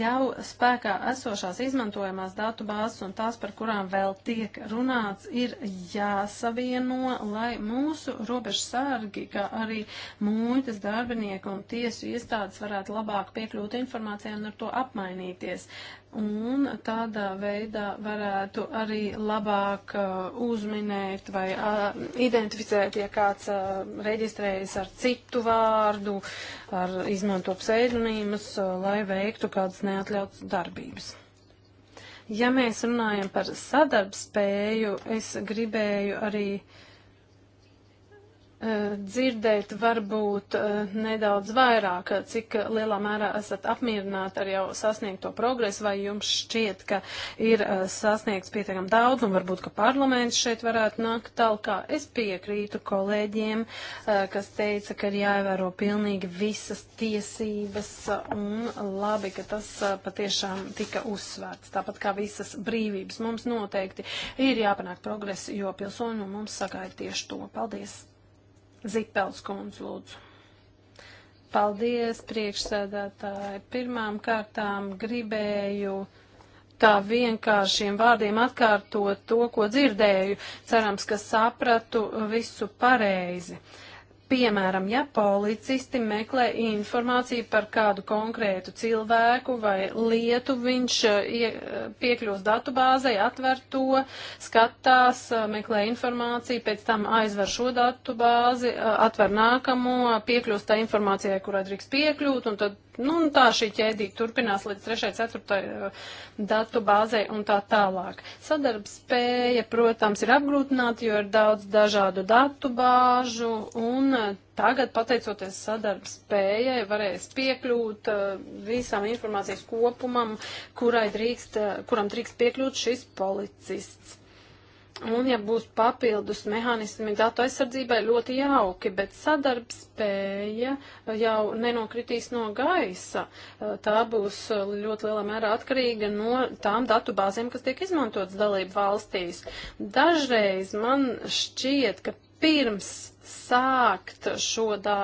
Jau spēkā esošās izmantojamās datu bāzes un tās, par kurām vēl tiek runāts, ir jāsavieno, lai mūsu robežsargi, kā arī mūjtas darbinieki un tiesu iestādes varētu labāk piekļūt informācijai un ar to apmainīties. Un tādā veidā varētu arī labāk uh, uzminēt vai uh, identificēt, ja kāds uh, reģistrējas ar citu vārdu, ar izmanto pseidonīmus, uh, lai veiktu kādas neatļautas darbības. Ja mēs runājam par sadarbspēju, es gribēju arī uh, Eh, dzirdēt varbūt eh, nedaudz vairāk, cik lielā mērā esat apmierināti ar jau sasniegto progresu, vai jums šķiet, ka ir eh, sasniegts pietiekam daudz, un varbūt, ka parlaments šeit varētu nākt talkā. Es piekrītu kolēģiem, kas teica, ka ir jāievēro pilnīgi visas tiesības, un labi, ka tas patiešām tika uzsvērts, tāpat kā visas brīvības. Mums noteikti ir jāpanāk progresu, jo pilsoņu mums sagaida tieši to. Paldies! Zipels kundz lūdzu. Paldies, priekšsēdētāji. Pirmām kārtām gribēju tā vienkāršiem vārdiem atkārtot to, ko dzirdēju. Cerams, ka sapratu visu pareizi. Uh, Piemēram, ja policisti meklē informāciju par kādu konkrētu cilvēku vai lietu, viņš uh, piekļūst datubāzei, atver to, skatās, uh, meklē informāciju, pēc tam aizver šo datubāzi, uh, atver nākamo, piekļūst tā informācijai, kurai drīkst piekļūt, un tad Nu, un tā šī ķēdīte turpinās līdz 3. 4. Uh, datu bāzē un tā tālāk. Sadarbspēja, protams, ir apgrūtināta, jo ir daudz dažādu datu bāžu, un uh, tagad, pateicoties sadarbspējai, varēs piekļūt uh, visām informācijas kopumam, kurai drīkst, kuram drīkst piekļūt šis policists. Un, ja būs papildus mehānismi datu aizsardzībai, ļoti jauki, bet sadarbspēja jau nenokritīs no gaisa. Tā būs ļoti lielā mērā atkarīga no tām datu bāzēm, kas tiek izmantotas dalību valstīs. Dažreiz man šķiet, ka pirms sākt šo da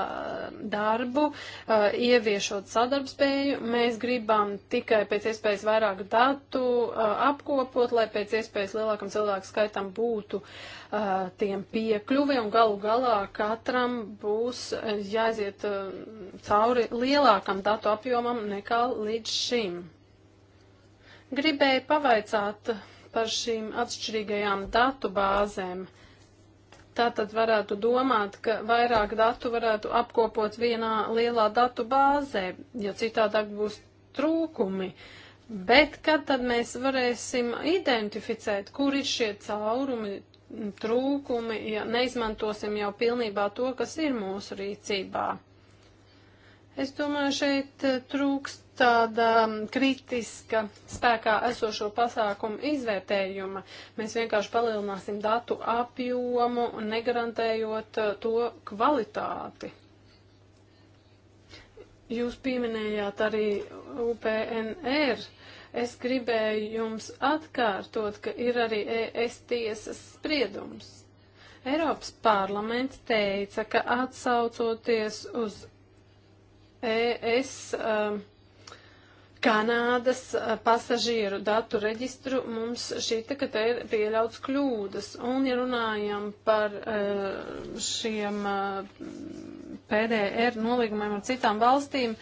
darbu, uh, ieviešot sadarbspēju. Mēs gribam tikai pēc iespējas vairāk datu uh, apkopot, lai pēc iespējas lielākam cilvēku skaitam būtu uh, tiem piekļuvi un galu galā katram būs uh, jāiziet uh, cauri lielākam datu apjomam nekā līdz šim. Gribēju pavaicāt par šīm atšķirīgajām datu bāzēm. Uh, Tā tad varētu domāt, ka vairāk datu varētu apkopot vienā lielā datu bāzē, jo citādāk būs trūkumi. Bet kad tad mēs varēsim identificēt, kur ir šie caurumi, trūkumi, ja neizmantosim jau pilnībā to, kas ir mūsu rīcībā? Es domāju, šeit eh, trūkst tāda um, kritiska spēkā esošo pasākumu izvērtējuma. Mēs vienkārši palielināsim datu apjomu, negarantējot uh, to kvalitāti. Jūs pieminējāt arī UPNR. Es gribēju jums atkārtot, ka ir arī ES tiesas spriedums. Eiropas parlaments teica, ka atsaucoties uz ES uh, um, Kanādas eh, pasažieru datu reģistru mums šķita, ka te ir pieļauts kļūdas. Un, ja runājam par eh, šiem eh, PDR nolīgumiem ar citām valstīm,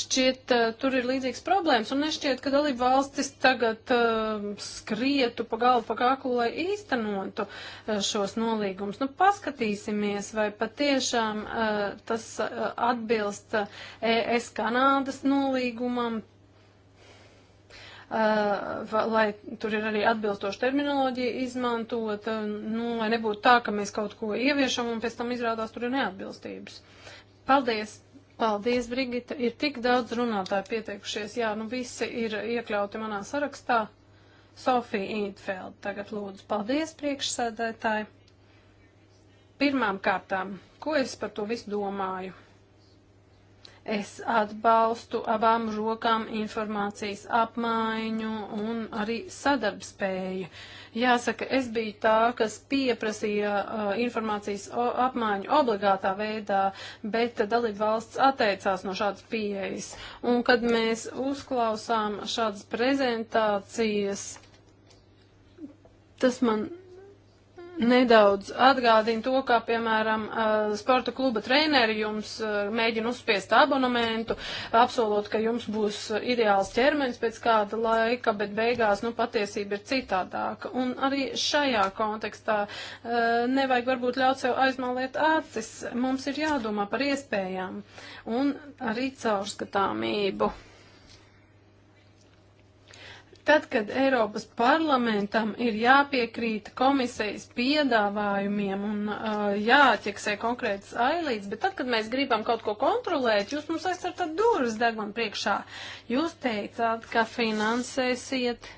šķiet, tur ir līdzīgs problēmas. Un nešķiet, ka dalība valstis tagad skrietu pa galvu pa kaklu, lai īstenotu šos nolīgumus. Nu, paskatīsimies, vai patiešām tas atbilst ES e Kanādas nolīgumam Uh, lai tur ir arī atbilstoša terminoloģija izmantota, uh, nu, lai nebūtu tā, ka mēs kaut ko ieviešam un pēc tam izrādās tur ir neatbilstības. Paldies! Paldies, Brigita! Ir tik daudz runātāju pieteikušies. Jā, nu visi ir iekļauti manā sarakstā. Sofija Īdfeld, tagad lūdzu, paldies priekšsēdētāji. Pirmām kārtām, ko es par to visu domāju? Es atbalstu abām rokām informācijas apmaiņu un arī sadarbspēju. Jāsaka, es biju tā, kas pieprasīja uh, informācijas apmaiņu obligātā veidā, bet dalība valsts atteicās no šādas pieejas. Un kad mēs uzklausām šādas prezentācijas, tas man nedaudz atgādina to, kā, piemēram, sporta kluba treneri jums mēģina uzspiest abonementu, apsolot, ka jums būs ideāls ķermenis pēc kāda laika, bet beigās, nu, patiesība ir citādāka. Un arī šajā kontekstā nevajag varbūt ļaut sev aizmalēt acis. Mums ir jādomā par iespējām un arī caurskatāmību. Tad, kad Eiropas parlamentam ir jāpiekrīt komisijas piedāvājumiem un uh, jāķeksē konkrētas ailītes, bet tad, kad mēs gribam kaut ko kontrolēt, jūs mums aizsartat durvis deguna priekšā. Jūs teicāt, ka finansēsiet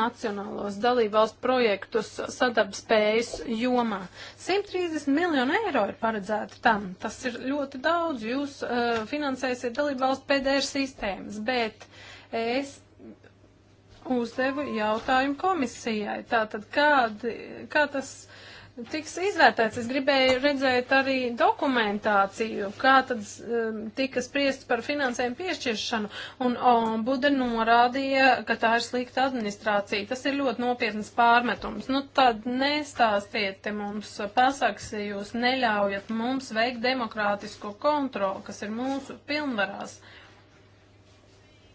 nacionālos dalībvalstu projektus sadarbspējas jomā. 130 miljonu eiro ir paredzēta tam. Tas ir ļoti daudz. Jūs uh, finansēsiet dalībvalstu PDR sistēmas, bet es uzdevu jautājumu komisijai. Tātad, kād, kā tas tiks izvērtēts? Es gribēju redzēt arī dokumentāciju, kā tad um, tika spriests par finansējumu piešķiršanu, un ombuda norādīja, ka tā ir slikta administrācija. Tas ir ļoti nopietnas pārmetums. Nu, tad nestāstiet te mums pasakas, ja jūs neļaujat mums veikt demokrātisko kontroli, kas ir mūsu pilnvarās.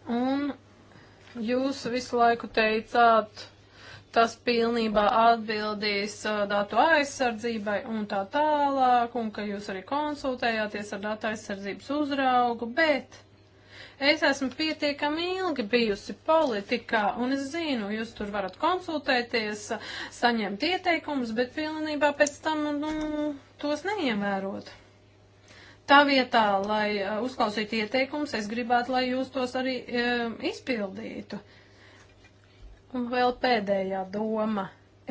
Un Jūs visu laiku teicāt, tas pilnībā atbildīs uh, datu aizsardzībai un tā tālāk, un ka jūs arī konsultējāties ar datu aizsardzības uzraugu, bet es esmu pietiekami ilgi bijusi politikā, un es zinu, jūs tur varat konsultēties, uh, saņemt ieteikumus, bet pilnībā pēc tam, nu, tos neievērot. Tā vietā, lai uh, uzklausītu ieteikumus, es gribētu, lai jūs tos arī um, izpildītu. Un vēl pēdējā doma.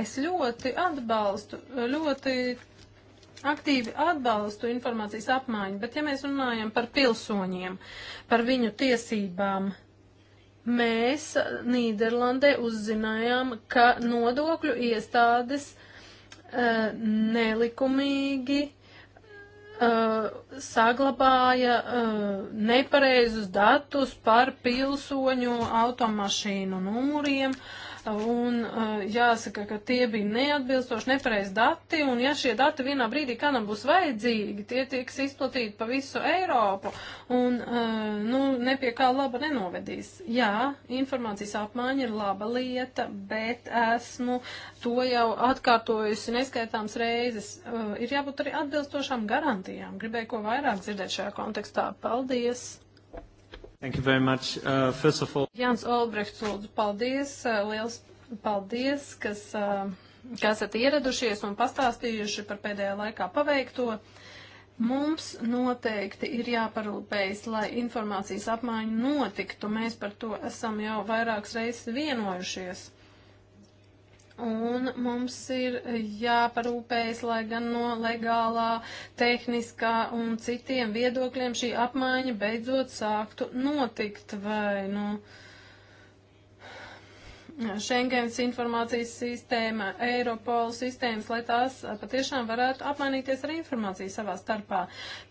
Es ļoti atbalstu, ļoti aktīvi atbalstu informācijas apmaiņu, bet ja mēs runājam par pilsoņiem, par viņu tiesībām, mēs Nīderlandē uzzinājām, ka nodokļu iestādes uh, nelikumīgi uh, Uh, saglabāja uh, nepareizus datus par pilsoņu automašīnu numuriem un uh, jāsaka, ka tie bija neatbilstoši, nepareiz dati, un ja šie dati vienā brīdī kādam būs vajadzīgi, tie tiks izplatīti pa visu Eiropu, un, uh, nu, ne pie kā laba nenovedīs. Jā, informācijas apmaiņa ir laba lieta, bet esmu to jau atkārtojusi neskaitāms reizes. Uh, ir jābūt arī atbilstošām garantijām. Gribēju ko vairāk dzirdēt šajā kontekstā. Paldies! Thank you very much. Uh, first of all. Jans Olbrechts, lūdzu, paldies. Uh, liels paldies, kas, uh, ka esat ieradušies un pastāstījuši par pēdējā laikā paveikto. Mums noteikti ir jāparūpējas, lai informācijas apmaiņa notiktu. Mēs par to esam jau vairākas reizes vienojušies. Un mums ir jāparūpējas, lai gan no legālā, tehniskā un citiem viedokļiem šī apmaiņa beidzot sāktu notikt vai nu. Schengens informācijas sistēma, Eiropola sistēmas, lai tās patiešām varētu apmainīties ar informāciju savā starpā.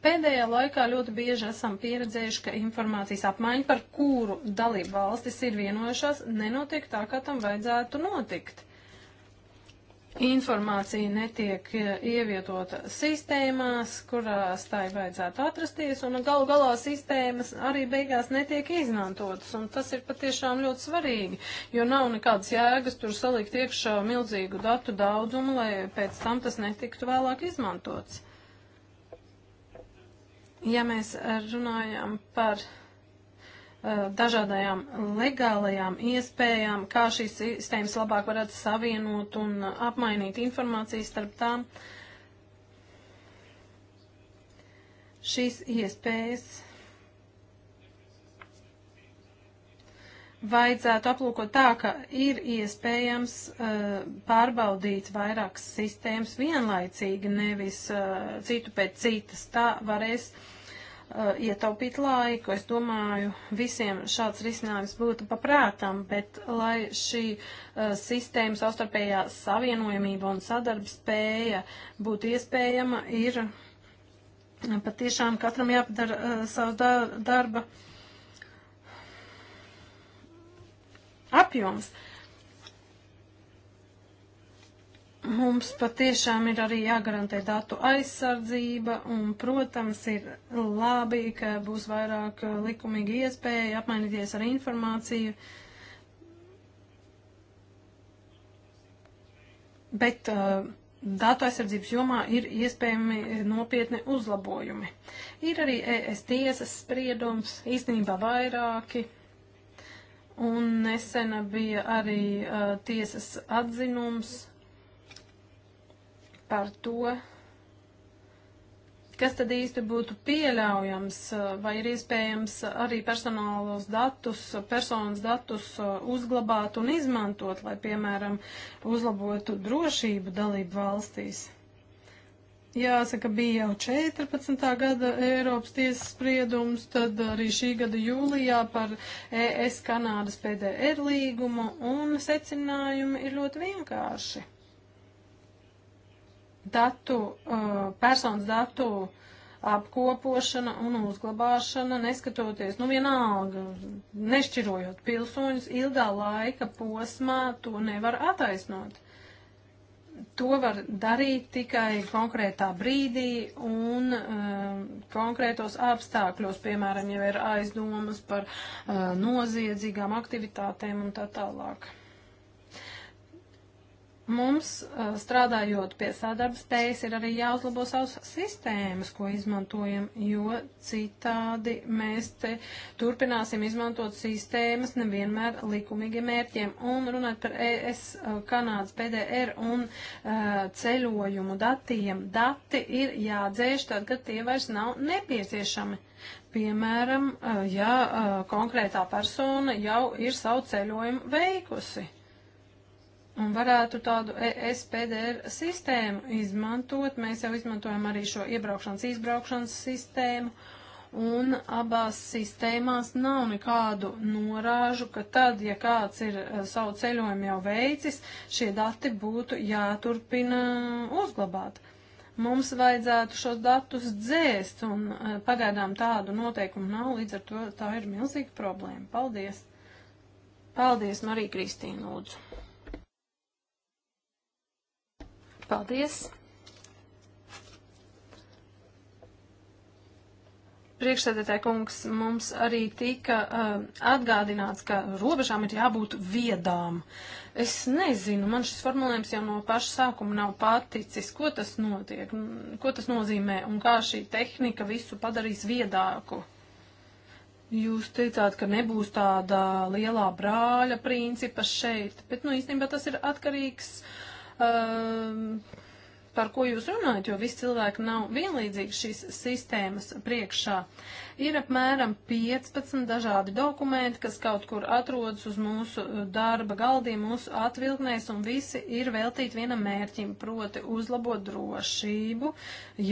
Pēdējā laikā ļoti bieži esam pieredzējuši, ka informācijas apmaiņa, par kuru dalību valstis ir vienojušās, nenotiek tā, kā tam vajadzētu notikt informācija netiek ievietota sistēmās, kurās tā ir vajadzētu atrasties, un galu galā sistēmas arī beigās netiek izmantotas, un tas ir patiešām ļoti svarīgi, jo nav nekādas jēgas tur salikt iekšā milzīgu datu daudzumu, lai pēc tam tas netiktu vēlāk izmantots. Ja mēs runājam par Eh, dažādajām legālajām iespējām, kā šīs sistēmas labāk varētu savienot un apmainīt informāciju starp tām. Šīs iespējas vajadzētu aplūkot tā, ka ir iespējams uh, pārbaudīt vairākas sistēmas vienlaicīgi, nevis uh, citu pēc citas. Tā varēs uh, Uh, ietaupīt laiku. Es domāju, visiem šāds risinājums būtu paprātam, bet lai šī uh, sistēma savstarpējā savienojamība un sadarbspēja būtu iespējama, ir patiešām katram jāpadara uh, savu dar darba apjoms. Uh, Mums patiešām ir arī jāgarantē datu aizsardzība, un, protams, ir labi, ka būs vairāk uh, likumīgi iespēja apmainīties ar informāciju. Bet uh, datu aizsardzības jomā ir iespējami nopietni uzlabojumi. Ir arī ES tiesas spriedums, īstenībā vairāki. Un nesena bija arī uh, tiesas atzinums par to, kas tad īsti būtu pieļaujams, eh, vai ir iespējams arī personālos datus, personas datus eh, uzglabāt un izmantot, lai, piemēram, uzlabotu drošību dalību valstīs. Jāsaka, bija jau 14. gada Eiropas tiesas spriedums, tad arī šī gada jūlijā par ES Kanādas PDR līgumu, un secinājumi ir ļoti vienkārši datu, uh, personas datu apkopošana un uzglabāšana, neskatoties, nu vienalga, nešķirojot pilsoņus, ilgā laika posmā to nevar attaisnot. To var darīt tikai konkrētā brīdī un um, konkrētos apstākļos, piemēram, ja ir aizdomas par uh, noziedzīgām aktivitātēm un tā tālāk. Mums, uh, strādājot pie sadarbspējas, ir arī jāuzlabo savas sistēmas, ko izmantojam, jo citādi mēs te turpināsim izmantot sistēmas nevienmēr likumīgiem mērķiem. Un runāt par ES, uh, Kanādas, PDR un uh, ceļojumu datiem. Dati ir jādzēš tad, kad tie vairs nav nepieciešami. Piemēram, uh, ja konkrētā persona jau ir savu ceļojumu veikusi un varētu tādu e SPDR sistēmu izmantot. Mēs jau izmantojam arī šo iebraukšanas, izbraukšanas sistēmu, un abās sistēmās nav nekādu norāžu, ka tad, ja kāds ir eh, savu ceļojumu jau veicis, šie dati būtu jāturpina uzglabāt. Mums vajadzētu šos datus dzēst, un eh, pagaidām tādu noteikumu nav, līdz ar to tā ir milzīga problēma. Paldies! Paldies, Marija Kristīna, lūdzu! Paldies! priekšsēdētāja kungs, mums arī tika uh, atgādināts, ka robežām ir jābūt viedām. Es nezinu, man šis formulējums jau no paša sākuma nav paticis, ko tas notiek, ko tas nozīmē un kā šī tehnika visu padarīs viedāku. Jūs teicāt, ka nebūs tāda lielā brāļa principa šeit, bet, nu, īstenībā tas ir atkarīgs uh, um, par ko jūs runājat, jo visi cilvēki nav vienlīdzīgi šīs sistēmas priekšā. Ir apmēram 15 dažādi dokumenti, kas kaut kur atrodas uz mūsu eh, darba galdiem, mūsu atvilknēs, un visi ir veltīti vienam mērķim, proti uzlabot drošību.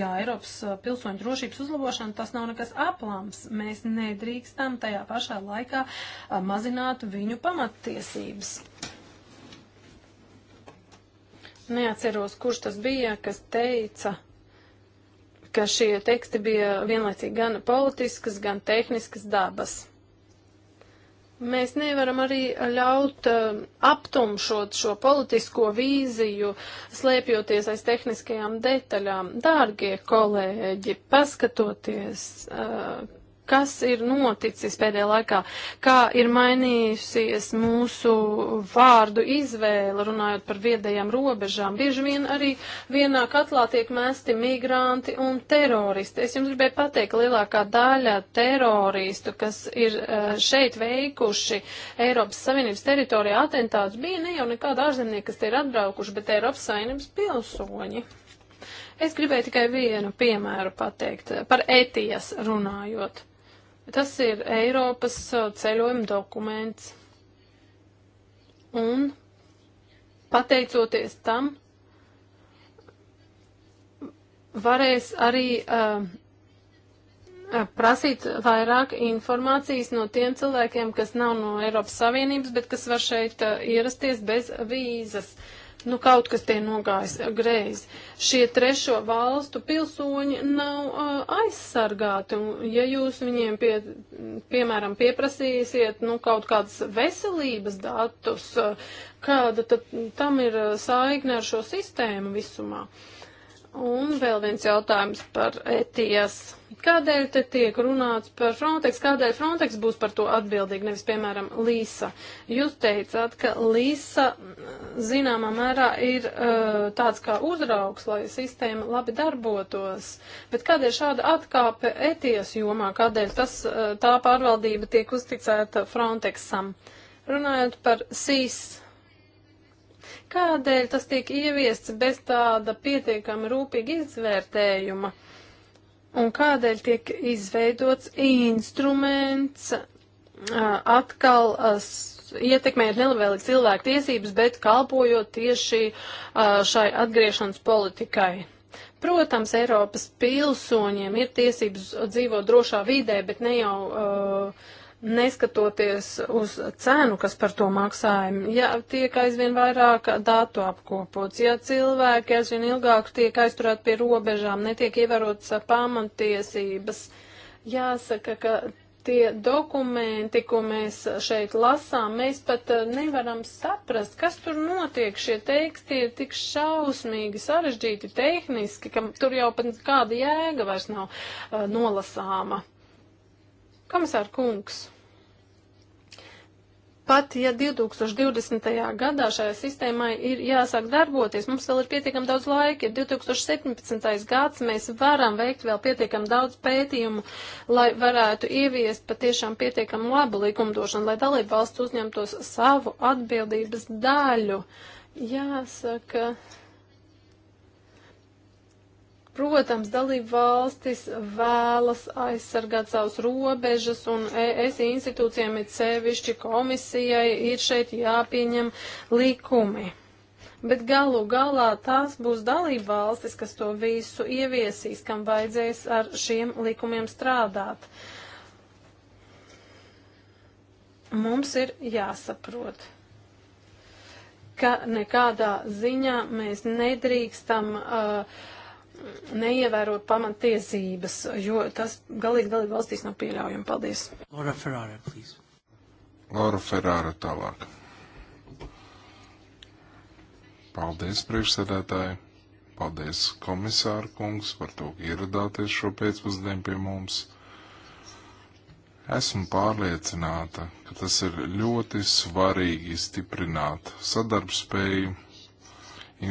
Jā, Eiropas eh, pilsoņu drošības uzlabošana tas nav nekas aplams. Mēs nedrīkstam tajā pašā laikā eh, mazināt viņu pamattiesības. Neatceros, kurš tas bija, kas teica, ka šie teksti bija vienlaicīgi gan politiskas, gan tehniskas dabas. Mēs nevaram arī ļaut um, aptumšot šo politisko vīziju, slēpjoties aiz tehniskajām detaļām. Dārgie kolēģi, paskatoties, uh, kas ir noticis pēdējā laikā, kā ir mainījusies mūsu vārdu izvēle, runājot par viedajām robežām. Bieži vien arī vienā katlā tiek mēsti migranti un teroristi. Es jums gribēju pateikt, lielākā daļa teroristu, kas ir eh, šeit veikuši Eiropas Savienības teritorijā atentātus, bija ne jau nekāda ārzemnieka, kas te ir atbraukuši, bet Eiropas Savienības pilsoņi. Es gribēju tikai vienu piemēru pateikt par etijas runājot. Tas ir Eiropas ceļojuma dokuments. Un pateicoties tam, varēs arī uh, prasīt vairāk informācijas no tiem cilvēkiem, kas nav no Eiropas Savienības, bet kas var šeit uh, ierasties bez vīzas. Uh, Nu, kaut kas tie nogājis greizi. Šie trešo valstu pilsoņi nav uh, aizsargāti. Un, ja jūs viņiem, pie, piemēram, pieprasīsiet nu, kaut kādas veselības datus, uh, kāda tad tam ir saikne ar šo sistēmu visumā? Un vēl viens jautājums par ETIAS. Kādēļ te tiek runāts par Frontex? Kādēļ Frontex būs par to atbildīgi, nevis, piemēram, Līsa? Jūs teicāt, ka Līsa zināmā mērā ir uh, tāds kā uzraugs, lai sistēma labi darbotos. Bet kādēļ šāda atkāpe ETIES jomā, kādēļ tas, uh, tā pārvaldība tiek uzticēta Frontexam? Runājot par SIS, kādēļ tas tiek ieviests bez tāda pietiekama rūpīga izvērtējuma? Un kādēļ tiek izveidots instruments uh, atkal uh, ietekmējot nelabvēlīgi cilvēku tiesības, bet kalpojot tieši šai atgriešanas politikai. Protams, Eiropas pilsoņiem ir tiesības dzīvot drošā vidē, bet ne jau uh, neskatoties uz cenu, kas par to maksājumi. Ja tiek aizvien vairāk datu apkopots, ja cilvēki aizvien ilgāk tiek aizturēti pie robežām, netiek ievērotas pamatiesības, jāsaka, ka tie dokumenti, ko mēs šeit lasām, mēs pat eh, nevaram saprast, kas tur notiek. Šie teksti ir tik šausmīgi sarežģīti tehniski, ka tur jau pat kāda jēga vairs nav uh, nolasāma. Komisār kungs. Pat ja 2020. gadā šajā sistēmai ir jāsāk darboties, mums vēl ir pietiekami daudz laika, ir 2017. gads, mēs varam veikt vēl pietiekami daudz pētījumu, lai varētu ieviest patiešām pietiekami labu likumdošanu, lai dalību valsts uzņemtos savu atbildības daļu. Jāsaka. Uh, Protams, dalību valstis vēlas aizsargāt savus robežas, un ES institūcijām ir sevišķi komisijai ir šeit jāpieņem likumi. Bet galu galā tās būs dalību valstis, kas to visu ieviesīs, kam vajadzēs ar šiem likumiem strādāt. Mums ir jāsaprot ka nekādā ziņā mēs nedrīkstam uh, neievēro pamatiesības, jo tas galīgi dalību valstīs nav pieļaujami. Paldies. Laura Ferrara, please. Laura Ferrara tālāk. Paldies, priekšsēdētāji. Paldies, komisāra kungs, par to, ka ieradāties šo pēcpusdienu pie mums. Esmu pārliecināta, ka tas ir ļoti svarīgi stiprināt sadarbspēju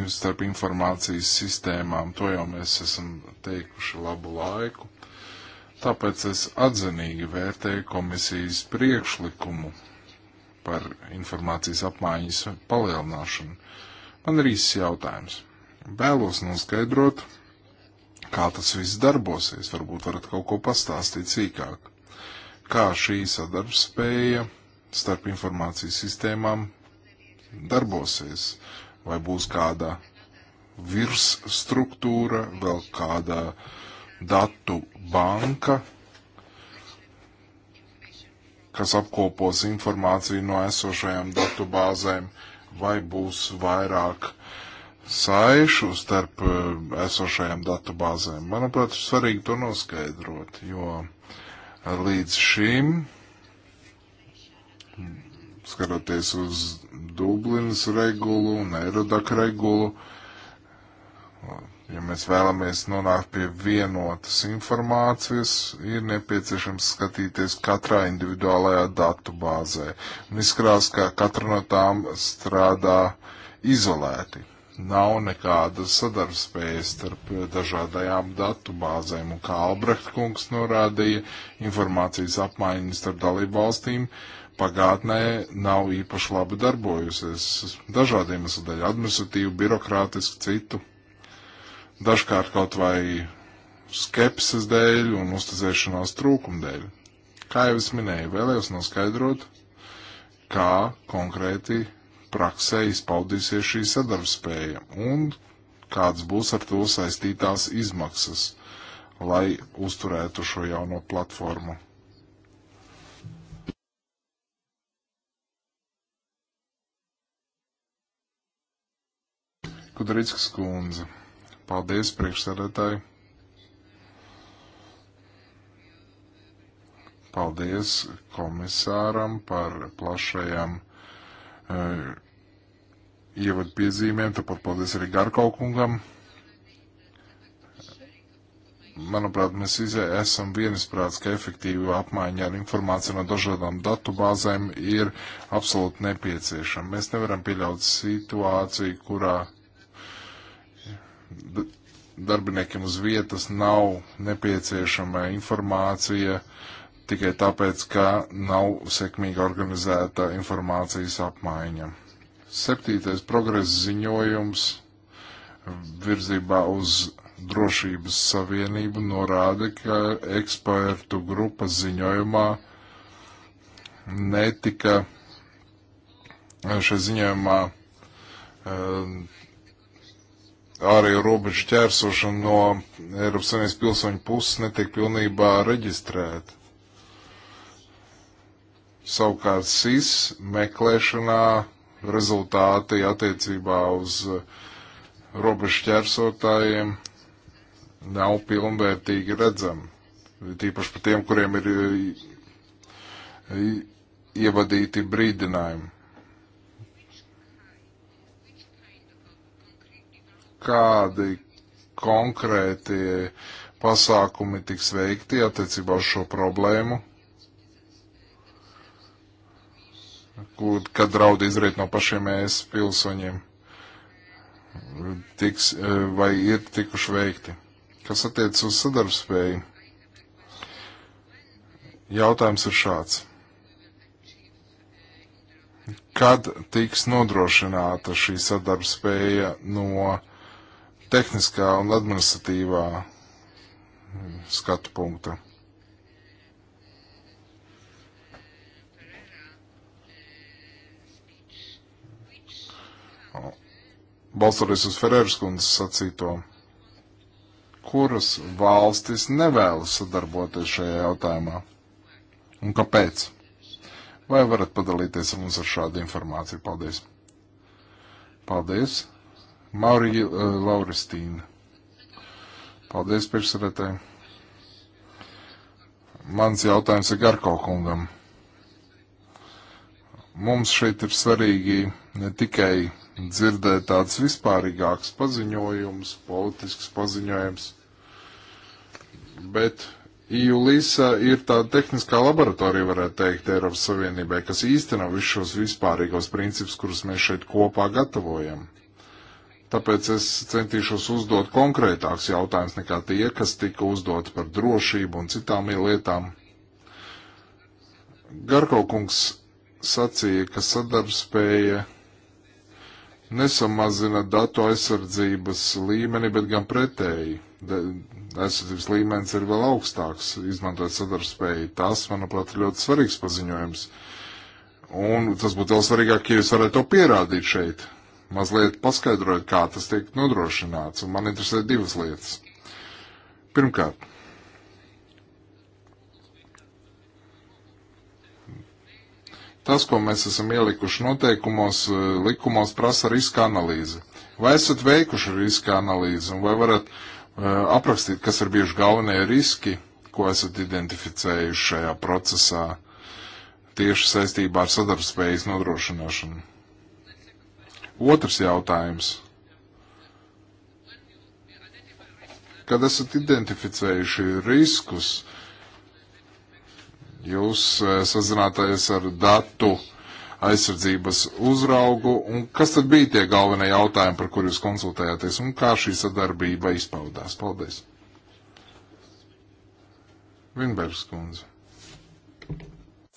starp informācijas sistēmām. To jau mēs esam teikuši labu laiku. Tāpēc es atzinīgi vērtēju komisijas priekšlikumu par informācijas apmaiņas palielināšanu. Man ir īsts jautājums. Vēlos noskaidrot, kā tas viss darbosies. Varbūt varat kaut ko pastāstīt sīkāk. Kā šī sadarbspēja starp informācijas sistēmām darbosies? vai būs kāda virsstruktūra, vēl kāda datu banka, kas apkopos informāciju no esošajām datu bāzēm, vai būs vairāk saišu starp eh, esošajām datu bāzēm. Manuprāt, ir svarīgi to noskaidrot, jo līdz šim skaroties uz Dublinas regulu un Eirodak regulu. Ja mēs vēlamies nonākt pie vienotas informācijas, ir nepieciešams skatīties katrā individuālajā datu bāzē. Un izskatās, ka katra no tām strādā izolēti nav nekāda sadarbspējas starp dažādajām datu bāzēm, un kā Albrecht kungs norādīja, informācijas apmaiņas starp dalību valstīm pagātnē nav īpaši labi darbojusies. Dažādiem iemesliem - administratīvu, birokrātisku, citu. Dažkārt kaut vai skepses dēļ un uzticēšanās trūkuma dēļ. Kā jau es minēju, vēlējos noskaidrot, kā konkrēti praksē izpaudīsies šī sadarbspēja un kādas būs ar to saistītās izmaksas, lai uzturētu šo jauno platformu. Kudrītskas kundze. Paldies, priekšsēdētāji. Paldies komisāram par plašajām uh, e, ievadu piezīmēm, tāpat paldies arī Garkaukungam manuprāt, mēs visi esam vienisprāts, ka efektīva apmaiņa ar informāciju no dažādām datubāzēm ir absolūti nepieciešama. Mēs nevaram pieļaut situāciju, kurā darbiniekiem uz vietas nav nepieciešama informācija tikai tāpēc, ka nav sekmīgi organizēta informācijas apmaiņa. Septītais progresa ziņojums virzībā uz drošības savienību norāda, ka ekspertu grupas ziņojumā netika šajā ziņojumā eh, ārējo robežu ķērsošana no Eiropas Savienības pilsoņu puses netiek pilnībā reģistrēta. Savukārt SIS meklēšanā rezultāti attiecībā uz robežu ķērsotājiem nav pilnvērtīgi redzami. Tīpaši par tiem, kuriem ir ievadīti brīdinājumi. kādi konkrētie pasākumi tiks veikti attiecībā uz šo problēmu, kur, kad draudi izriet no pašiem ES pilsoņiem, tiks, eh, vai ir tikuši veikti. Kas attiec uz sadarbspēju? Jautājums ir šāds. Kad tiks nodrošināta šī sadarbspēja no tehniskā un administratīvā mm, skatu punkta. Balstoties uz Ferēras kundzes sacīto, kuras valstis nevēlas sadarboties šajā jautājumā un kāpēc? Vai varat padalīties ar mums ar šādu informāciju? Paldies! Paldies! Maurija uh, eh, Lauristīna. Paldies, priekšsarētāji. Mans jautājums ir Garko kungam. Mums šeit ir svarīgi ne tikai dzirdēt tāds vispārīgāks paziņojums, politisks paziņojums, bet Jūlīsa e ir tāda tehniskā laboratorija, varētu teikt, Eiropas Savienībai, kas īsteno visus šos vispārīgos principus, kurus mēs šeit kopā gatavojam. Tāpēc es centīšos uzdot konkrētāks jautājums nekā tie, kas tika uzdot par drošību un citām lietām. Garko kungs sacīja, ka sadarbspēja nesamazina datu aizsardzības līmeni, bet gan pretēji. Aizsardzības līmenis ir vēl augstāks, izmantojot sadarbspēju. Tas, manuprāt, ir ļoti svarīgs paziņojums. Un tas būtu vēl svarīgāk, ja jūs varētu to pierādīt šeit mazliet paskaidrojat, kā tas tiek nodrošināts, un man interesē divas lietas. Pirmkārt, tas, ko mēs esam ielikuši noteikumos, eh, likumos, prasa riska analīzi. Vai esat veikuši riska analīzi, un vai varat uh, aprakstīt, kas ir bijuši galvenie riski, ko esat identificējuši šajā procesā tieši saistībā ar sadarbspējas nodrošināšanu? Otrs jautājums. Kad esat identificējuši riskus, jūs eh, sazināties ar datu aizsardzības uzraugu, un kas tad bija tie galvenie jautājumi, par kuriem jūs konsultējāties, un kā šī sadarbība izpaudās? Paldies! Vinbergs kundze.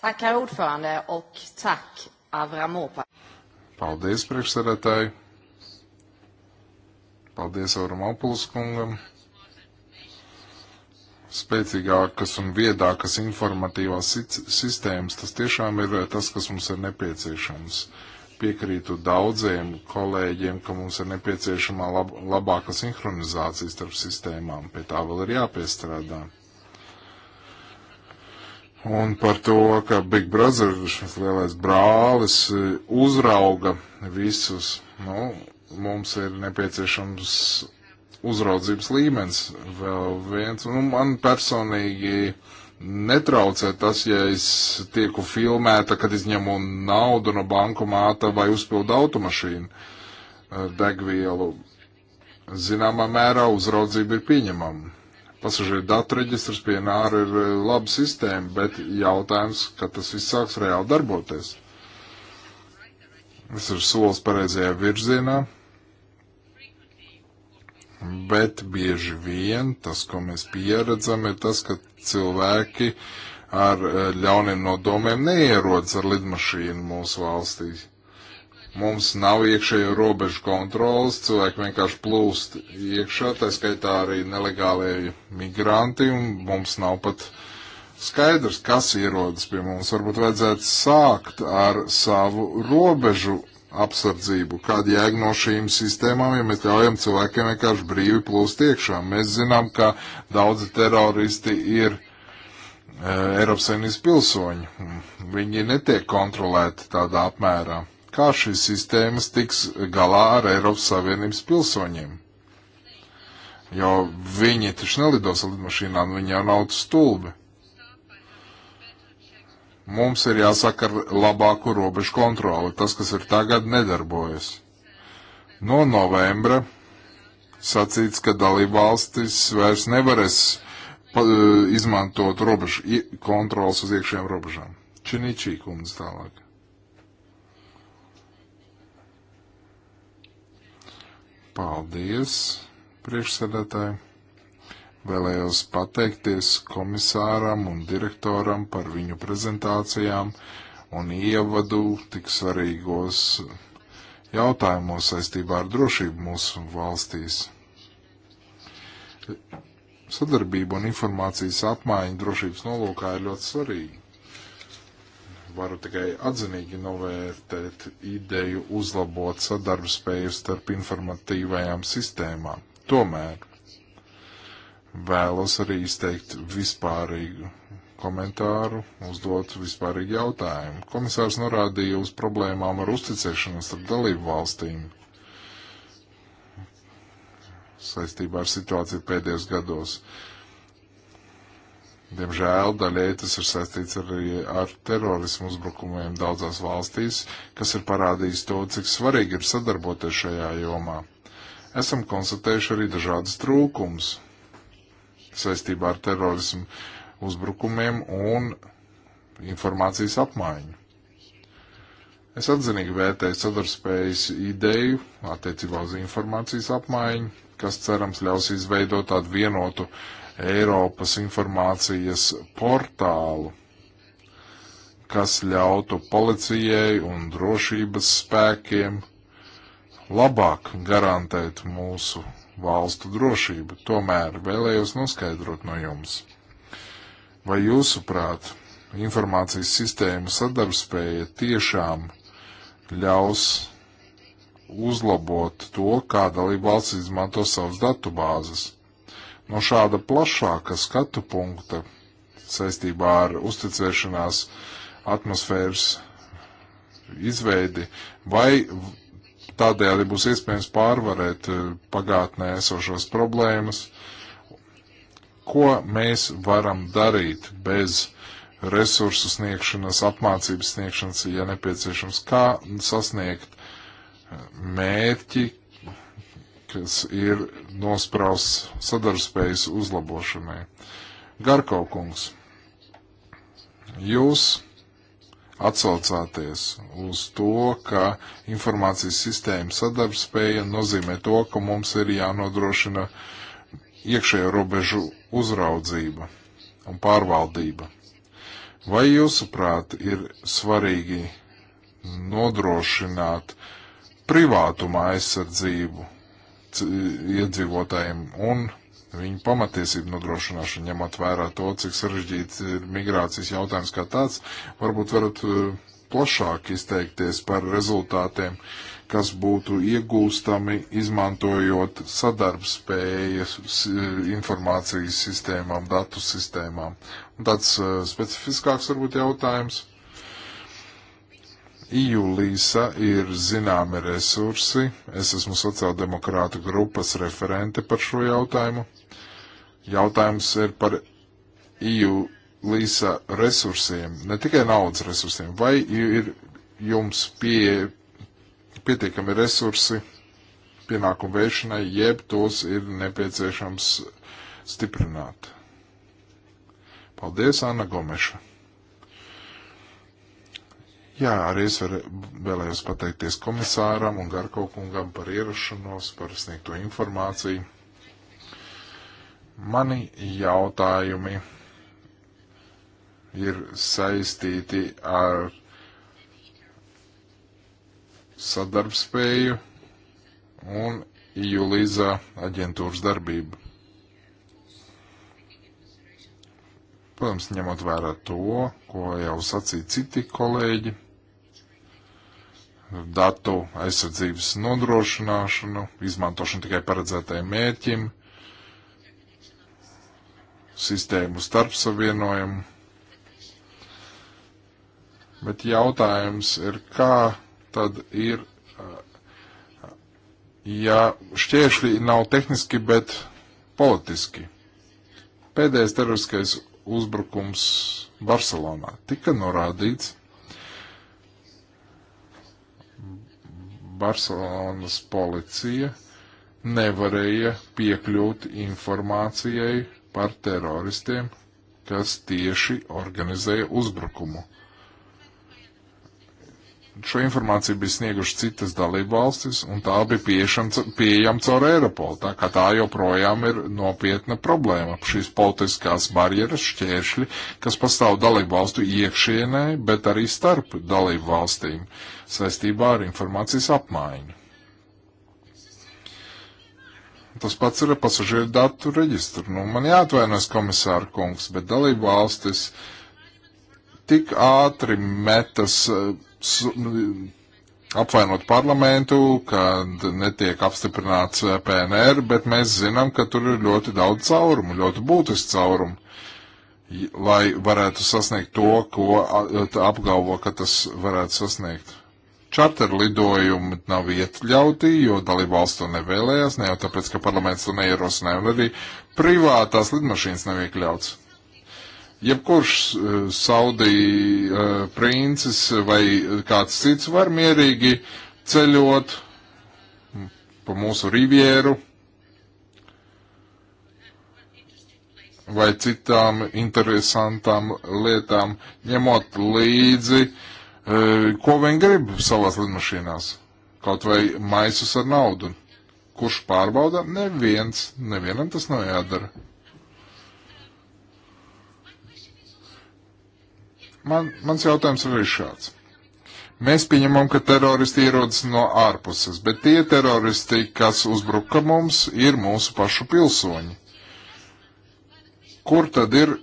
Tack, herr ordförande, och tack, Avramopa. Paldies, priekšsarētāji. Paldies Auram Apulskungam. Spēcīgākas un viedākas informatīvās sistēmas, tas tiešām ir eh, tas, kas mums ir nepieciešams piekrītu daudziem kolēģiem, ka mums ir nepieciešama lab labāka sinhronizācija starp sistēmām. Pie tā vēl ir jāpiestrādā un par to, ka Big Brother, šis lielais brālis, e, uzrauga visus. Nu, mums ir nepieciešams uzraudzības līmenis vēl viens. Nu, man personīgi netraucē tas, ja es tieku filmēta, kad izņemu naudu no bankomāta vai uzpildu automašīnu e, degvielu. Zināmā mērā uzraudzība ir pieņemama pasažieru datu reģistrs pie nāra ir eh, laba sistēma, bet jautājums, kad tas viss sāks reāli darboties. Tas ir solis pareizajā virzienā, bet bieži vien tas, ko mēs pieredzam, ir tas, ka cilvēki ar eh, ļauniem nodomiem neierodas ar lidmašīnu mūsu valstīs. Mums nav iekšējo robežu kontrolas, cilvēki vienkārši plūst iekšā, tā skaitā arī nelegālie migranti, un mums nav pat skaidrs, kas ierodas pie mums. Varbūt vajadzētu sākt ar savu robežu apsardzību. Kāda jēga no šīm sistēmām, ja mēs ļaujam cilvēkiem vienkārši brīvi plūst iekšā? Mēs zinām, ka daudzi teroristi ir uh, Eiropas Savienības pilsoņi. Viņi netiek kontrolēti tādā apmērā kā šīs sistēmas tiks galā ar Eiropas Savienības pilsoņiem. Jo viņi taču nelidos ar lidmašīnām, viņi jau nav stulbi. Mums ir jāsaka ar labāku robežu kontroli. Tas, kas ir tagad, nedarbojas. No novembra sacīts, ka dalībvalstis vairs nevarēs pa, izmantot robežu kontrols uz iekšējām robežām. Činīčī kundze tālāk. Paldies, priekšsēdētāji! Vēlējos pateikties komisāram un direktoram par viņu prezentācijām un ievadu tik svarīgos jautājumos saistībā ar drošību mūsu valstīs. Sadarbība un informācijas apmaiņa drošības nolūkā ir ļoti svarīga varu tikai atzinīgi novērtēt ideju uzlabot sadarbspēju starp informatīvajām sistēmām. Tomēr vēlos arī izteikt vispārīgu komentāru, uzdot vispārīgu jautājumu. Komisārs norādīja uz problēmām ar uzticēšanos starp dalību valstīm saistībā ar situāciju pēdējos gados. Uh, Diemžēl daļēji tas ir saistīts arī ar terorismu uzbrukumiem daudzās valstīs, kas ir parādījis to, cik svarīgi ir sadarboties šajā jomā. Esam konstatējuši arī dažādas trūkums saistībā ar terorismu uzbrukumiem un informācijas apmaiņu. Es atzinīgi vērtēju sadarbspējas ideju attiecībā uz informācijas apmaiņu, kas cerams ļaus izveidot tādu vienotu uh, Eiropas informācijas portālu, kas ļautu policijai un drošības spēkiem labāk garantēt mūsu valstu drošību. Tomēr vēlējos noskaidrot no jums, vai jūsuprāt informācijas sistēmu sadarbspēja tiešām ļaus uzlabot to, kā dalība valsts izmanto savas datubāzes. No šāda plašāka skatu punkta saistībā ar uzticēšanās atmosfēras izveidi, vai tādējādi būs iespējams pārvarēt eh, pagātnē esošās problēmas, ko mēs varam darīt bez resursu sniegšanas, apmācības sniegšanas, ja nepieciešams, kā sasniegt eh, mērķi, kas ir nospraus sadarbspējas uzlabošanai. Garkaukungs, jūs atsaucāties uz to, ka informācijas sistēma sadarbspēja nozīmē to, ka mums ir jānodrošina iekšējo robežu uzraudzība un pārvaldība. Vai jūsuprāt ir svarīgi nodrošināt privātuma aizsardzību E, iedzīvotājiem un viņu pamatiesību nodrošināšanu, ņemot vērā to, cik sarežģīts ir migrācijas jautājums kā tāds. Varbūt varat e, plašāk izteikties par rezultātiem, kas būtu iegūstami, izmantojot sadarbspējas e, informācijas sistēmām, datu sistēmām. Un tāds specifiskāks varbūt jautājums EU līsa ir zināmi resursi. Es esmu sociāldemokrāta grupas referente par šo jautājumu. Jautājums ir par EU līsa resursiem, ne tikai naudas resursiem. Vai ir jums pie, pietiekami resursi pienākumu vēršanai, jeb tos ir nepieciešams stiprināt? Paldies, Anna Gomeša! Jā, arī es varu, vēlējos pateikties komisāram un Garko kungam par ierašanos, par sniegto informāciju. Mani jautājumi ir saistīti ar sadarbspēju un Julīza aģentūras darbību. Protams, ņemot vērā to, ko jau sacīja citi kolēģi datu aizsardzības nodrošināšanu, izmantošanu tikai paredzētajiem mērķim, sistēmu starpsavienojumu. Bet jautājums ir, kā tad ir, ja šķēršļi nav tehniski, bet politiski. Pēdējais teroriskais uzbrukums Barcelonā tika norādīts Barcelonas policija nevarēja piekļūt informācijai par teroristiem, kas tieši organizēja uzbrukumu. Šo informāciju bija snieguši citas dalībvalstis, un tā bija pieejama caur Eiropolu. Tā kā tā joprojām ir nopietna problēma. Šīs politiskās barjeras, šķēršļi, kas pastāv dalībvalstu iekšienē, bet arī starp dalībvalstīm saistībā ar informācijas apmaiņu. Tas pats ir pasažieru datu reģistru. Nu, man jāatvainojas komisāra kungs, bet dalībvalstis tik ātri metas. Uh, Nu, apvainot parlamentu, ka netiek apstiprināts PNR, bet mēs zinām, ka tur ir ļoti daudz caurumu, ļoti būtiski caurumu, lai varētu sasniegt to, ko apgalvo, ka tas varētu sasniegt. Čarter lidojumi nav ietļauti, jo dalībvalsts to nevēlējās, ne jau tāpēc, ka parlaments to neierosināja, un arī privātās lidmašīnas nav iekļauts. Jebkurš uh, eh, Saudī uh, eh, princis vai eh, kāds cits var mierīgi ceļot hm, pa mūsu rivieru vai citām interesantām lietām, ņemot līdzi, uh, ko viņi grib savās lidmašīnās, kaut vai maisus ar naudu. Kurš pārbauda? Neviens, nevienam tas nav jādara. Man, mans jautājums ir šāds. Mēs pieņemam, ka teroristi ierodas no ārpuses, bet tie teroristi, kas uzbruka mums, ir mūsu pašu pilsoņi. Kur tad ir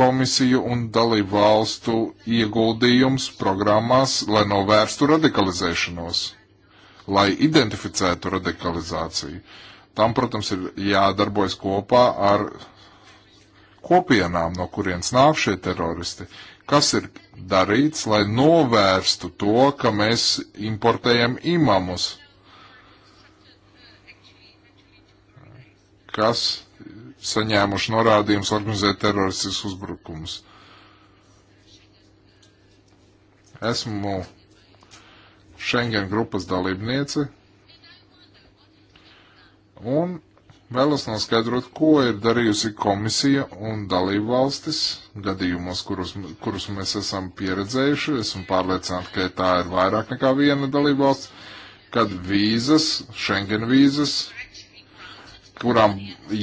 komisiju un dalību valstu ieguldījums programmās, lai novērstu radikalizēšanos, lai identificētu radikalizāciju? Tam, protams, ir jādarbojas kopā ar kopienām, no kurienes nāk šie teroristi. Kas ir darīts, lai novērstu to, ka mēs importējam imamus? Kas saņēmuši norādījumus organizēt teroristiskus uzbrukumus? Esmu Schengen grupas dalībniece un Vēlos noskaidrot, ko ir darījusi komisija un dalību valstis gadījumos, kurus, kurus mēs esam pieredzējuši. Esmu pārliecināti, ka tā ir vairāk nekā viena dalību valsts, kad vīzas, Schengen vīzas, kurām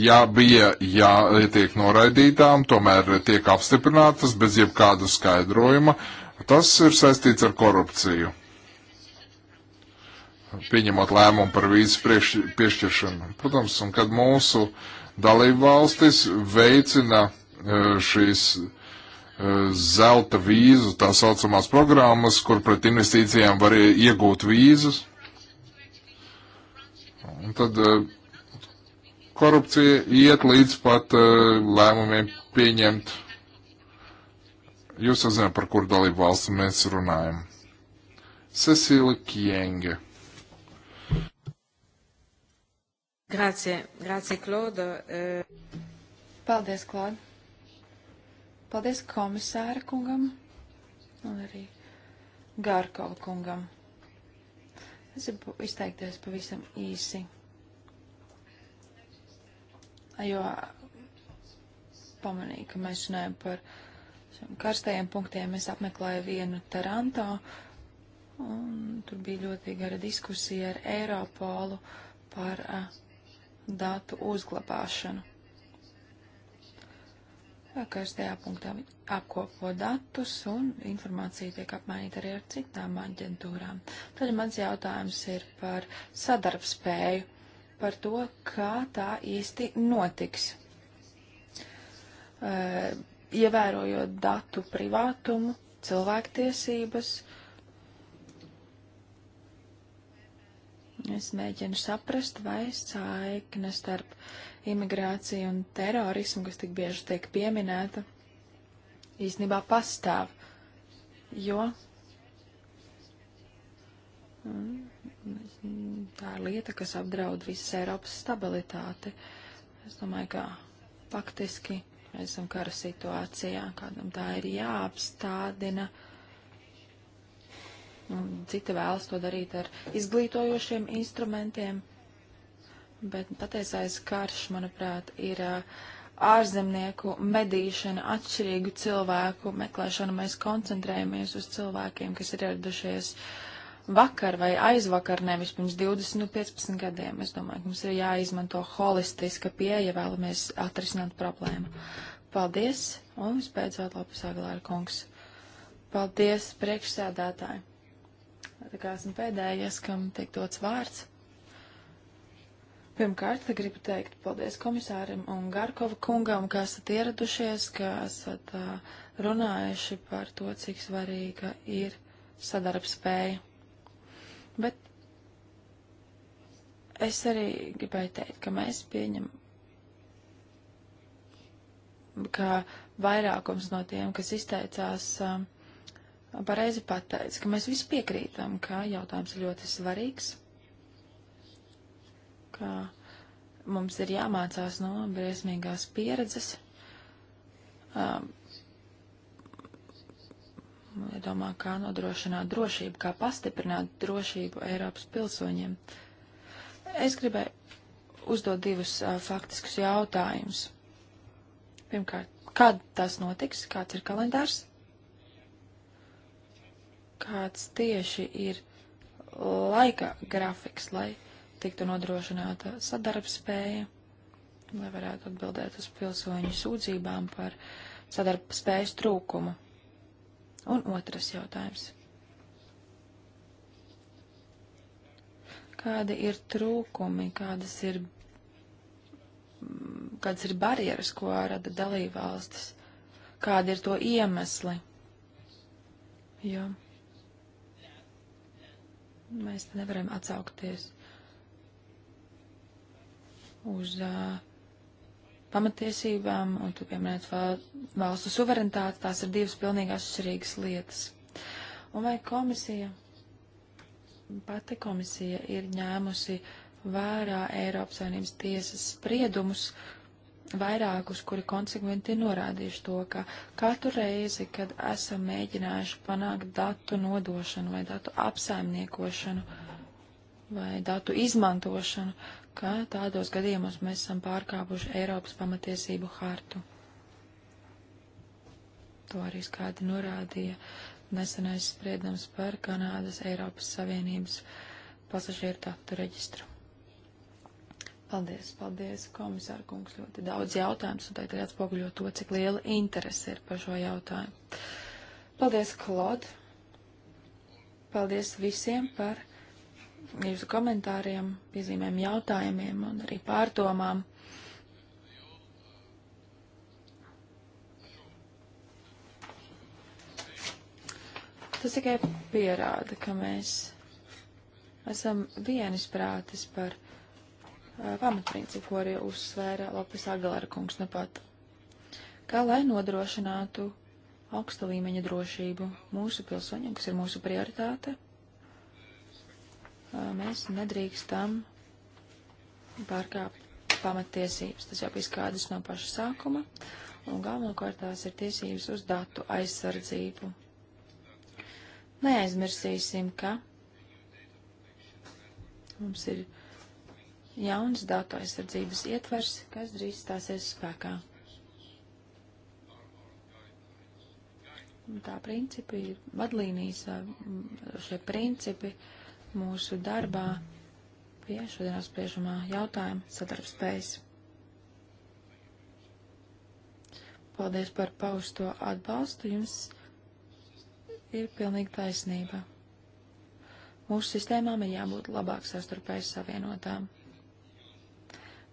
jā, bija jātiek noraidītām, tomēr tiek apstiprinātas bez jebkāda skaidrojuma. Tas ir saistīts ar korupciju pieņemot lēmumu par vīzu piešķiršanu. Protams, un kad mūsu dalību valstis veicina e, šīs e, zelta vīzu, tā saucamās programmas, kur pret investīcijām var iegūt vīzas. Un tad e, korupcija iet līdz pat lēmumiem pieņemt. Jūs jau zināt, par kur dalību valsts mēs runājam. Cecilija Kienge. Grazie, grazie, Klauda. Eh, Paldies, Klauda. Paldies komisāra kungam un arī Gārkala kungam. Es gribu izteikties pavisam īsi, jo pamanīju, ka mēs runājam par karstajiem punktiem. Es apmeklēju vienu Taranto, un tur bija ļoti gara diskusija ar Eiropolu par uh, datu uzglabāšanu. Karstajā punktā apkopo datus un informācija tiek apmainīta arī ar citām aģentūrām. Tad mans jautājums ir par sadarbspēju, par to, kā tā īsti notiks. E, ievērojot datu privātumu, cilvēktiesības, uh, Es mēģinu saprast, vai saikne starp imigrāciju un terorismu, kas tik bieži tiek pieminēta, īstenībā pastāv. Jo mm, tā ir lieta, kas apdraud visas Eiropas stabilitāti. Es domāju, ka faktiski mēs esam kara situācijā, kādam tā ir jāapstādina. Uh, Cita vēlas to darīt ar izglītojošiem instrumentiem, bet patiesais karš, manuprāt, ir ārzemnieku medīšana, atšķirīgu cilvēku meklēšana. Mēs koncentrējamies uz cilvēkiem, kas ir ieradušies vakar vai aizvakar, nevis pirms 20, nu 15 gadiem. Es domāju, ka mums ir jāizmanto holistiska pieeja, ja vēlamies atrisināt problēmu. Paldies, un visbeidzot, Lopes Agilāra kungs. Paldies, priekšsēdētāji! Tā kā esmu pēdējais, kam tiek dots vārds. Pirmkārt, gribu teikt paldies komisārim un Garkova kungam, ka esat ieradušies, ka esat uh, runājuši par to, cik svarīga ir sadarbspēja. Bet es arī gribēju teikt, ka mēs pieņem, ka vairākums no tiem, kas izteicās, uh, pareizi pateica, ka mēs visi piekrītam, ka jautājums ir ļoti svarīgs, ka mums ir jāmācās no briesmīgās pieredzes. Um, Domā, kā nodrošināt drošību, kā pastiprināt drošību Eiropas pilsoņiem. Es gribēju uzdot divus uh, faktiskus jautājumus. Pirmkārt, kad tas notiks, kāds ir kalendārs? kāds tieši ir laika grafiks, lai tiktu nodrošināta sadarbspēja, lai varētu atbildēt uz pilsoņu sūdzībām par sadarbspējas trūkumu. Un otrs jautājums. Kādi ir trūkumi, kādas ir, kādas ir barjeras, ko rada dalībvalstis? Kādi ir to iemesli? Jo. Ja Mēs nevaram atsaukties uz uh, pamatiesībām, un tu pieminēt valstu suverenitāti, tās ir divas pilnīgi atšķirīgas lietas. Un vai komisija, pati komisija ir ņēmusi vērā Eiropas Savienības tiesas spriedumus, uh, vairākus, kuri konsekventi ir norādījuši to, ka katru reizi, kad esam mēģinājuši panākt datu nodošanu vai datu apsaimniekošanu vai datu izmantošanu, ka tādos gadījumos mēs esam pārkāpuši Eiropas pamatiesību hartu. To arī skādi norādīja nesenais spriedums par Kanādas Eiropas Savienības pasažieru datu reģistru. Paldies, paldies, komisāra kungs, ļoti daudz jautājums, un tagad atspoguļo to, cik liela interese ir par šo jautājumu. Paldies, Klod! Paldies visiem par jūsu komentāriem, piezīmēm, jautājumiem un arī pārdomām. Tas tikai pierāda, ka mēs esam vienisprātis par pamatprincipu, ko arī uzsvēra Lopes Agalera kungs nepat. Nu Kā lai nodrošinātu augsta līmeņa drošību mūsu pilsoņiem, kas ir mūsu prioritāte, mēs nedrīkstam pārkāpt pamattiesības. Tas jau bija skādrs no paša sākuma, un galvenokārt tās ir tiesības uz datu aizsardzību. Neaizmirsīsim, ka mums ir uh, jauns datu aizsardzības ietvers, kas drīz stāsies spēkā. Tā principi, vadlīnijas, šie principi mūsu darbā pie šodienas spriežamā jautājuma sadarbspējas. Paldies par pausto atbalstu, jums ir pilnīgi taisnība. Mūsu sistēmām ir jābūt labāk sastarpēji savienotām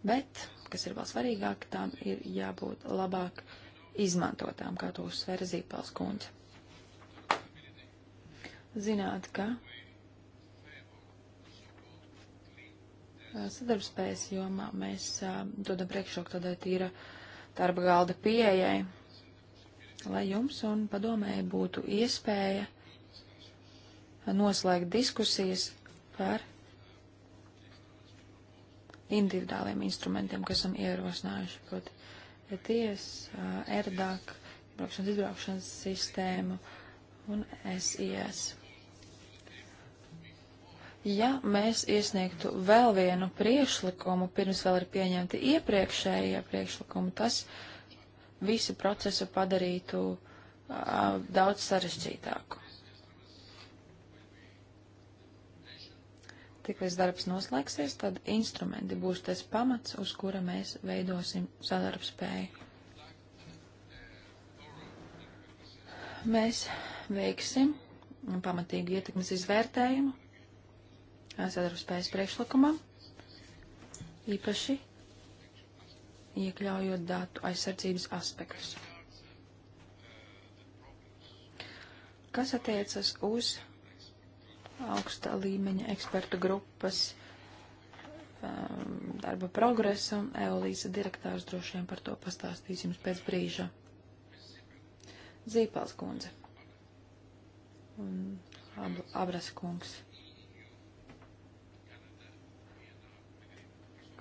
bet, kas ir vēl svarīgāk, tām ir jābūt labāk izmantotām, kā to uzsvēra Zīpels kundze. Zināt, ka sadarbspējas jomā mēs dodam priekšroku tādai tīra darba galda pieejai, lai jums un padomēji būtu iespēja noslēgt diskusijas par individuāliem instrumentiem, kas esam ierosinājuši, proti ETIES, ERDAK, braukšanas izbraukšanas sistēmu un SIS. Ja mēs iesniegtu vēl vienu priekšlikumu, pirms vēl ir pieņemti iepriekšējie priekšlikumi, tas visu procesu padarītu uh, daudz sarežģītāku. tiklīdz darbs noslēgsies, tad instrumenti būs tas pamats, uz kura mēs veidosim sadarbspēju. Mēs veiksim pamatīgu ietekmes izvērtējumu sadarbspējas priekšlikumam, īpaši iekļaujot datu aizsardzības aspektus. Kas attiecas uz augsta līmeņa ekspertu grupas um, darba progresu. Eolīsa direktārs droši vien par to pastāstīs jums pēc brīža. Zīpals kundze un ab, Abras kungs.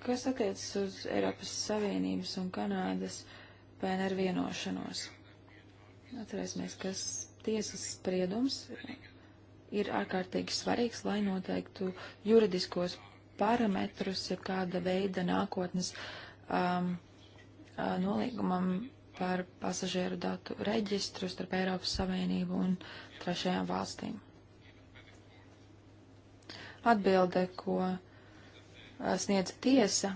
Kas attiecas uz Eiropas Savienības un Kanādas PNR vienošanos? Atcerēsimies, kas tiesas spriedums ir ārkārtīgi svarīgs, lai noteiktu juridiskos parametrus, ja kāda veida nākotnes um, uh, nolīgumam par pasažieru datu reģistru starp Eiropas Savienību un trešajām valstīm. Atbilde, ko uh, sniedz tiesa,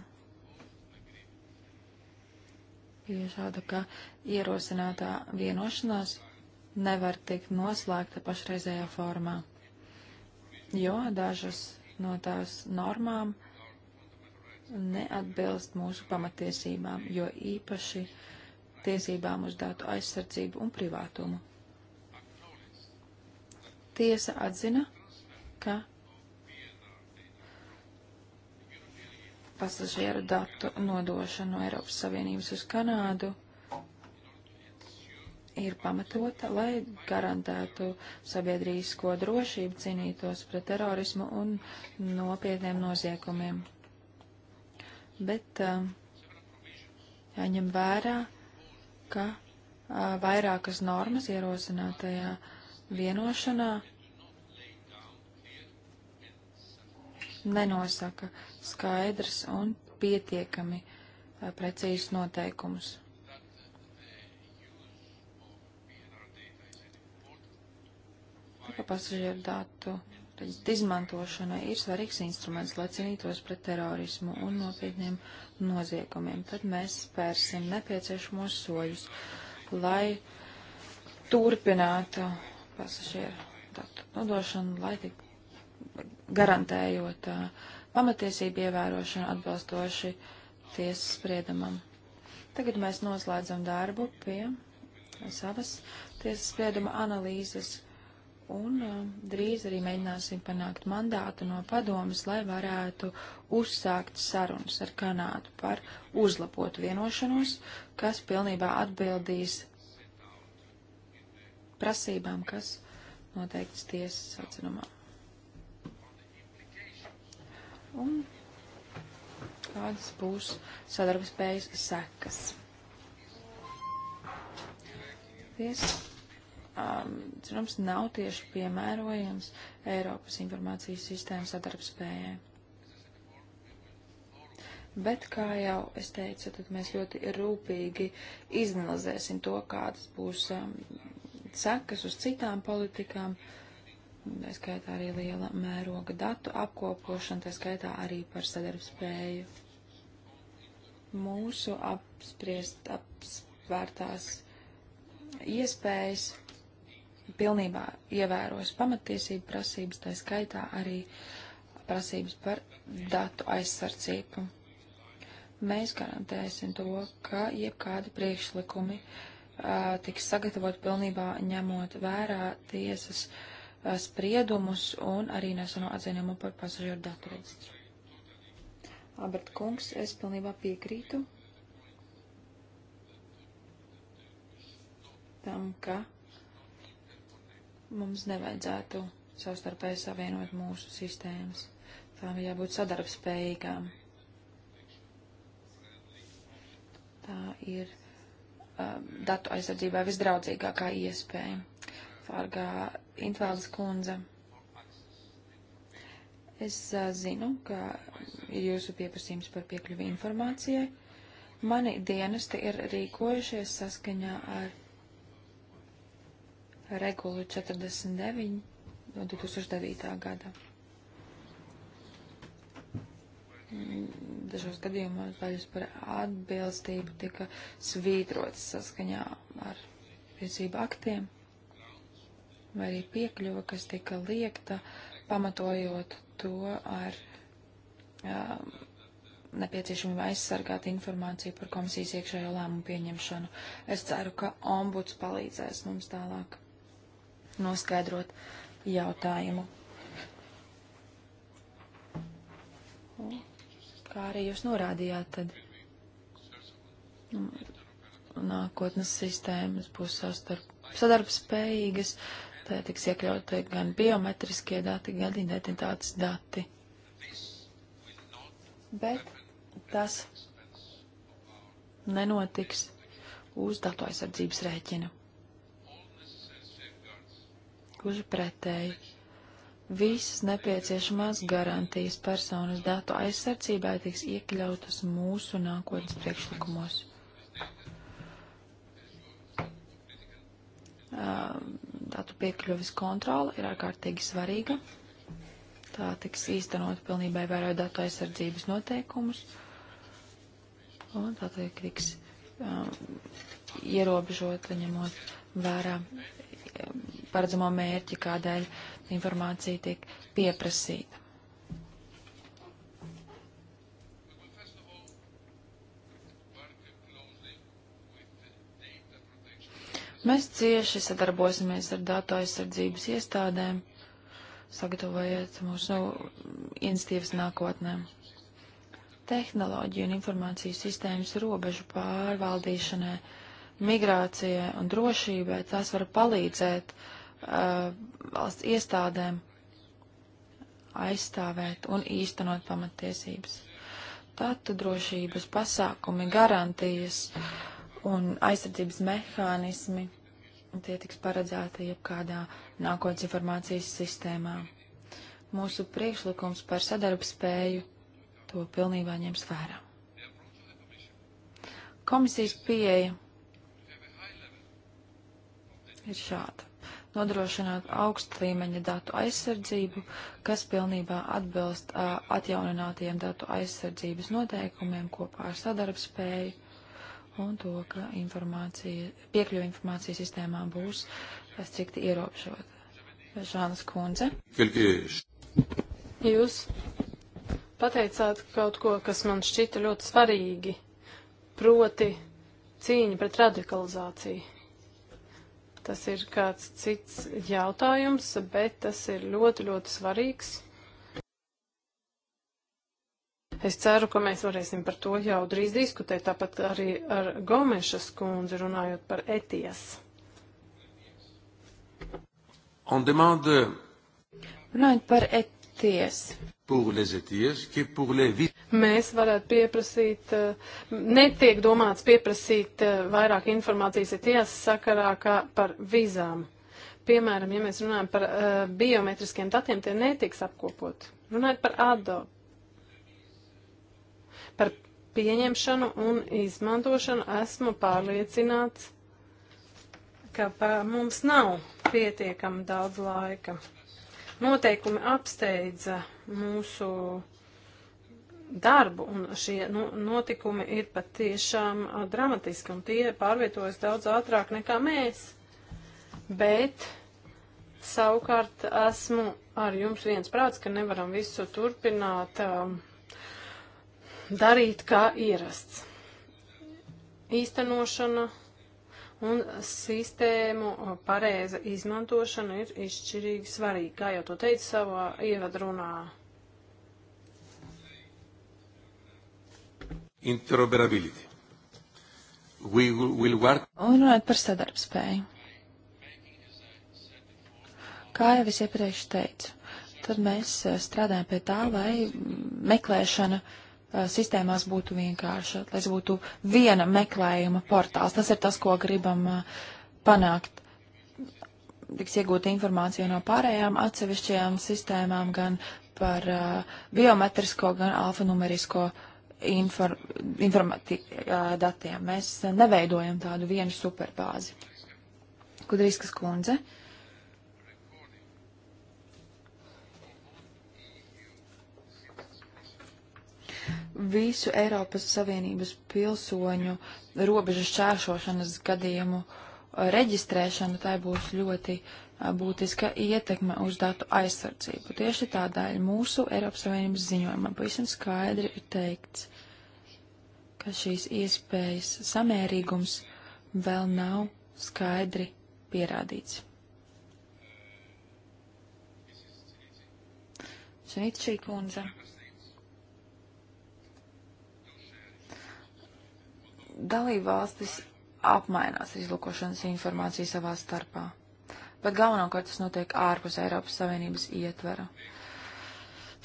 bija šāda, ka ierosinātā vienošanās nevar tikt noslēgta pašreizējā formā, jo dažas no tās normām neatbilst mūsu pamatiesībām, jo īpaši tiesībām uz datu aizsardzību un privātumu. Tiesa atzina, ka pasažieru datu nodošana no Eiropas Savienības uz Kanādu ir pamatota, lai garantētu sabiedrīsko drošību, cīnītos pret terorismu un nopietniem noziegumiem. Bet uh, jāņem vērā, ka uh, vairākas normas ierosinātajā vienošanā nenosaka skaidrs un pietiekami uh, eh, precīzus noteikumus. ka pasažieru datu izmantošana ir svarīgs instruments, lai cīnītos pret terorismu un nopietniem noziegumiem. Tad mēs spērsim nepieciešamos soļus, lai turpinātu pasažieru datu nodošanu, lai tik garantējot uh, pamatiesību ievērošanu atbilstoši tiesas spriedumam. Tagad mēs noslēdzam darbu pie savas tiesas sprieduma analīzes Un uh, drīz arī mēģināsim panākt mandātu no padomas, lai varētu uzsākt sarunas ar Kanādu par uzlabotu vienošanos, kas pilnībā atbildīs prasībām, kas noteikts tiesas atzinumā. Un kādas būs sadarbspējas sekas. Vies um, zināms, nav tieši piemērojams Eiropas informācijas sistēmas sadarbspējai. Bet, kā jau es teicu, tad mēs ļoti rūpīgi izanalizēsim to, kādas būs um, sekas uz citām politikām, tā skaitā arī liela mēroga datu apkopošana, tā skaitā arī par sadarbspēju. Mūsu apspriest, apsvērtās iespējas pilnībā ievēros pamatiesību prasības, tā skaitā arī prasības par datu aizsardzību. Mēs garantēsim to, ka jebkādi priekšlikumi uh, tiks sagatavot pilnībā ņemot vērā tiesas uh, spriedumus un arī neseno atziņumu par pasažieru datu reģistru. Albert Kungs, es pilnībā piekrītu tam, ka Mums nevajadzētu savstarpēji savienot mūsu sistēmas. Tām jābūt sadarbspējīgām. Tā ir uh, datu aizsardzībā visdraudzīgākā iespēja. Fārgā Intvēlas kundze. Es uh, zinu, ka ir jūsu pieprasījums par piekļuvi informācijai. Mani dienesti ir rīkojušies saskaņā ar regulu 49 no 2009. gada. Dažos gadījumos daļas par atbilstību tika svītrotas saskaņā ar tiesību aktiem, vai arī piekļuva, kas tika liekta, pamatojot to ar um, nepieciešamību aizsargāt informāciju par komisijas iekšējo lēmumu pieņemšanu. Es ceru, ka ombuds palīdzēs mums tālāk noskaidrot jautājumu. Kā arī jūs norādījāt, tad mm, nākotnes sistēmas būs sadarbspējīgas, tā tiks iekļauti gan biometriskie dati, gan identitātes dati. Bet tas nenotiks uz datu aizsardzības rēķinu. Gluži pretēji. Visas nepieciešamās garantijas personas datu aizsardzībai tiks iekļautas mūsu nākotnes priekšlikumos. Datu piekļuvis kontrola ir ārkārtīgi svarīga. Tā tiks īstenot pilnībā vērojot datu aizsardzības noteikumus. Un tā tiks um, ierobežota ņemot vērā paredzamo mērķi, kādēļ informācija tiek pieprasīta. Mēs cieši sadarbosimies ar datu aizsardzības iestādēm, sagatavojot mūsu institīvas nākotnēm tehnoloģiju un informācijas sistēmas robežu pārvaldīšanai migrācijai un drošībai, tās var palīdzēt uh, valsts iestādēm aizstāvēt un īstenot pamatiesības. Tātad drošības pasākumi, garantijas un aizsardzības mehānismi, tie tiks paredzēti jebkādā nākotnes informācijas sistēmā. Mūsu priekšlikums par sadarbspēju to pilnībā ņems vērā. Komisijas pieeja ir šāda. Nodrošināt augstu līmeņa datu aizsardzību, kas pilnībā atbilst uh, atjauninātajiem datu aizsardzības noteikumiem kopā ar sadarbspēju un to, ka informācija, piekļuva informācijas sistēmām būs strikti ierobežota. Žānas kundze. Jūs pateicāt kaut ko, kas man šķita ļoti svarīgi, proti cīņa pret radikalizāciju. Tas ir kāds cits jautājums, bet tas ir ļoti, ļoti svarīgs. Es ceru, ka mēs varēsim par to jau drīz diskutēt, tāpat arī ar Gomešas kundzi runājot par etijas. Runājot par etijas. Mēs varētu pieprasīt, eh, netiek domāts pieprasīt eh, vairāk informācijas, ja tiesas sakarā, kā par vizām. Piemēram, ja mēs runājam par uh, biometriskiem datiem, tie netiks apkopot. Runājot par ADO, par pieņemšanu un izmantošanu, esmu pārliecināts, ka mums nav pietiekami daudz laika noteikumi apsteidza mūsu darbu, un šie nu, notikumi ir patiešām dramatiski, un tie pārvietojas daudz ātrāk nekā mēs. Bet savukārt esmu ar jums viens prāts, ka nevaram visu turpināt um, darīt kā ierasts. Īstenošana un sistēmu pareiza izmantošana ir izšķirīgi svarīga, kā jau to teicu savā ievadrunā. Interoperability. We will work. Un runāt par sadarbspēju. Kā jau es iepriekš teicu, tad mēs eh, strādājam pie tā, lai mm, meklēšana uh, Uh, sistēmās būtu vienkārša, lai būtu viena meklējuma portāls. Tas ir tas, ko gribam uh, panākt. Tiks iegūta informācija no pārējām atsevišķajām sistēmām gan par uh, biometrisko, gan alfanumerisko infor, datiem. Mēs neveidojam tādu vienu superbāzi. Kudrīskas kundze. Uh, visu Eiropas Savienības pilsoņu robežu šķēršošanas gadījumu eh, reģistrēšanu, tai būs ļoti eh, būtiska ietekme uz datu aizsardzību. Tieši tādēļ mūsu Eiropas Savienības ziņojumā pavisam skaidri ir teikts, ka šīs iespējas samērīgums vēl nav skaidri pierādīts. Šeit šī kundze. Dalībvalstis apmainās izlūkošanas informāciju savā starpā, bet galvenokārt tas notiek ārpus Eiropas Savienības ietvera.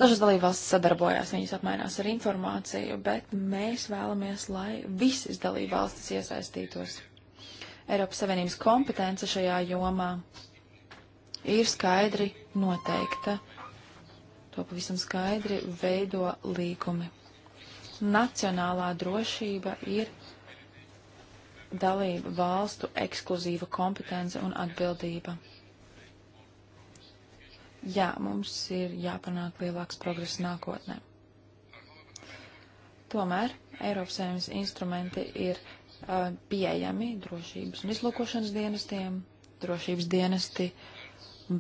Dažas dalībvalstis sadarbojās, viņas apmainās ar informāciju, bet mēs vēlamies, lai visas dalībvalstis iesaistītos. Eiropas Savienības kompetence šajā jomā ir skaidri noteikta. To pavisam skaidri veido līgumi. Nacionālā drošība ir dalību valstu ekskluzīva kompetence un atbildība. Jā, mums ir jāpanāk lielāks progress nākotnē. Tomēr Eiropas saimnes instrumenti ir uh, pieejami drošības un izlūkošanas dienestiem. Drošības dienesti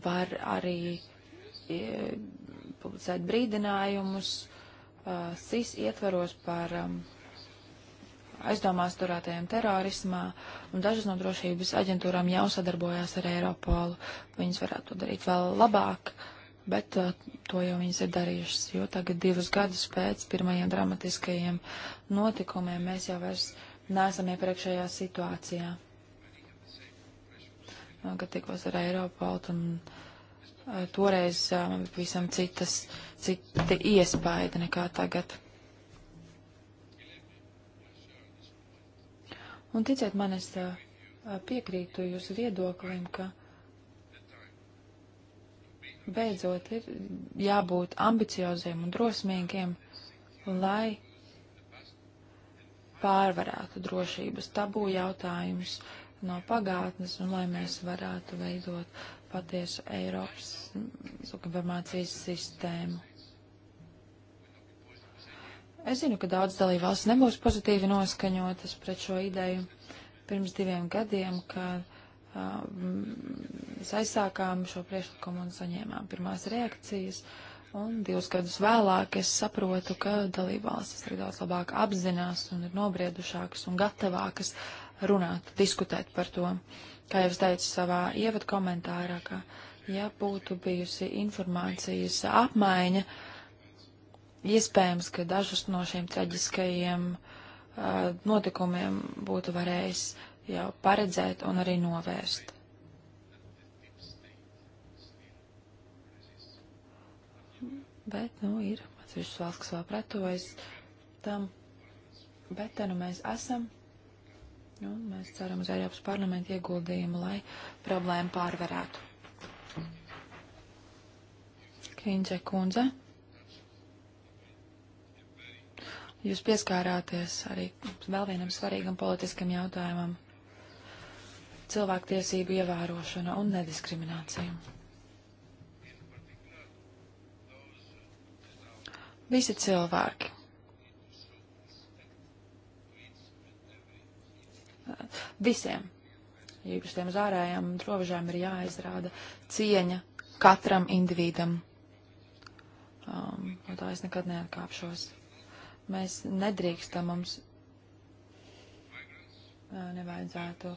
var arī uh, publicēt brīdinājumus uh, SIS ietvaros par um, aizdomās turētajiem terorismā, un dažas no drošības aģentūrām jau sadarbojās ar Eiropolu. Viņas varētu to darīt vēl labāk, bet uh, to jau viņas ir darījušas, jo tagad divus gadus pēc pirmajiem dramatiskajiem notikumiem mēs jau vairs neesam iepriekšējā situācijā. Un, uh, kad tikos ar Eiropolu, un uh, toreiz uh, visam citas, citi iespaidi nekā tagad. Un ticiet man, es piekrītu jūsu viedoklim, ka beidzot ir jābūt ambicioziem un drosmīgiem, lai pārvarētu drošības tabū jautājumus no pagātnes un lai mēs varētu veidot patiesu Eiropas informācijas sistēmu. Es zinu, ka daudz dalībvalsts nebūs pozitīvi noskaņotas pret šo ideju. Pirms diviem gadiem, kad uh, mēs aizsākām šo priekšlikumu un saņēmām pirmās reakcijas, un divus gadus vēlāk es saprotu, ka dalībvalstis ir daudz labāk apzinās un ir nobriedušākas un gatavākas runāt, diskutēt par to. Kā jau es teicu savā ievadu komentārā, ka ja būtu bijusi informācijas apmaiņa, uh, Iespējams, ka dažus no šiem traģiskajiem uh, notikumiem būtu varējis jau paredzēt un arī novērst. Bet, nu, ir atsevišķas valsts, kas vēl pretojas tam, bet te nu mēs esam, un nu, mēs ceram uz Eiropas parlamentu ieguldījumu, lai problēmu pārvarētu. Kīņģe kundze. Jūs pieskārāties arī vēl vienam svarīgam politiskam jautājumam - cilvēktiesību ievērošana un nediskriminācija. Visi cilvēki. Visiem, īpaši tiem uz ārējām robežām, ir jāizrāda cieņa katram individam. Um, no tā es nekad neatkāpšos. Mēs nedrīkstam mums nevajadzētu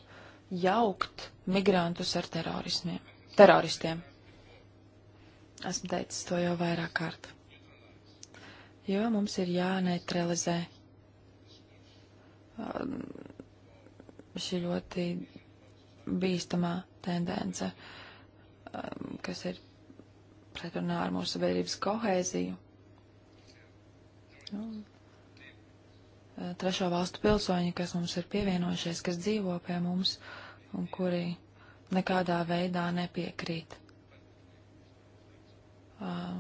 jaukt migrantus ar teroristiem. Esmu teicis to jau vairāk kārt. Jo mums ir jāneutralizē šī ļoti bīstamā tendence, kas ir pretrunā ar mūsu sabiedrības kohēziju. Nu, Eh, trešo valstu pilsoņi, kas mums ir pievienojušies, kas dzīvo pie mums un kuri nekādā veidā nepiekrīt uh,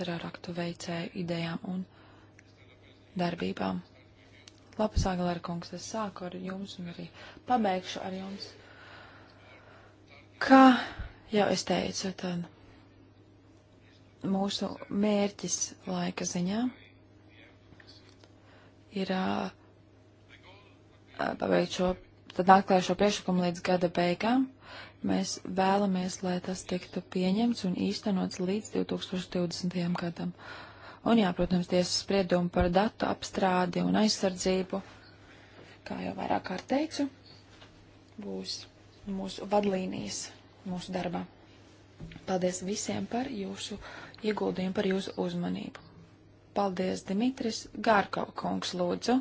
teroraktu veicēju idejām un darbībām. Labs Agalera kungs, es sāku ar jums un arī pabeigšu ar jums. Kā jau es teicu, tad mūsu mērķis laika ziņā ir pabeigt šo, tad atklāju šo priekšlikumu līdz gada beigām. Mēs vēlamies, lai tas tiktu pieņemts un īstenots līdz 2020. gadam. Un jā, protams, tiesas spriedumu par datu apstrādi un aizsardzību, kā jau vairāk kārt teicu, būs mūsu vadlīnijas mūsu darbā. Paldies visiem par jūsu ieguldījumu, par jūsu uzmanību. Paldies, Dimitris. Gārkau kungs, lūdzu.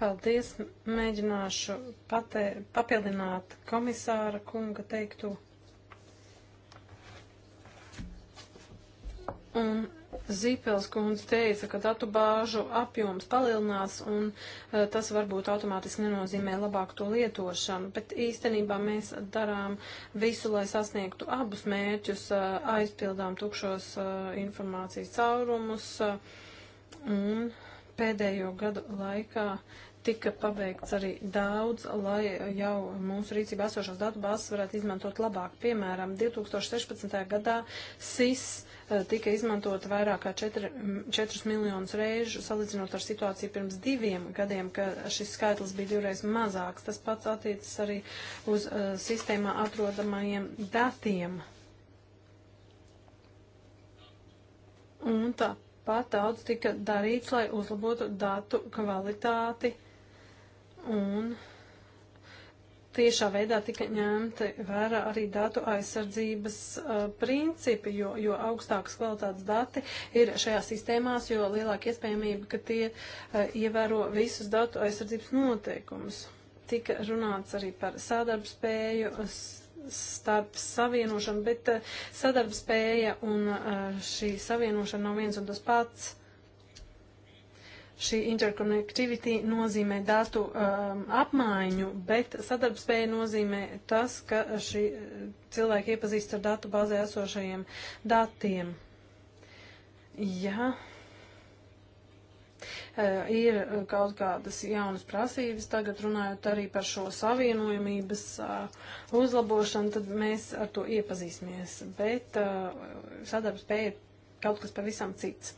Paldies. Mēģināšu patē, papildināt komisāra kunga teiktu. Un Zīpels kundze teica, ka datu bāžu apjoms palielinās un e, tas varbūt automātiski nenozīmē labāku to lietošanu, bet īstenībā mēs darām visu, lai sasniegtu abus mērķus, e, aizpildām tukšos e, informācijas caurumus un pēdējo gadu laikā tika pabeigts arī daudz, lai jau mūsu rīcībā esošās datubāzes varētu izmantot labāk. Piemēram, 2016. gadā SIS tika izmantota vairāk kā 4, 4 miljonus reižu, salīdzinot ar situāciju pirms diviem gadiem, ka šis skaitlis bija divreiz mazāks. Tas pats attiecas arī uz uh, sistēmā atrodamajiem datiem. Un tāpat daudz tika darīts, lai uzlabotu datu kvalitāti un. Uh, tiešā veidā tika ņemti vērā arī datu aizsardzības uh, principi, jo, jo augstākas kvalitātes dati ir šajā sistēmās, jo lielāka iespējamība, ka tie uh, ievēro visus datu aizsardzības noteikumus. Tika runāts arī par sadarbspēju, starp savienošanu, bet sadarbspēja un šī savienošana nav viens un tas pats. Šī interconnectivity nozīmē datu um, apmaiņu, bet sadarbspēja nozīmē tas, ka šī uh, cilvēki iepazīst ar datu bāzē esošajiem datiem. Jā. Uh, ir kaut kādas jaunas prasības, tagad runājot arī par šo savienojumības uh, uzlabošanu, tad mēs ar to iepazīsimies, bet uh, sadarbspēja ir kaut kas pavisam cits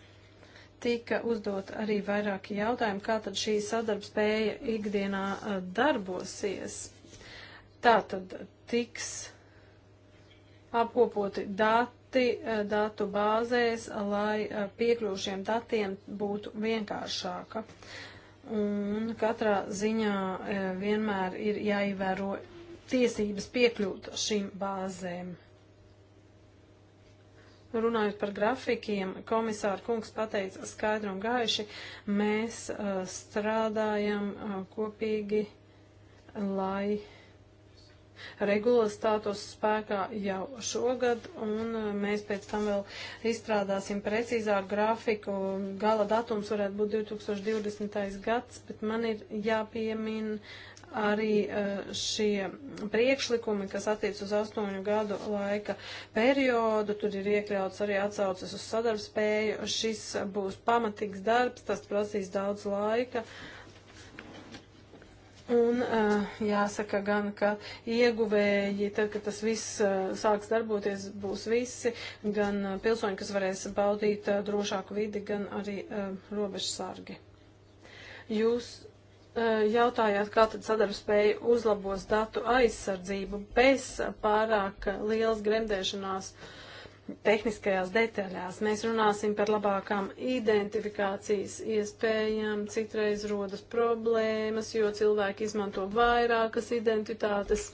tika uzdot arī vairāki jautājumi, kā tad šī sadarbspēja ikdienā darbosies. Tā tad tiks apkopoti dati datu bāzēs, lai piekļūšiem datiem būtu vienkāršāka. Un katrā ziņā vienmēr ir jāievēro tiesības piekļūt šīm bāzēm. Runājot par grafikiem, komisāra kungs pateica skaidru un gaiši, mēs uh, strādājam uh, kopīgi, lai regula stātos spēkā jau šogad, un uh, mēs pēc tam vēl izstrādāsim precīzāk grafiku. Gala datums varētu būt 2020. gads, bet man ir jāpiemin arī e, šie priekšlikumi, kas attiec uz astoņu gadu laika periodu, tur ir iekļauts arī atsaucas uz sadarbspēju. Šis būs pamatīgs darbs, tas prasīs daudz laika. Un e, jāsaka gan, ka ieguvēji, tad, kad tas viss e, sāks darboties, būs visi, gan pilsoņi, kas varēs baudīt drošāku vidi, gan arī robežsargi. Jūs jautājāt, kā tad sadarbspēja uzlabos datu aizsardzību bez pārāk lielas gremdēšanās tehniskajās detaļās. Mēs runāsim par labākām identifikācijas iespējām, citreiz rodas problēmas, jo cilvēki izmanto vairākas identitātes,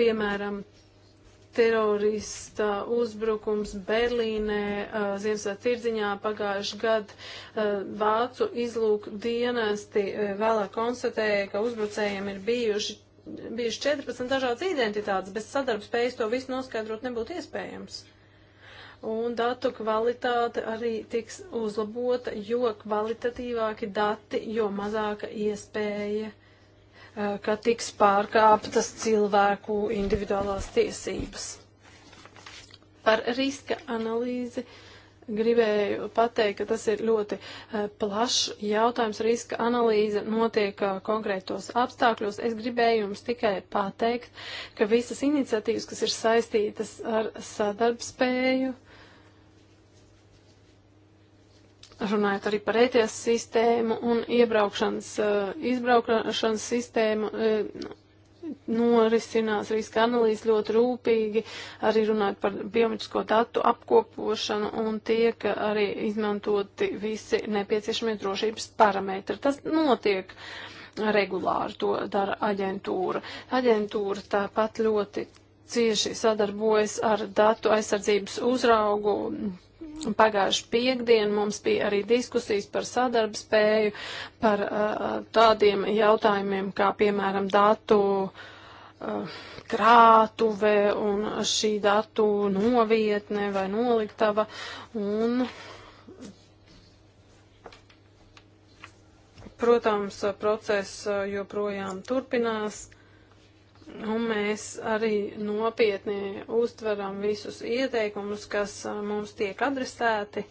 piemēram, terorista uzbrukums Berlīnē, uh, Ziemassvētku tirdziņā pagājuši gadu uh, Vācu izlūk dienesti uh, vēlāk konstatēja, ka uzbrucējiem ir bijuši, bijuši 14 dažādas identitātes, bez sadarbspējas to visu noskaidrot nebūtu iespējams. Un datu kvalitāte arī tiks uzlabota, jo kvalitatīvāki dati, jo mazāka iespēja ka tiks pārkāptas cilvēku individuālās tiesības. Par riska analīzi gribēju pateikt, ka tas ir ļoti plašs jautājums. Riska analīze notiek konkrētos apstākļos. Es gribēju jums tikai pateikt, ka visas iniciatīvas, kas ir saistītas ar sadarbspēju, uh, runājot arī par ETS sistēmu un iebraukšanas, eh, izbraukšanas sistēmu, eh, norisinās riska analīzes ļoti rūpīgi, arī runājot par biometrisko datu apkopošanu un tiek arī izmantoti visi nepieciešamie drošības parametri. Tas notiek regulāri, to dara aģentūra. Aģentūra tāpat ļoti cieši sadarbojas ar datu aizsardzības uzraugu Pagājuši piekdien mums bija arī diskusijas par sadarbspēju, par uh, uh, tādiem jautājumiem kā, piemēram, datu uh, krātuve un šī datu novietne vai noliktava. Un, protams, process uh, joprojām turpinās. Un mēs arī nopietni uztveram visus ieteikumus, kas uh, mums tiek adresēti.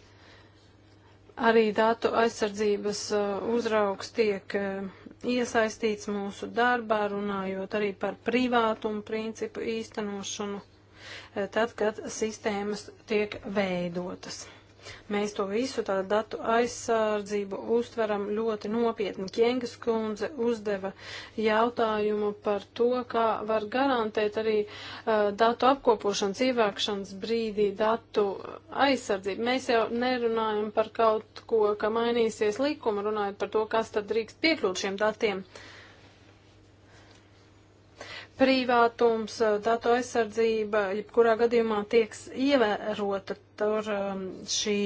Arī datu aizsardzības uh, uzraugs tiek uh, iesaistīts mūsu darbā, runājot arī par privātumu principu īstenošanu, tad, kad sistēmas tiek veidotas. Mēs to visu tā datu aizsardzību uztveram ļoti nopietni. Kiengas kundze uzdeva jautājumu par to, kā var garantēt arī uh, datu apkopošanas, ievākšanas brīdī datu aizsardzību. Mēs jau nerunājam par kaut ko, ka mainīsies likuma, runājot par to, kas tad drīkst piekļūt šiem datiem. Uh, privātums, eh, datu aizsardzība, jebkurā gadījumā tiek ievērota tur um, šī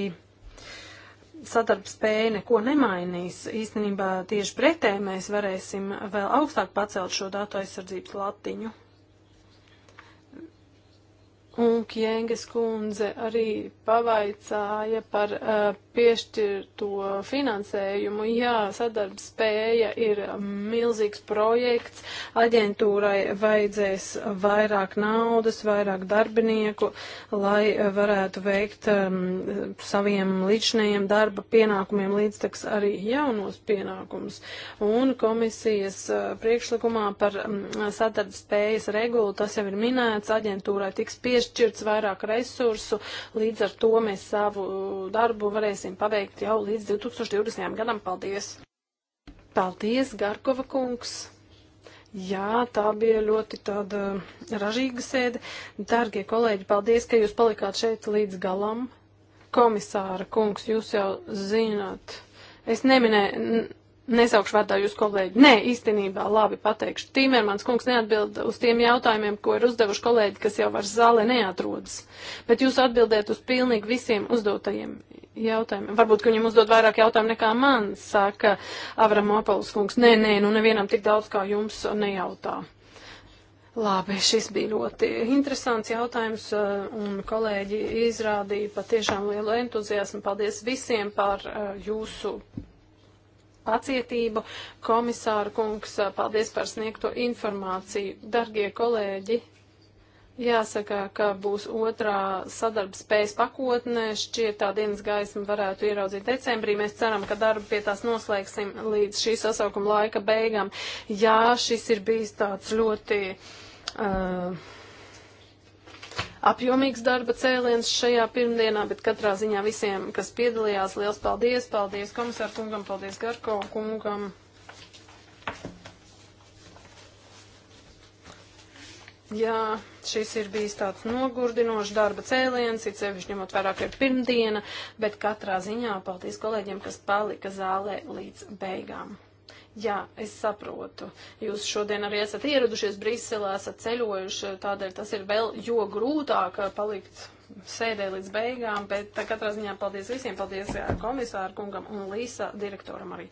sadarbspēja neko nemainīs. Īstenībā tieši pretēji mēs varēsim vēl augstāk pacelt šo datu aizsardzības latiņu. Un Kjēngas kundze arī pavaicāja par uh, piešķirto finansējumu. Jā, sadarbspēja ir milzīgs projekts. Aģentūrai vajadzēs vairāk naudas, vairāk darbinieku, lai varētu veikt um, saviem līdzinējiem darba pienākumiem līdzteks arī jaunos pienākumus. Un komisijas uh, priekšlikumā par um, sadarbspējas regulu, tas jau ir minēts, aģentūrai tiks piešķirts piešķirts vairāk resursu, līdz ar to mēs savu uh, darbu varēsim paveikt jau līdz 2020. gadam. Paldies! Paldies, Garkova kungs! Jā, tā bija ļoti tāda ražīga sēde. Dargie kolēģi, paldies, ka jūs palikāt šeit līdz galam. Komisāra kungs, jūs jau zināt. Es neminēju Nesaukšu vārdā jūs kolēģi. Nē, īstenībā labi pateikšu. Tīmērmans kungs neatbild uz tiem jautājumiem, ko ir uzdevuši kolēģi, kas jau vairs zālē neatrodas. Bet jūs atbildēt uz pilnīgi visiem uzdotajiem jautājumiem. Varbūt, ka viņam uzdod vairāk jautājumu nekā man, saka Avram Opalis kungs. Nē, nē, nu nevienam tik daudz kā jums nejautā. Labi, šis bija ļoti interesants jautājums, eh, un kolēģi izrādīja patiešām lielu entuziasmu. Paldies visiem par eh, jūsu pacietību. Komisāra kungs, paldies par sniegto informāciju. Dargie kolēģi, Jāsaka, ka būs otrā sadarbspējas pakotne, šķiet tā dienas gaisma varētu ieraudzīt decembrī. Mēs ceram, ka darbu pie tās noslēgsim līdz šī sasaukuma laika beigām. Jā, šis ir bijis tāds ļoti. Uh, apjomīgs darba cēliens šajā pirmdienā, bet katrā ziņā visiem, kas piedalījās, liels paldies, paldies komisāru kungam, paldies Garko kungam. Jā, šis ir bijis tāds nogurdinošs darba cēliens, it sevišķi ņemot vairāk ir pirmdiena, bet katrā ziņā paldies kolēģiem, kas palika zālē līdz beigām. Jā, es saprotu. Jūs šodien arī esat ieradušies Briselē, esat ceļojuši, tādēļ tas ir vēl jo grūtāk palikt sēdē līdz beigām, bet katrā ziņā paldies visiem, paldies komisāru kungam un Līsa direktoram arī.